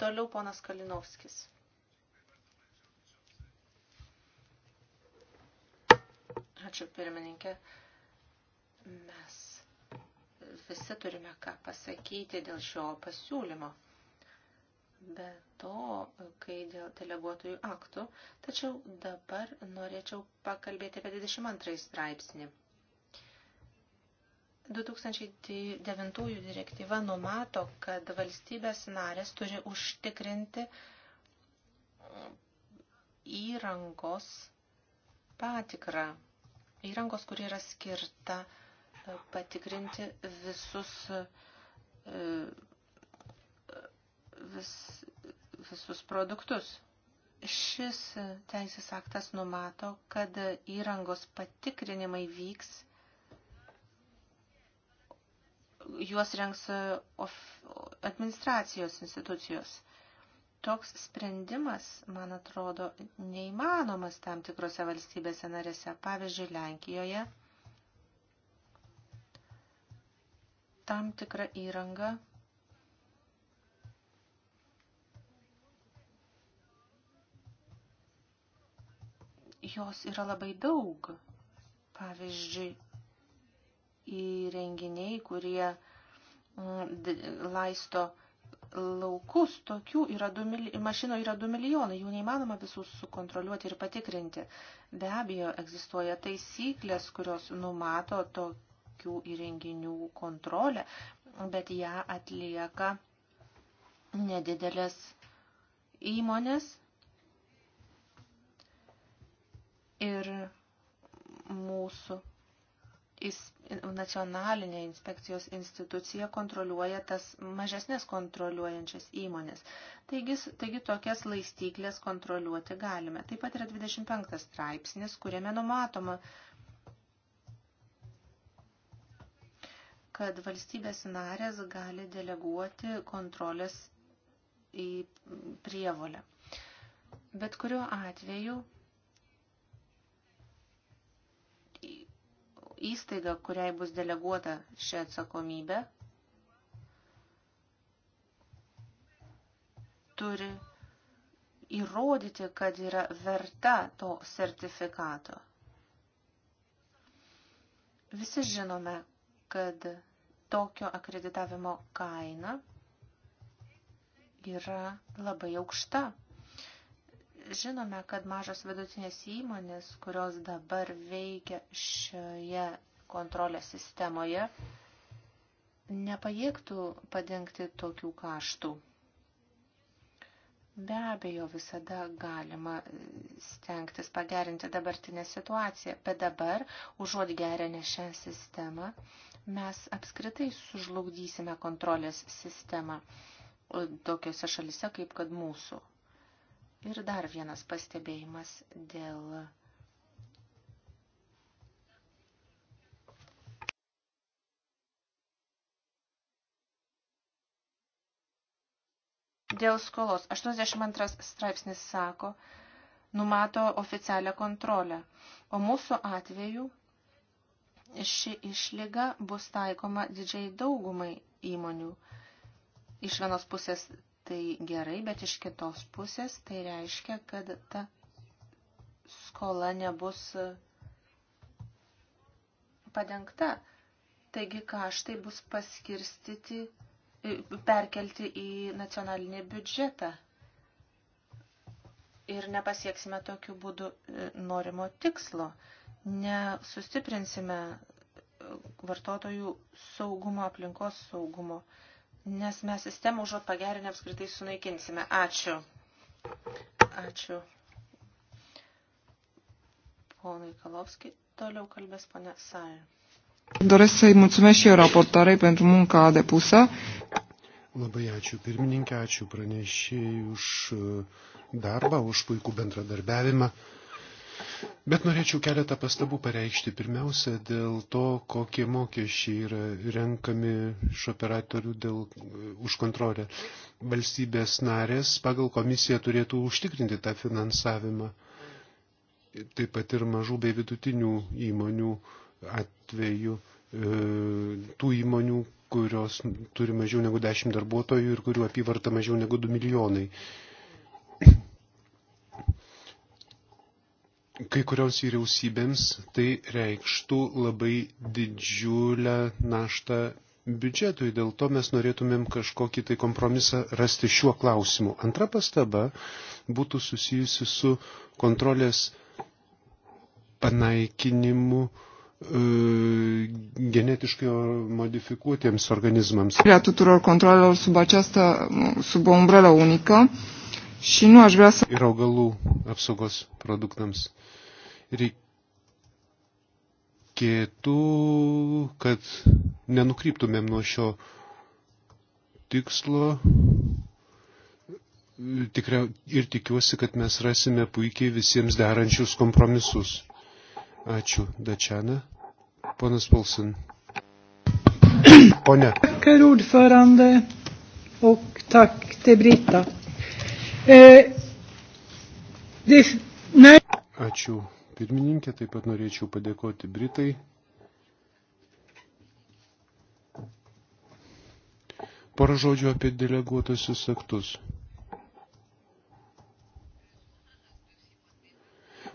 Toliau ponas Kalinovskis. Ačiū pirmininkė. Mes visi turime ką pasakyti dėl šio pasiūlymo. Be to, kai dėl deleguotojų aktų, tačiau dabar norėčiau pakalbėti apie 22 straipsnį. 2009 direktyva numato, kad valstybės narės turi užtikrinti e, įrangos patikrą. Įrangos, kuri yra skirta e, patikrinti visus, e, vis, visus produktus. Šis teisės aktas numato, kad įrangos patikrinimai vyks juos rengs e, administracijos institucijos. Toks sprendimas, man atrodo, neįmanomas tam tikrose valstybėse narėse, pavyzdžiui, Lenkijoje. Tam tikra įranga jos yra labai daug. Pavyzdžiui, įrenginiai, kurie mm, laisto laukus, tokių yra du, mašinų yra 2 milijonai, jų neįmanoma visus sukontroliuoti ir patikrinti. Be abejo, egzistuoja taisyklės, kurios numato tokių įrenginių kontrolę, bet ją atlieka nedidelės įmonės ir mūsų nacionalinė inspekcijos institucija kontroliuoja tas mažesnės kontroliuojančias įmonės. Taigi, taigi tokias laistyklės kontroliuoti galime. Taip pat yra 25 straipsnis, kuriame numatoma, kad valstybės narės gali deleguoti kontrolės į prievolę. Bet kuriuo atveju įstaiga, kuriai bus deleguota šią atsakomybę, turi įrodyti, kad yra verta to sertifikato. Visi žinome, kad tokio akreditavimo kaina yra labai aukšta. Žinome, kad mažos vidutinės įmonės, kurios dabar veikia šioje kontrolės sistemoje, nepajėgtų padengti tokių kaštų. Be abejo, visada galima stengtis pagerinti dabartinę situaciją, bet dabar, užuot gerinę šią sistemą, mes apskritai sužlugdysime kontrolės sistemą tokiose šalise kaip kad mūsų. Ir dar vienas pastebėjimas dėl dėl skolos. 82 straipsnis sako, numato oficialią kontrolę, o mūsų atveju ši išlyga bus taikoma didžiai daugumai įmonių. Iš vienos pusės tai gerai, bet iš kitos pusės tai reiškia, kad ta skola nebus uh, padengta. Taigi kaštai bus paskirstyti, uh, perkelti į nacionalinį biudžetą. Ir nepasieksime tokiu būdu uh, norimo tikslo. Nesustiprinsime vartotojų saugumo, aplinkos saugumo nes mes sistemą užuot pagerinę apskritai sunaikinsime. Ačiū. Ačiū. Ponai Kalovski, toliau kalbės ponė Sair. Doresc să-i mulțumesc și eu raportarei pentru munca depusă. Labai ačiū pirmininkė, ačiū pranešėjai už uh, darbą, už puikų bendradarbiavimą. Bet norėčiau keletą pastabų pareikšti. Pirmiausia, dėl to, kokie mokesčiai yra renkami iš operatorių dėl, e, už kontrolę. Valstybės narės pagal komisiją turėtų užtikrinti tą finansavimą. Taip pat ir mažų bei vidutinių įmonių atveju, e, tų įmonių, kurios turi mažiau negu 10 darbuotojų ir kurių apyvarta mažiau negu 2 milijonai. kai kurioms vyriausybėms tai reikštų labai didžiulę naštą biudžetui. Dėl to mes norėtumėm kažkokį tai kompromisą rasti šiuo klausimu. Antra pastaba būtų susijusi su kontrolės panaikinimu e, genetiškai modifikuotiems organizmams. Creat tuturor controlelor sub această, sub o umbrelă unică. Uh, Și nu aș vrea să... Ir augalų apsaugos produktams. Reikėtų, kad nenukryptumėm nuo šio tikslo. Tikria, ir tikiuosi, kad mes rasime puikiai visiems derančius kompromisus. Ačiū, Dačiana. Ponas Polsin. Pone. Tack, ordförande, och tack till Britta. E, Ačiū pirmininkė, taip pat norėčiau padėkoti Britai. Porą žodžių apie deleguotosius aktus.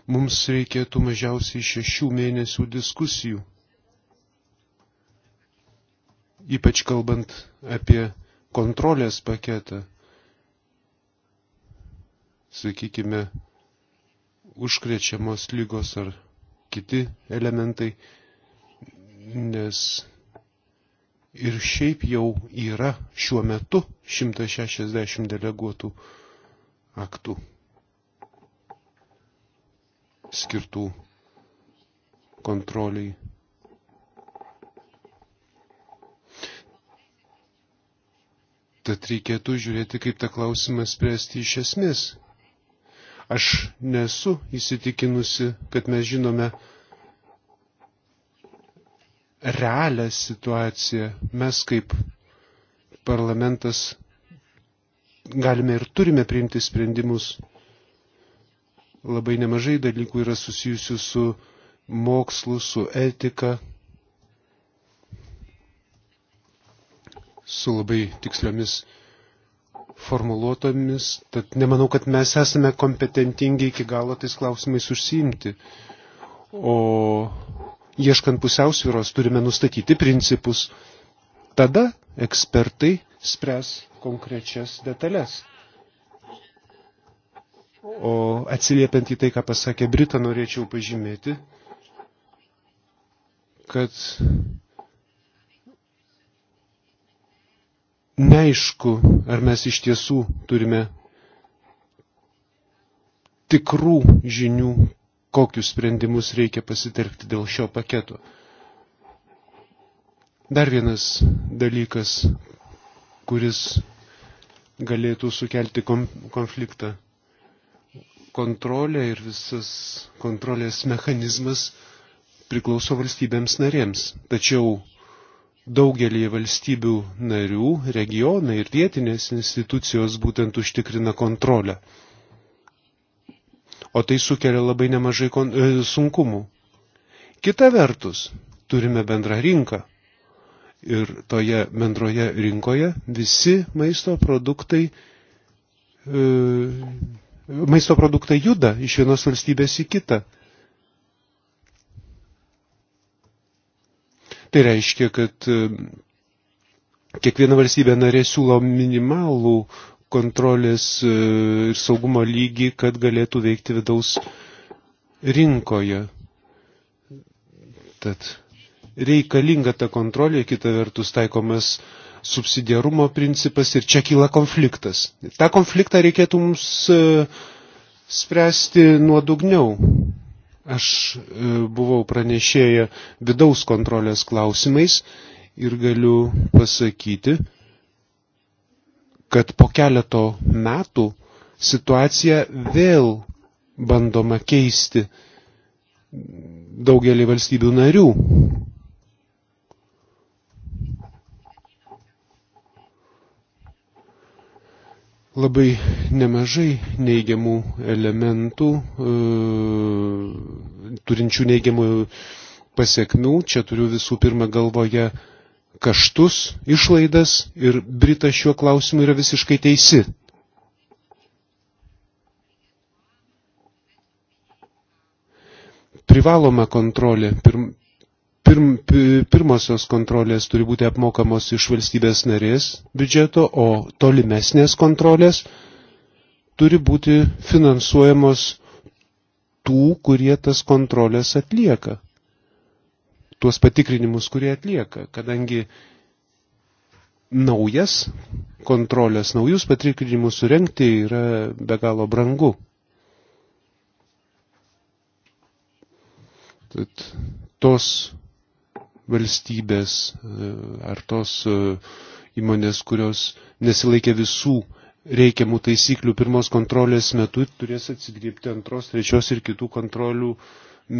Mums reikėtų mažiausiai šešių mėnesių diskusijų, ypač kalbant apie kontrolės paketą sakykime, užkrečiamos lygos ar kiti elementai, nes ir šiaip jau yra šiuo metu 160 deleguotų aktų skirtų kontroliai. Tad reikėtų žiūrėti, kaip tą klausimą spręsti iš esmės. Aš nesu įsitikinusi, kad mes žinome realią situaciją. Mes kaip parlamentas galime ir turime priimti sprendimus. Labai nemažai dalykų yra susijusių su mokslu, su etika, su labai tiksliomis formuluotomis, tad nemanau, kad mes esame kompetentingi iki galo tais klausimais užsiimti. O ieškant pusiausvyros turime nustatyti principus. Tada ekspertai spręs konkrečias detalės. O atsiliepiant į tai, ką pasakė Brita, norėčiau pažymėti, kad neaišku, ar mes iš tiesų turime tikrų žinių, kokius sprendimus reikia pasitelkti dėl šio paketo. Dar vienas dalykas, kuris galėtų sukelti konfliktą. Kontrolė ir visas kontrolės mechanizmas priklauso valstybėms narėms. Tačiau daugelį valstybių narių, regionai ir vietinės institucijos būtent užtikrina kontrolę. O tai sukelia labai nemažai e, sunkumų. Kita vertus, turime bendrą rinką. Ir toje bendroje rinkoje visi maisto produktai, e, maisto produktai juda iš vienos valstybės į kitą. Tai reiškia, kad e, kiekviena valstybė narė siūlo minimalų kontrolės e, ir saugumo lygį, kad galėtų veikti vidaus rinkoje. Tad reikalinga ta kontrolė, kita vertus taikomas subsidiarumo principas ir čia kyla konfliktas. Ta konfliktą reikėtų mums e, spręsti nuodugniau. Aš e, buvau pranešėję vidaus kontrolės klausimais ir galiu pasakyti, kad po keleto metų situacija vėl bandoma keisti daugelį valstybių narių. labai nemažai neigiamų elementų, e, turinčių neigiamų pasiekmių. Čia turiu visų pirma galvoje kaštus, išlaidas ir Brita šiuo klausimu yra visiškai teisi. Privaloma kontrolė pirm, pirm, pirmosios kontrolės turi būti apmokamos iš valstybės narės biudžeto, o tolimesnės kontrolės turi būti finansuojamos tų, kurie tas kontrolės atlieka. Tuos patikrinimus, kurie atlieka, kadangi naujas kontrolės, naujus patikrinimus surenkti yra be galo brangu. Tad tos valstybės e, ar tos e, įmonės, kurios nesilaikė visų reikiamų taisyklių pirmos kontrolės metu turės atsigriepti antros, trečios ir kitų kontrolių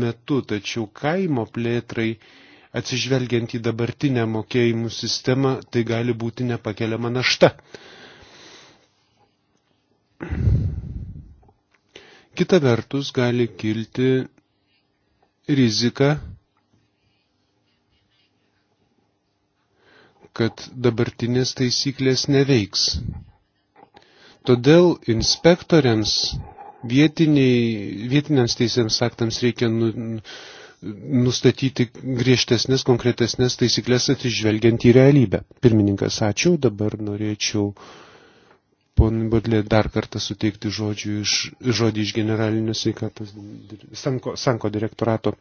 metu. Tačiau kaimo plėtrai, atsižvelgiant į dabartinę mokėjimų sistemą, tai gali būti nepakeliama našta. Kita vertus gali kilti rizika kad dabartinės taisyklės neveiks. Todėl inspektoriams, vietiniams teisėms aktams reikia nu, nustatyti griežtesnės, konkretesnės taisyklės atižvelgiant į realybę. Pirmininkas, ačiū. Dabar norėčiau ponui Bodlė dar kartą suteikti žodžių iš, žodį iš generalinio sveikatos sanko, sanko direktorato.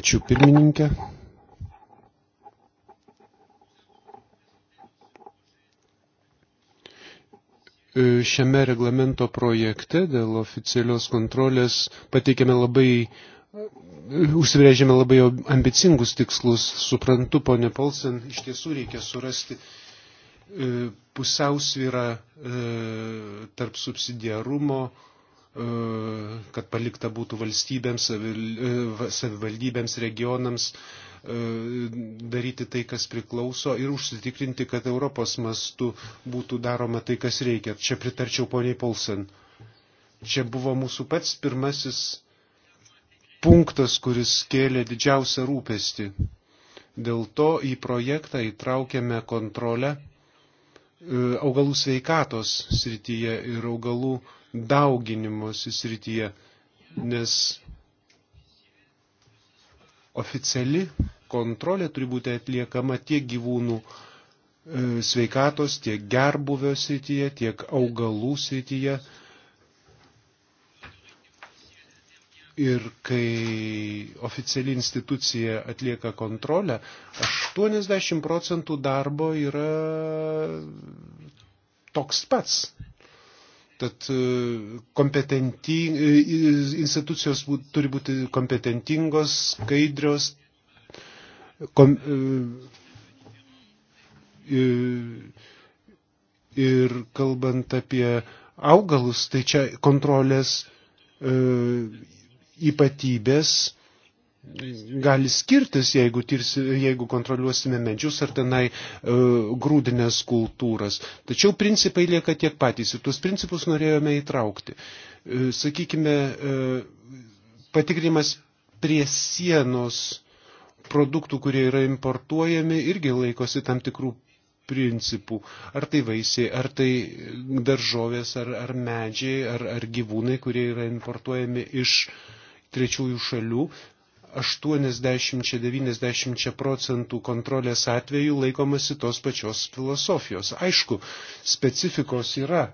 Ačiū pirmininkė. E, šiame reglamento projekte dėl oficialios kontrolės pateikėme labai, e, užsibrėžėme labai ambicingus tikslus. Suprantu, ponė Polsen, iš tiesų reikia surasti e, pusiausvyrą tarp subsidiarumo, kad palikta būtų valstybėms, savivaldybėms, regionams E, daryti tai, kas priklauso ir užsitikrinti, kad Europos mastu būtų daroma tai, kas reikia. Čia pritarčiau poniai Polsen. Čia buvo mūsų pats pirmasis punktas, kuris kėlė didžiausią rūpestį. Dėl to į projektą įtraukėme kontrolę e, augalų sveikatos srityje ir augalų dauginimosi srityje, nes Oficiali kontrolė turi būti atliekama tiek gyvūnų e, sveikatos, tiek gerbuvio srityje, tiek augalų srityje. Ir kai oficiali institucija atlieka kontrolę, 80 procentų darbo yra toks pats. Tad e, e, institucijos būt, turi būti kompetentingos, skaidrios, kom, e, ir kalbant apie augalus, tai čia kontrolės ypatybės gali skirtis, jeigu, tirsi, jeigu kontroliuosime medžius ar tenai e, grūdinės kultūras. Tačiau principai lieka tiek patys ir tuos principus norėjome įtraukti. E, sakykime, e, patikrimas prie sienos produktų, kurie yra importuojami, irgi laikosi tam tikrų principų. Ar tai vaisiai, ar tai daržovės, ar, ar medžiai, ar, ar gyvūnai, kurie yra importuojami iš trečiųjų šalių, 80-90 procentų kontrolės atveju laikomasi tos pačios filosofijos. Aišku, specifikos yra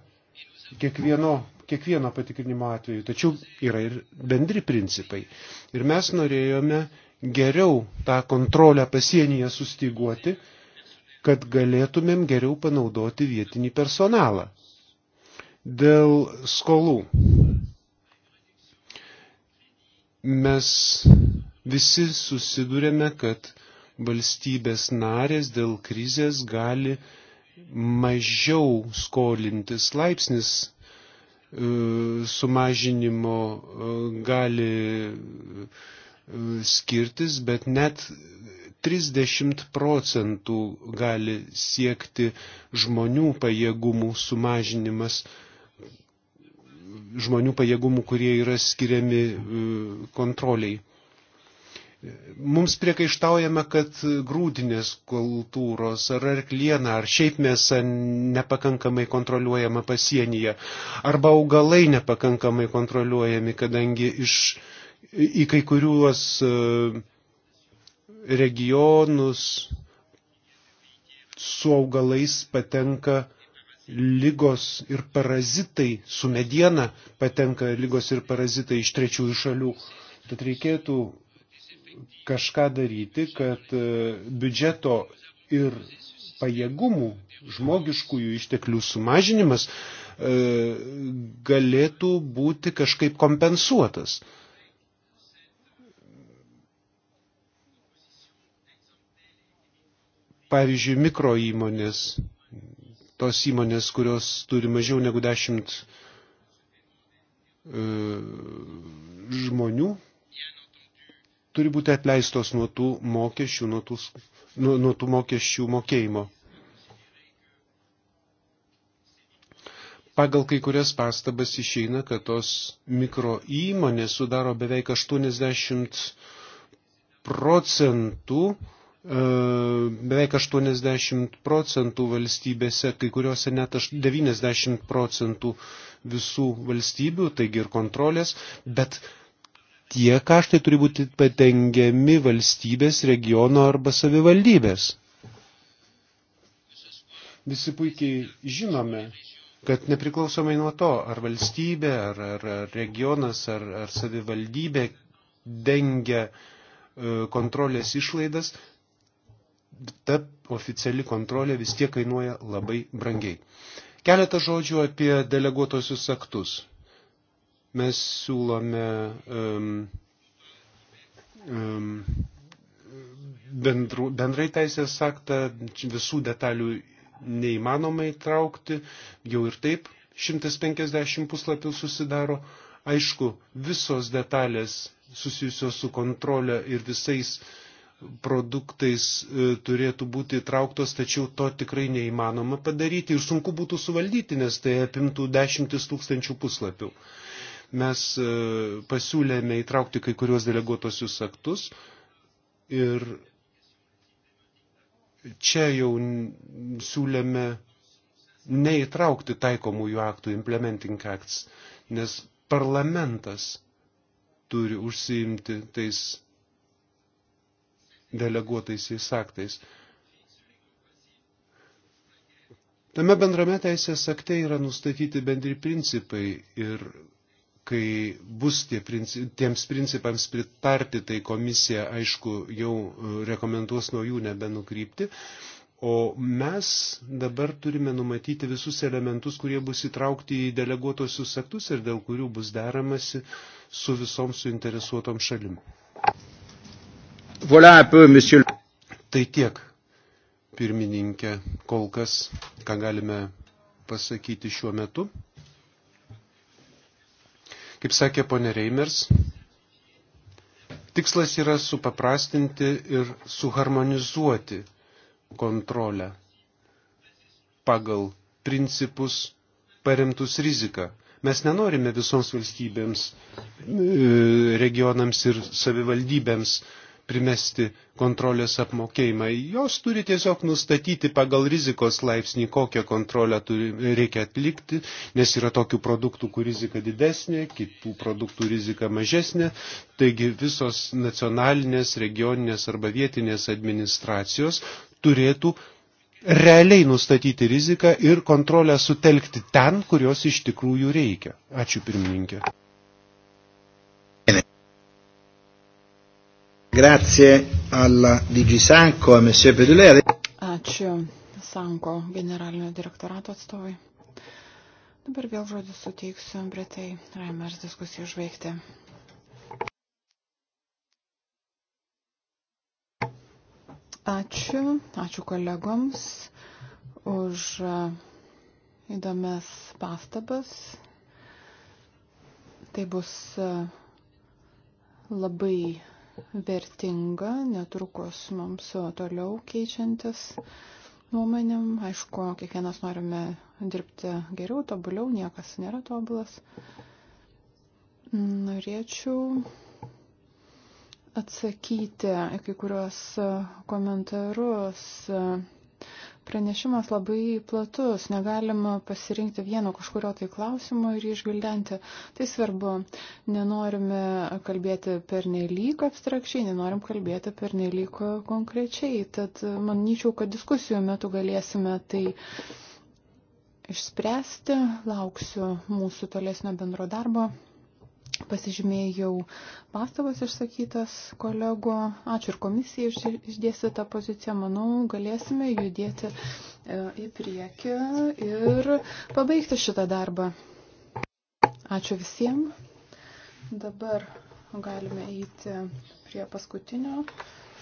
kiekvieno, kiekvieno patikrinimo atveju, tačiau yra ir bendri principai. Ir mes norėjome geriau tą kontrolę pasienyje sustiguoti, kad galėtumėm geriau panaudoti vietinį personalą. Dėl skolų mes visi susidurėme, kad valstybės narės dėl krizės gali mažiau skolintis laipsnis e, sumažinimo e, gali e, skirtis, bet net 30 procentų gali siekti žmonių pajėgumų sumažinimas, žmonių pajėgumų, kurie yra skiriami kontroliai. Mums priekaištaujame, kad grūdinės kultūros ar arkliena ar šiaip mėsa nepakankamai kontroliuojama pasienyje, arba augalai nepakankamai kontroliuojami, kadangi iš, į kai kuriuos e, regionus su augalais patenka lygos ir parazitai, su mediena patenka lygos ir parazitai iš trečiųjų šalių. Tad reikėtų kažką daryti, kad e, biudžeto ir pajėgumų, žmogiškųjų išteklių sumažinimas e, galėtų būti kažkaip kompensuotas. Pavyzdžiui, mikro įmonės, tos įmonės, kurios turi mažiau negu dešimt e, žmonių, turi būti atleistos nuo tų mokesčių, nuo tų, nuo, nuo tų mokesčių mokėjimo. Pagal kai kurias pastabas išeina, kad tos mikro įmonės sudaro beveik 80 procentų, e, beveik 80 procentų valstybėse, kai kuriuose net 90 procentų visų valstybių, taigi ir kontrolės, bet tie kaštai turi būti padengiami valstybės, regiono arba savivaldybės. Visi puikiai žinome, kad nepriklausomai nuo to, ar valstybė, ar, ar, ar regionas, ar, ar savivaldybė dengia e, kontrolės išlaidas, ta oficiali kontrolė vis tiek kainuoja labai brangiai. Keletą žodžių apie deleguotosius aktus. Mes siūlome um, um, bendru, bendrai teisės aktą, visų detalių neįmanoma įtraukti, jau ir taip 150 puslapių susidaro. Aišku, visos detalės susijusios su kontrolė ir visais produktais e, turėtų būti įtrauktos, tačiau to tikrai neįmanoma padaryti ir sunku būtų suvaldyti, nes tai apimtų dešimtis tūkstančių puslapių. Mes e, pasiūlėme įtraukti kai kuriuos deleguotosius aktus ir čia jau siūlėme neįtraukti taikomųjų aktų implementing acts, nes parlamentas turi užsiimti tais deleguotaisiais aktais. Tame bendrame teisės akte yra nustatyti bendri principai ir kai bus tie princip, tiems principams pritarti, tai komisija, aišku, jau e, rekomenduos nuo jų nebenukrypti. O mes dabar turime numatyti visus elementus, kurie bus įtraukti į deleguotosius aktus ir dėl kurių bus deramasi su visom suinteresuotom šalim. Voilà un peu, monsieur. Tai tiek, pirmininkė, kol kas, ką galime pasakyti šiuo metu. Kaip sakė ponė Reimers, tikslas yra supaprastinti ir suharmonizuoti kontrolę pagal principus paremtus riziką. Mes nenorime visoms valstybėms, e, regionams ir savivaldybėms primesti kontrolės apmokėjimą. Jos turi tiesiog nustatyti pagal rizikos laipsnį, kokią kontrolę turi, reikia atlikti, nes yra tokių produktų, kur rizika didesnė, kitų produktų rizika mažesnė. Taigi visos nacionalinės, regioninės arba vietinės administracijos turėtų realiai nustatyti riziką ir kontrolę sutelkti ten, kurios iš tikrųjų reikia. Ačiū pirmininkė. Grazie alla DG Sanko, a Monsieur Pedulė. Ačiū Sanko generalinio direktorato atstovai. Dabar vėl žodį suteiksiu Britai Reimers diskusijų žvaigždė. Ačiū, ačiū kolegoms už įdomias pastabas. Tai bus labai vertinga, netrukus mums toliau keičiantis nuomonėm. Aišku, kiekvienas norime dirbti geriau, tobuliau, niekas nėra tobulas. Norėčiau atsakyti į kai kurios komentarus Pranešimas labai platus, negalima pasirinkti vieno kažkurio tai klausimo ir išgildenti. Tai svarbu, nenorime kalbėti per neelyg abstrakčiai, nenorim kalbėti per neelyg konkrečiai. Tad manyčiau, kad diskusijų metu galėsime tai išspręsti. Lauksiu mūsų tolesnio bendro darbo. Pasižymėjau pastabas išsakytas kolego. Ačiū ir komisijai išdėsi tą poziciją. Manau, galėsime judėti e, į priekį ir pabaigti šitą darbą. Ačiū visiems. Dabar galime eiti prie paskutinio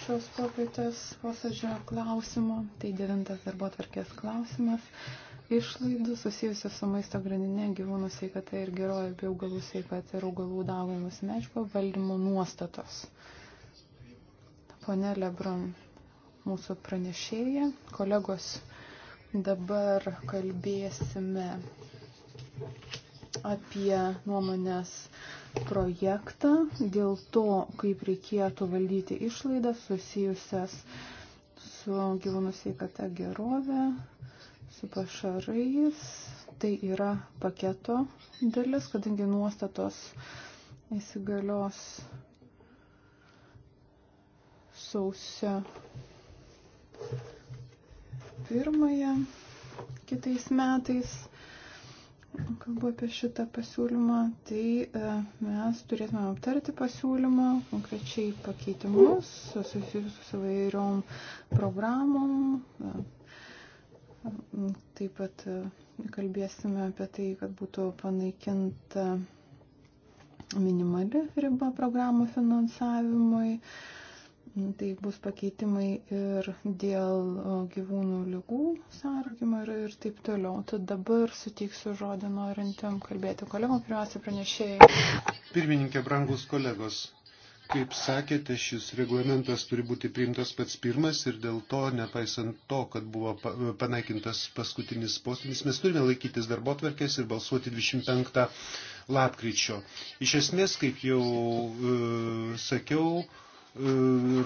šios popietės posėdžio klausimo. Tai devintas darbo tvarkės klausimas išlaidų susijusių su maisto grandinė, gyvūnų sveikata ir geroja bei augalų sveikata ir augalų dauginamos medžiagų valdymo nuostatos. Pone Lebron, mūsų pranešėja, kolegos, dabar kalbėsime apie nuomonės projektą dėl to, kaip reikėtų valdyti išlaidas susijusias su gyvūnų sveikata gerovė, su pašarais. Tai yra paketo dalis, kadangi nuostatos įsigalios sausio pirmąją kitais metais. Kalbu apie šitą pasiūlymą, tai e, mes turėtume aptarti pasiūlymą, konkrečiai pakeitimus, susijusius su įvairiom programom, Mm, taip pat e, kalbėsime apie tai, kad būtų panaikinta minimali riba programų finansavimui. Mm, tai bus pakeitimai ir dėl e, gyvūnų lygų sargymo ir, ir taip toliau. Tad dabar suteiksiu žodį norintiem kalbėti kolegom, pirmiausia pranešėjai. Pirmininkė, brangus kolegos, Kaip sakėte, šis reglamentas turi būti priimtas pats pirmas ir dėl to, nepaisant to, kad buvo panaikintas paskutinis postinis, mes turime laikytis darbo tvarkės ir balsuoti 25 lapkričio. Iš esmės, kaip jau e, sakiau, e,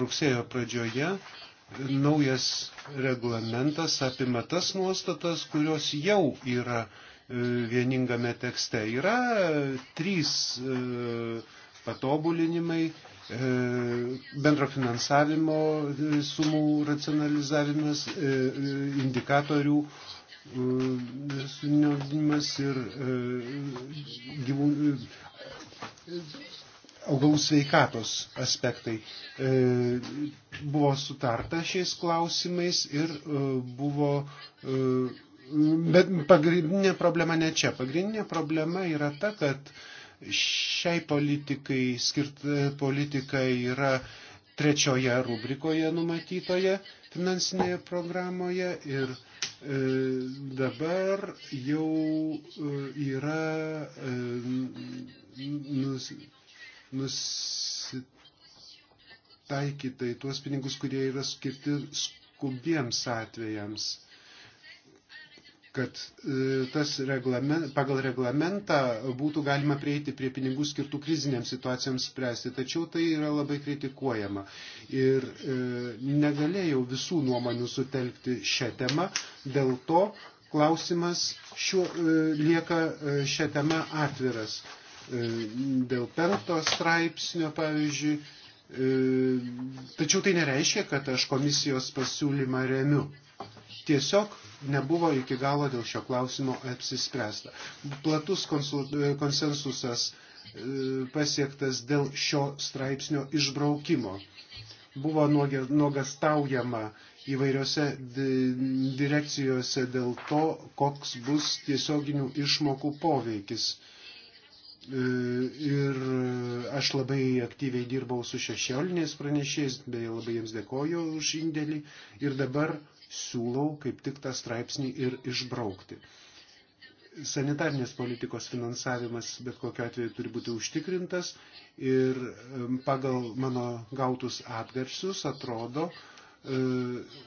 rugsėjo pradžioje naujas reglamentas apima tas nuostatas, kurios jau yra e, vieningame tekste. Yra e, trys. E, patobulinimai E, bendro finansavimo e, sumų racionalizavimas, e, indikatorių suniojimas ir gyvūnų augalų sveikatos aspektai. Buvo sutarta šiais klausimais ir buvo. Bet pagrindinė problema ne čia. Pagrindinė problema yra ta, kad Šiai politikai skirta e, politika yra trečioje rubrikoje numatytoje finansinėje programoje ir e, dabar jau e, yra e, nus, nusitaikyta į tuos pinigus, kurie yra skirti skubiems atvejams kad e, tas reglament, pagal reglamentą būtų galima prieiti prie pinigų skirtų krizinėms situacijoms spręsti, tačiau tai yra labai kritikuojama. Ir e, negalėjau visų nuomonių sutelkti šią temą, dėl to klausimas šiuo, e, lieka e, šią temą atviras. E, dėl penkto straipsnio, pavyzdžiui, e, tačiau tai nereiškia, kad aš komisijos pasiūlymą remiu. Tiesiog nebuvo iki galo dėl šio klausimo apsispręsta. Platus e, konsensusas e, pasiektas dėl šio straipsnio išbraukimo. Buvo nuogastaujama įvairiose direkcijose dėl to, koks bus tiesioginių išmokų poveikis. E, ir aš labai aktyviai dirbau su šešioliniais pranešėjais, beje labai jiems dėkoju už indėlį. Ir dabar siūlau kaip tik tą straipsnį ir išbraukti. Sanitarnės politikos finansavimas bet kokiu atveju turi būti užtikrintas ir pagal mano gautus atgarsius atrodo, e,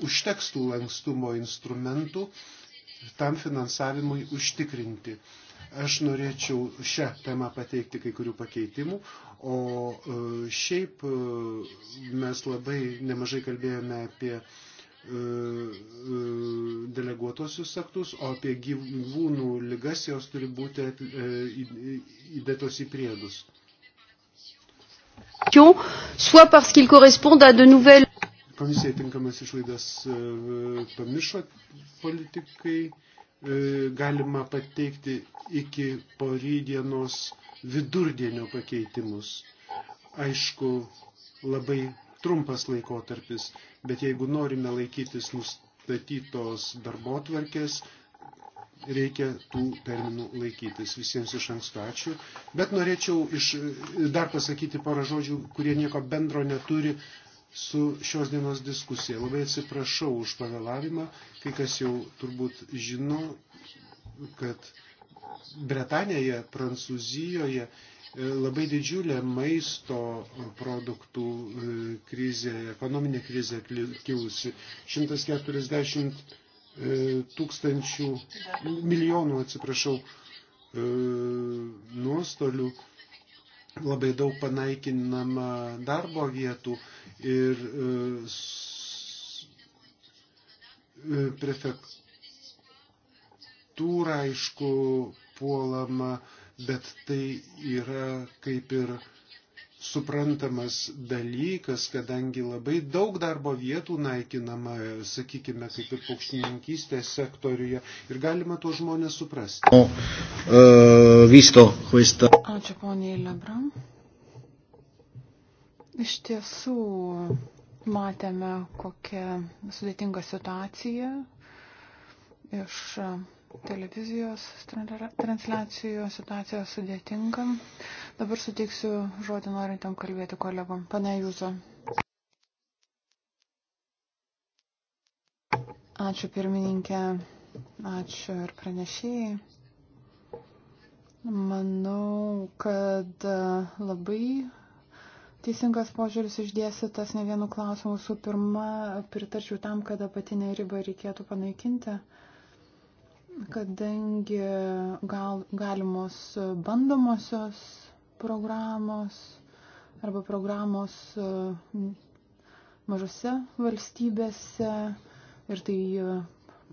užteks tų lankstumo instrumentų tam finansavimui užtikrinti. Aš norėčiau šią temą pateikti kai kurių pakeitimų, o e, šiaip e, mes labai nemažai kalbėjome apie E, e, deleguotosius aktus, o apie gyvūnų lygas jos turi būti e, įdėtos į priedus. Soit parce qu'ils correspondent à de nouvelles. Komisija tinkamas išlaidas pamiršo politikai, galima pateikti iki porydienos vidurdienio pakeitimus. Aišku, labai trumpas laikotarpis, bet jeigu norime laikytis nustatytos darbo tvarkės, reikia tų terminų laikytis. Visiems iš anksto ačiū. Bet norėčiau iš, dar pasakyti porą žodžių, kurie nieko bendro neturi su šios dienos diskusija. Labai atsiprašau už pavėlavimą, kai kas jau turbūt žino, kad Bretanėje, Prancūzijoje E, labai didžiulė maisto produktų e, krizė, ekonominė krizė kilusi. 140 e, tūkstančių, milijonų, atsiprašau, nuostolių, labai daug panaikinama darbo vietų ir prefektūra, aišku, puolama uh, bet tai yra kaip ir suprantamas dalykas, kadangi labai daug darbo vietų naikinama, sakykime, kaip ir paukštininkystės sektoriuje ir galima tuos žmonės suprasti. O, uh, visto, questa. Ačiū poniai Lebram. Iš tiesų matėme, kokia sudėtinga situacija iš televizijos transliacijų situacija sudėtinga. Dabar suteiksiu žodį norintam kalbėti kolegom. Pane Jūzo. Ačiū pirmininkė, ačiū ir pranešėjai. Manau, kad e, labai teisingas požiūris išdėstytas ne vienu klausimu. Su pirma, pritarčiau tam, kad apatinę ribą reikėtų panaikinti. Uh, kadangi gal, galimos bandomosios programos arba programos e, mažose valstybėse ir tai e,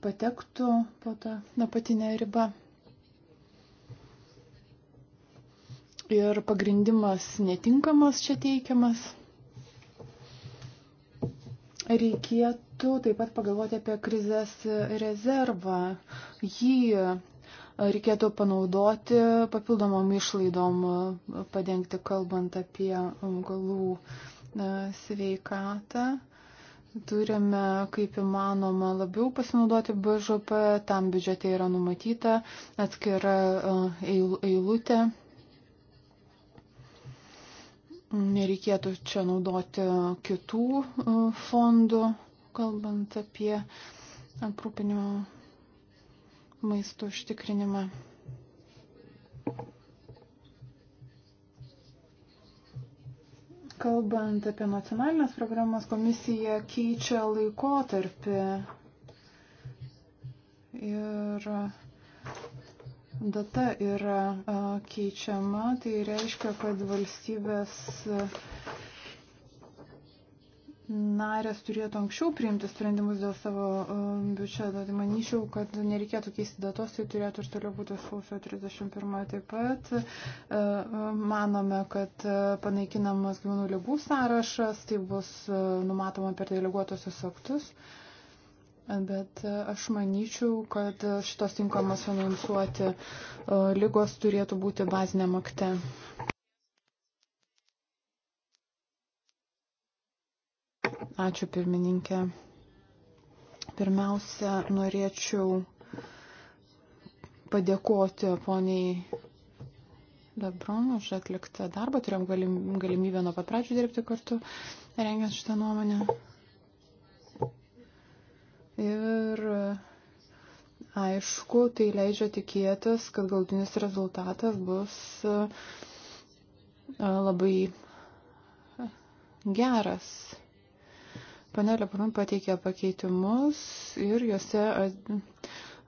patektų po tą apatinę ribą. Ir pagrindimas netinkamas čia teikiamas. Reikėtų taip pat pagalvoti apie krizės rezervą. Jį reikėtų panaudoti papildomom išlaidom padengti, kalbant apie augalų e, sveikatą. Turime, kaip įmanoma, labiau pasinaudoti BŽP, tam biudžete yra numatyta atskira e, eilutė nereikėtų čia naudoti kitų e, fondų, kalbant apie aprūpinimo maisto užtikrinimą. Kalbant apie nacionalinės programas, komisija keičia laikotarpį ir data yra keičiama, tai reiškia, kad valstybės narės turėtų anksčiau priimti sprendimus dėl savo biudžeto. Tai manyčiau, kad nereikėtų keisti datos, tai turėtų ir toliau būti sausio 31. Taip pat manome, kad panaikinamas gyvūnų lygų sąrašas, tai bus numatoma per deleguotosius aktus. Tai Bet e, aš manyčiau, kad šitos tinkamas finansuoti e, lygos turėtų būti bazinėm akte. Ačiū pirmininkė. Pirmiausia, norėčiau padėkoti poniai Lebron už atliktą darbą. Turėjom galimybę nuo pat pradžių dirbti kartu, rengiant šitą nuomonę. Ir aišku, tai leidžia tikėtis, kad galtinis rezultatas bus e, labai geras. Panelė Prun pateikė pakeitimus ir juose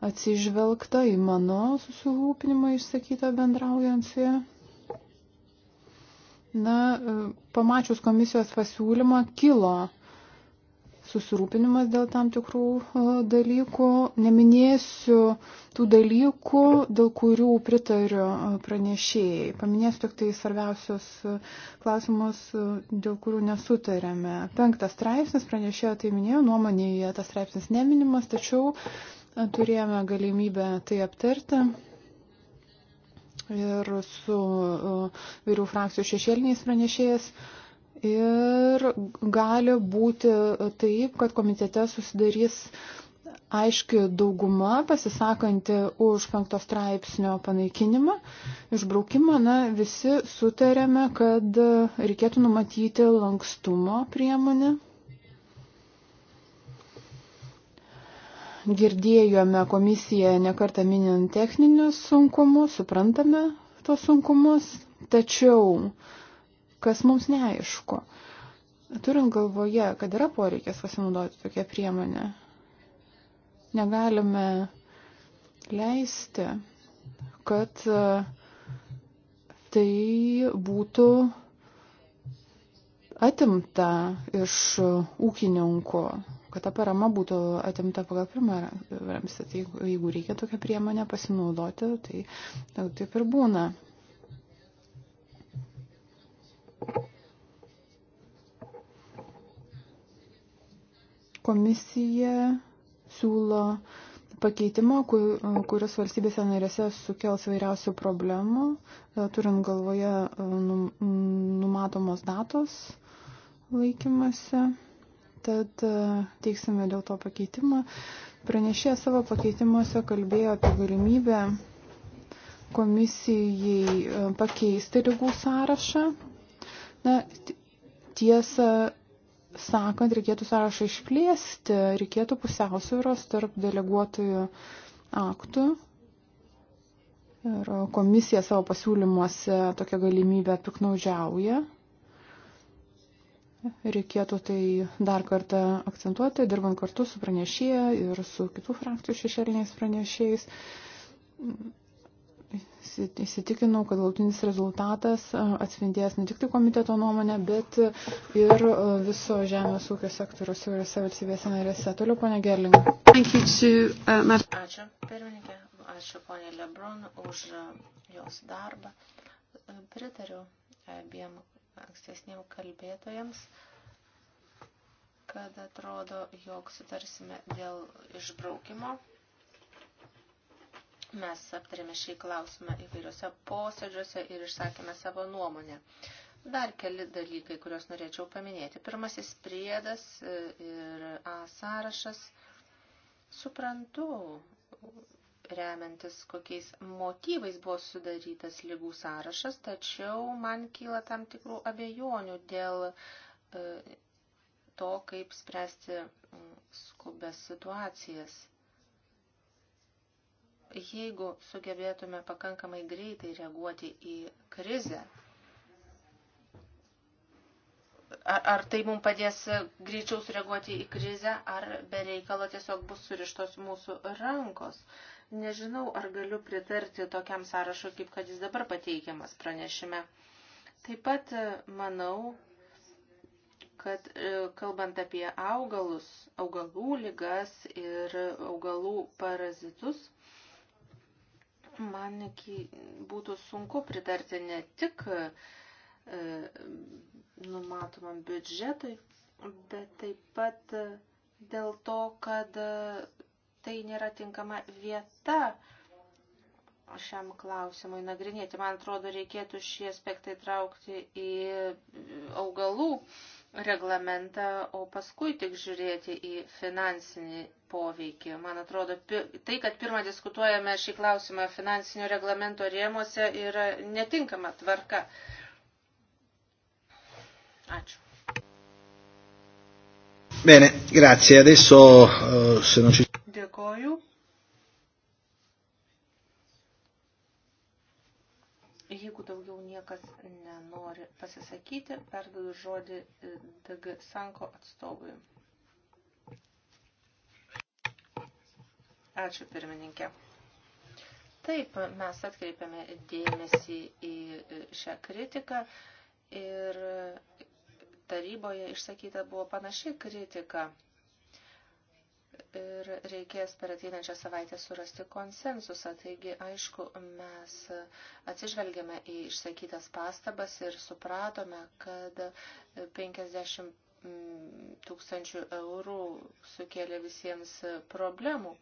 atsižvelgta į mano susirūpinimą išsakytą bendraujant su ja. Na, e, pamačius komisijos pasiūlymą, kilo susirūpinimas dėl tam tikrų e, dalykų. Neminėsiu tų dalykų, dėl kurių pritariu e, pranešėjai. Paminėsiu tik tai svarbiausius e, klausimus, dėl kurių nesutarėme. Penktas straipsnis, pranešėjo tai minėjo, nuomonėje tas straipsnis neminimas, tačiau turėjome galimybę tai aptarti. Ir su vyrių frakcijų šešėliniais pranešėjais uh, Ir gali būti taip, kad komitete susidarys aiški dauguma pasisakanti už penkto straipsnio panaikinimą, išbraukimą. Na, visi sutarėme, kad reikėtų numatyti lankstumo priemonę. Girdėjome komisiją nekartą minint techninius sunkumus, suprantame tos sunkumus, tačiau uh, kas mums neaišku. Turint galvoje, kad yra poreikės pasinaudoti tokią priemonę, negalime leisti, kad e, tai būtų atimta iš ūkininko, kad ta parama būtų atimta pagal pirmą ramstį. Tai jeigu reikia tokią priemonę pasinaudoti, tai, tai taip ir būna. Komisija siūlo pakeitimo, kuris valstybėse narėse sukels vairiausių problemų, e, turint galvoje e, numatomos datos laikymasi. Tad e, teiksime dėl to pakeitimą. Pranešė savo pakeitimuose kalbėjo apie galimybę komisijai pakeisti lygų sąrašą Na, tiesą sakant, reikėtų sąrašą išplėsti, reikėtų pusiausvėros tarp deleguotojų aktų. Ir komisija savo pasiūlymuose tokią galimybę piknaudžiauja. Reikėtų tai dar kartą akcentuoti, dirbant kartu su pranešėja ir su kitų frakcijų šešėliniais pranešėjais įsitikinau, kad galutinis rezultatas atspindės ne tik tai komiteto nuomonę, bet ir viso žemės ūkio sektoriaus įvairiose valstybėse narėse. Toliau, ponė Gerling. Uh, Ačiū, pirmininkė. Ačiū, ponė Lebron, už jos darbą. Pritariu abiem ankstesniem kalbėtojams kad atrodo, jog sutarsime dėl išbraukimo Mes aptarėme šį klausimą įvairiuose posėdžiuose ir išsakėme savo nuomonę. Dar keli dalykai, kuriuos norėčiau paminėti. Pirmasis priedas e, ir A sąrašas. Suprantu, remiantis kokiais motyvais buvo sudarytas lygų sąrašas, tačiau man kyla tam tikrų abejonių dėl e, to, kaip spręsti skubės situacijas jeigu sugebėtume pakankamai greitai reaguoti į krizę, ar, ar tai mums padės greičiau sureaguoti į krizę, ar be reikalo tiesiog bus surištos mūsų rankos. Nežinau, ar galiu pritarti tokiam sąrašui, kaip kad jis dabar pateikiamas pranešime. Taip pat e, manau, kad e, kalbant apie augalus, augalų lygas ir augalų parazitus, Man būtų sunku pritarti ne tik e, numatomam biudžetui, bet taip pat e, dėl to, kad e, tai nėra tinkama vieta šiam klausimui nagrinėti. Man atrodo, reikėtų šį aspektą įtraukti į augalų reglamentą, o paskui tik žiūrėti į finansinį poveikį. Man atrodo, tai, kad pirmą diskutuojame šį klausimą finansinio reglamento rėmose, yra netinkama tvarka. Ačiū. Bene, grazie. Adesso eh, se non ci... Dėkoju. Jeigu daugiau niekas nenori pasisakyti, perduodu žodį eh, DG Sanko atstovui. Ačiū pirmininkė. Taip, mes atkreipiame dėmesį į šią kritiką ir taryboje išsakyta buvo panaši kritika. Ir reikės per ateinančią savaitę surasti konsensusą. Taigi, aišku, mes atsižvelgiame į išsakytas pastabas ir supratome, kad 50 tūkstančių eurų sukėlė visiems problemų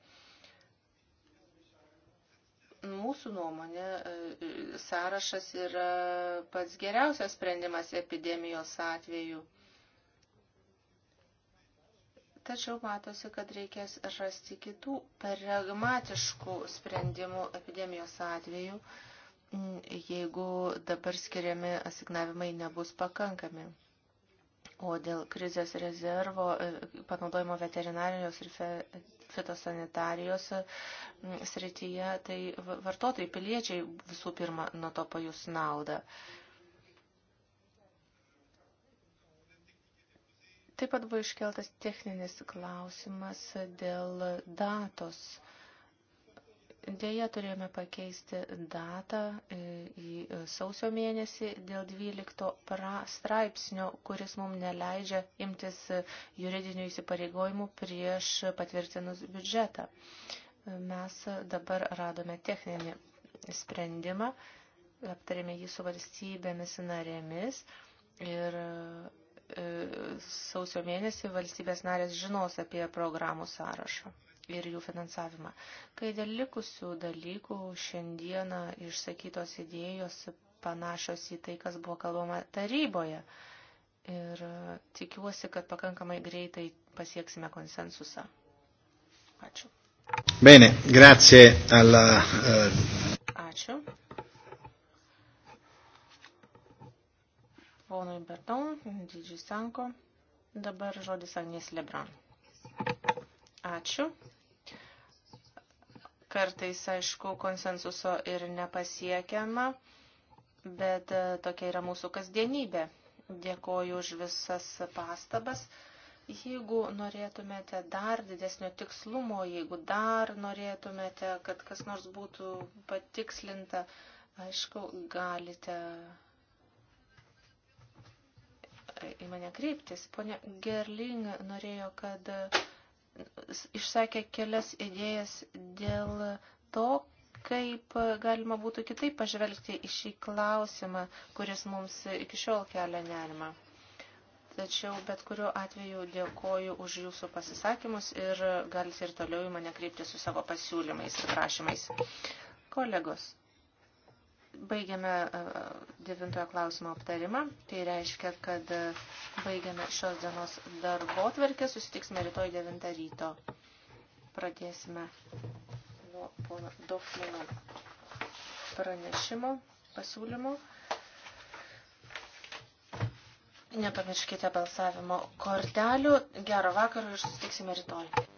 mūsų nuomonė e, e, sąrašas yra pats geriausias sprendimas epidemijos atveju. Tačiau matosi, kad reikės rasti kitų pragmatiškų sprendimų epidemijos atveju, jeigu dabar skiriami asignavimai nebus pakankami. O dėl krizės rezervo e, panaudojimo veterinarijos ir fitosanitarijos e, srityje, tai vartotojai, piliečiai visų pirma nuo to pajus naudą. Taip pat buvo iškeltas techninis klausimas dėl datos Dėja turėjome pakeisti datą e, į e, sausio mėnesį dėl 12 straipsnio, kuris mums neleidžia imtis e, juridinių įsipareigojimų prieš patvirtinus biudžetą. Mes dabar radome techninį sprendimą, aptarėme jį su valstybėmis narėmis ir sausio mėnesį valstybės narės žinos apie programų sąrašą ir jų finansavimą. Kai dėl likusių dalykų šiandieną išsakytos idėjos panašios į tai, kas buvo kalbama taryboje. Ir e, tikiuosi, kad pakankamai greitai pasieksime konsensusą. Ačiū. Bene, grazie alla. Uh... Ačiū. Ponui Berton, Didžiui Sanko. Dabar žodis Agnės Lebran. Ačiū. Kartais, aišku, konsensuso ir nepasiekiama, bet e, tokia yra mūsų kasdienybė. Dėkoju už visas pastabas. Jeigu norėtumėte dar didesnio tikslumo, jeigu dar norėtumėte, kad kas nors būtų patikslinta, aišku, galite e, į mane kreiptis. Pone Gerling norėjo, kad išsakė kelias idėjas dėl to, kaip galima būtų kitaip pažvelgti į šį klausimą, kuris mums iki šiol kelia nerimą. Tačiau bet kuriuo atveju dėkoju už jūsų pasisakymus ir galite ir toliau į mane kreipti su savo pasiūlymais ir prašymais. Kolegos, Baigiame e, devintojo klausimo aptarimą. Tai reiškia, kad e, baigiame šios dienos darbo tvarkę. Susitiksime rytoj 9 ryto. Pradėsime nuo pono Dofmino pranešimo, pasiūlymo. Nepamirškite balsavimo kortelių. Gero vakaro ir susitiksime rytoj.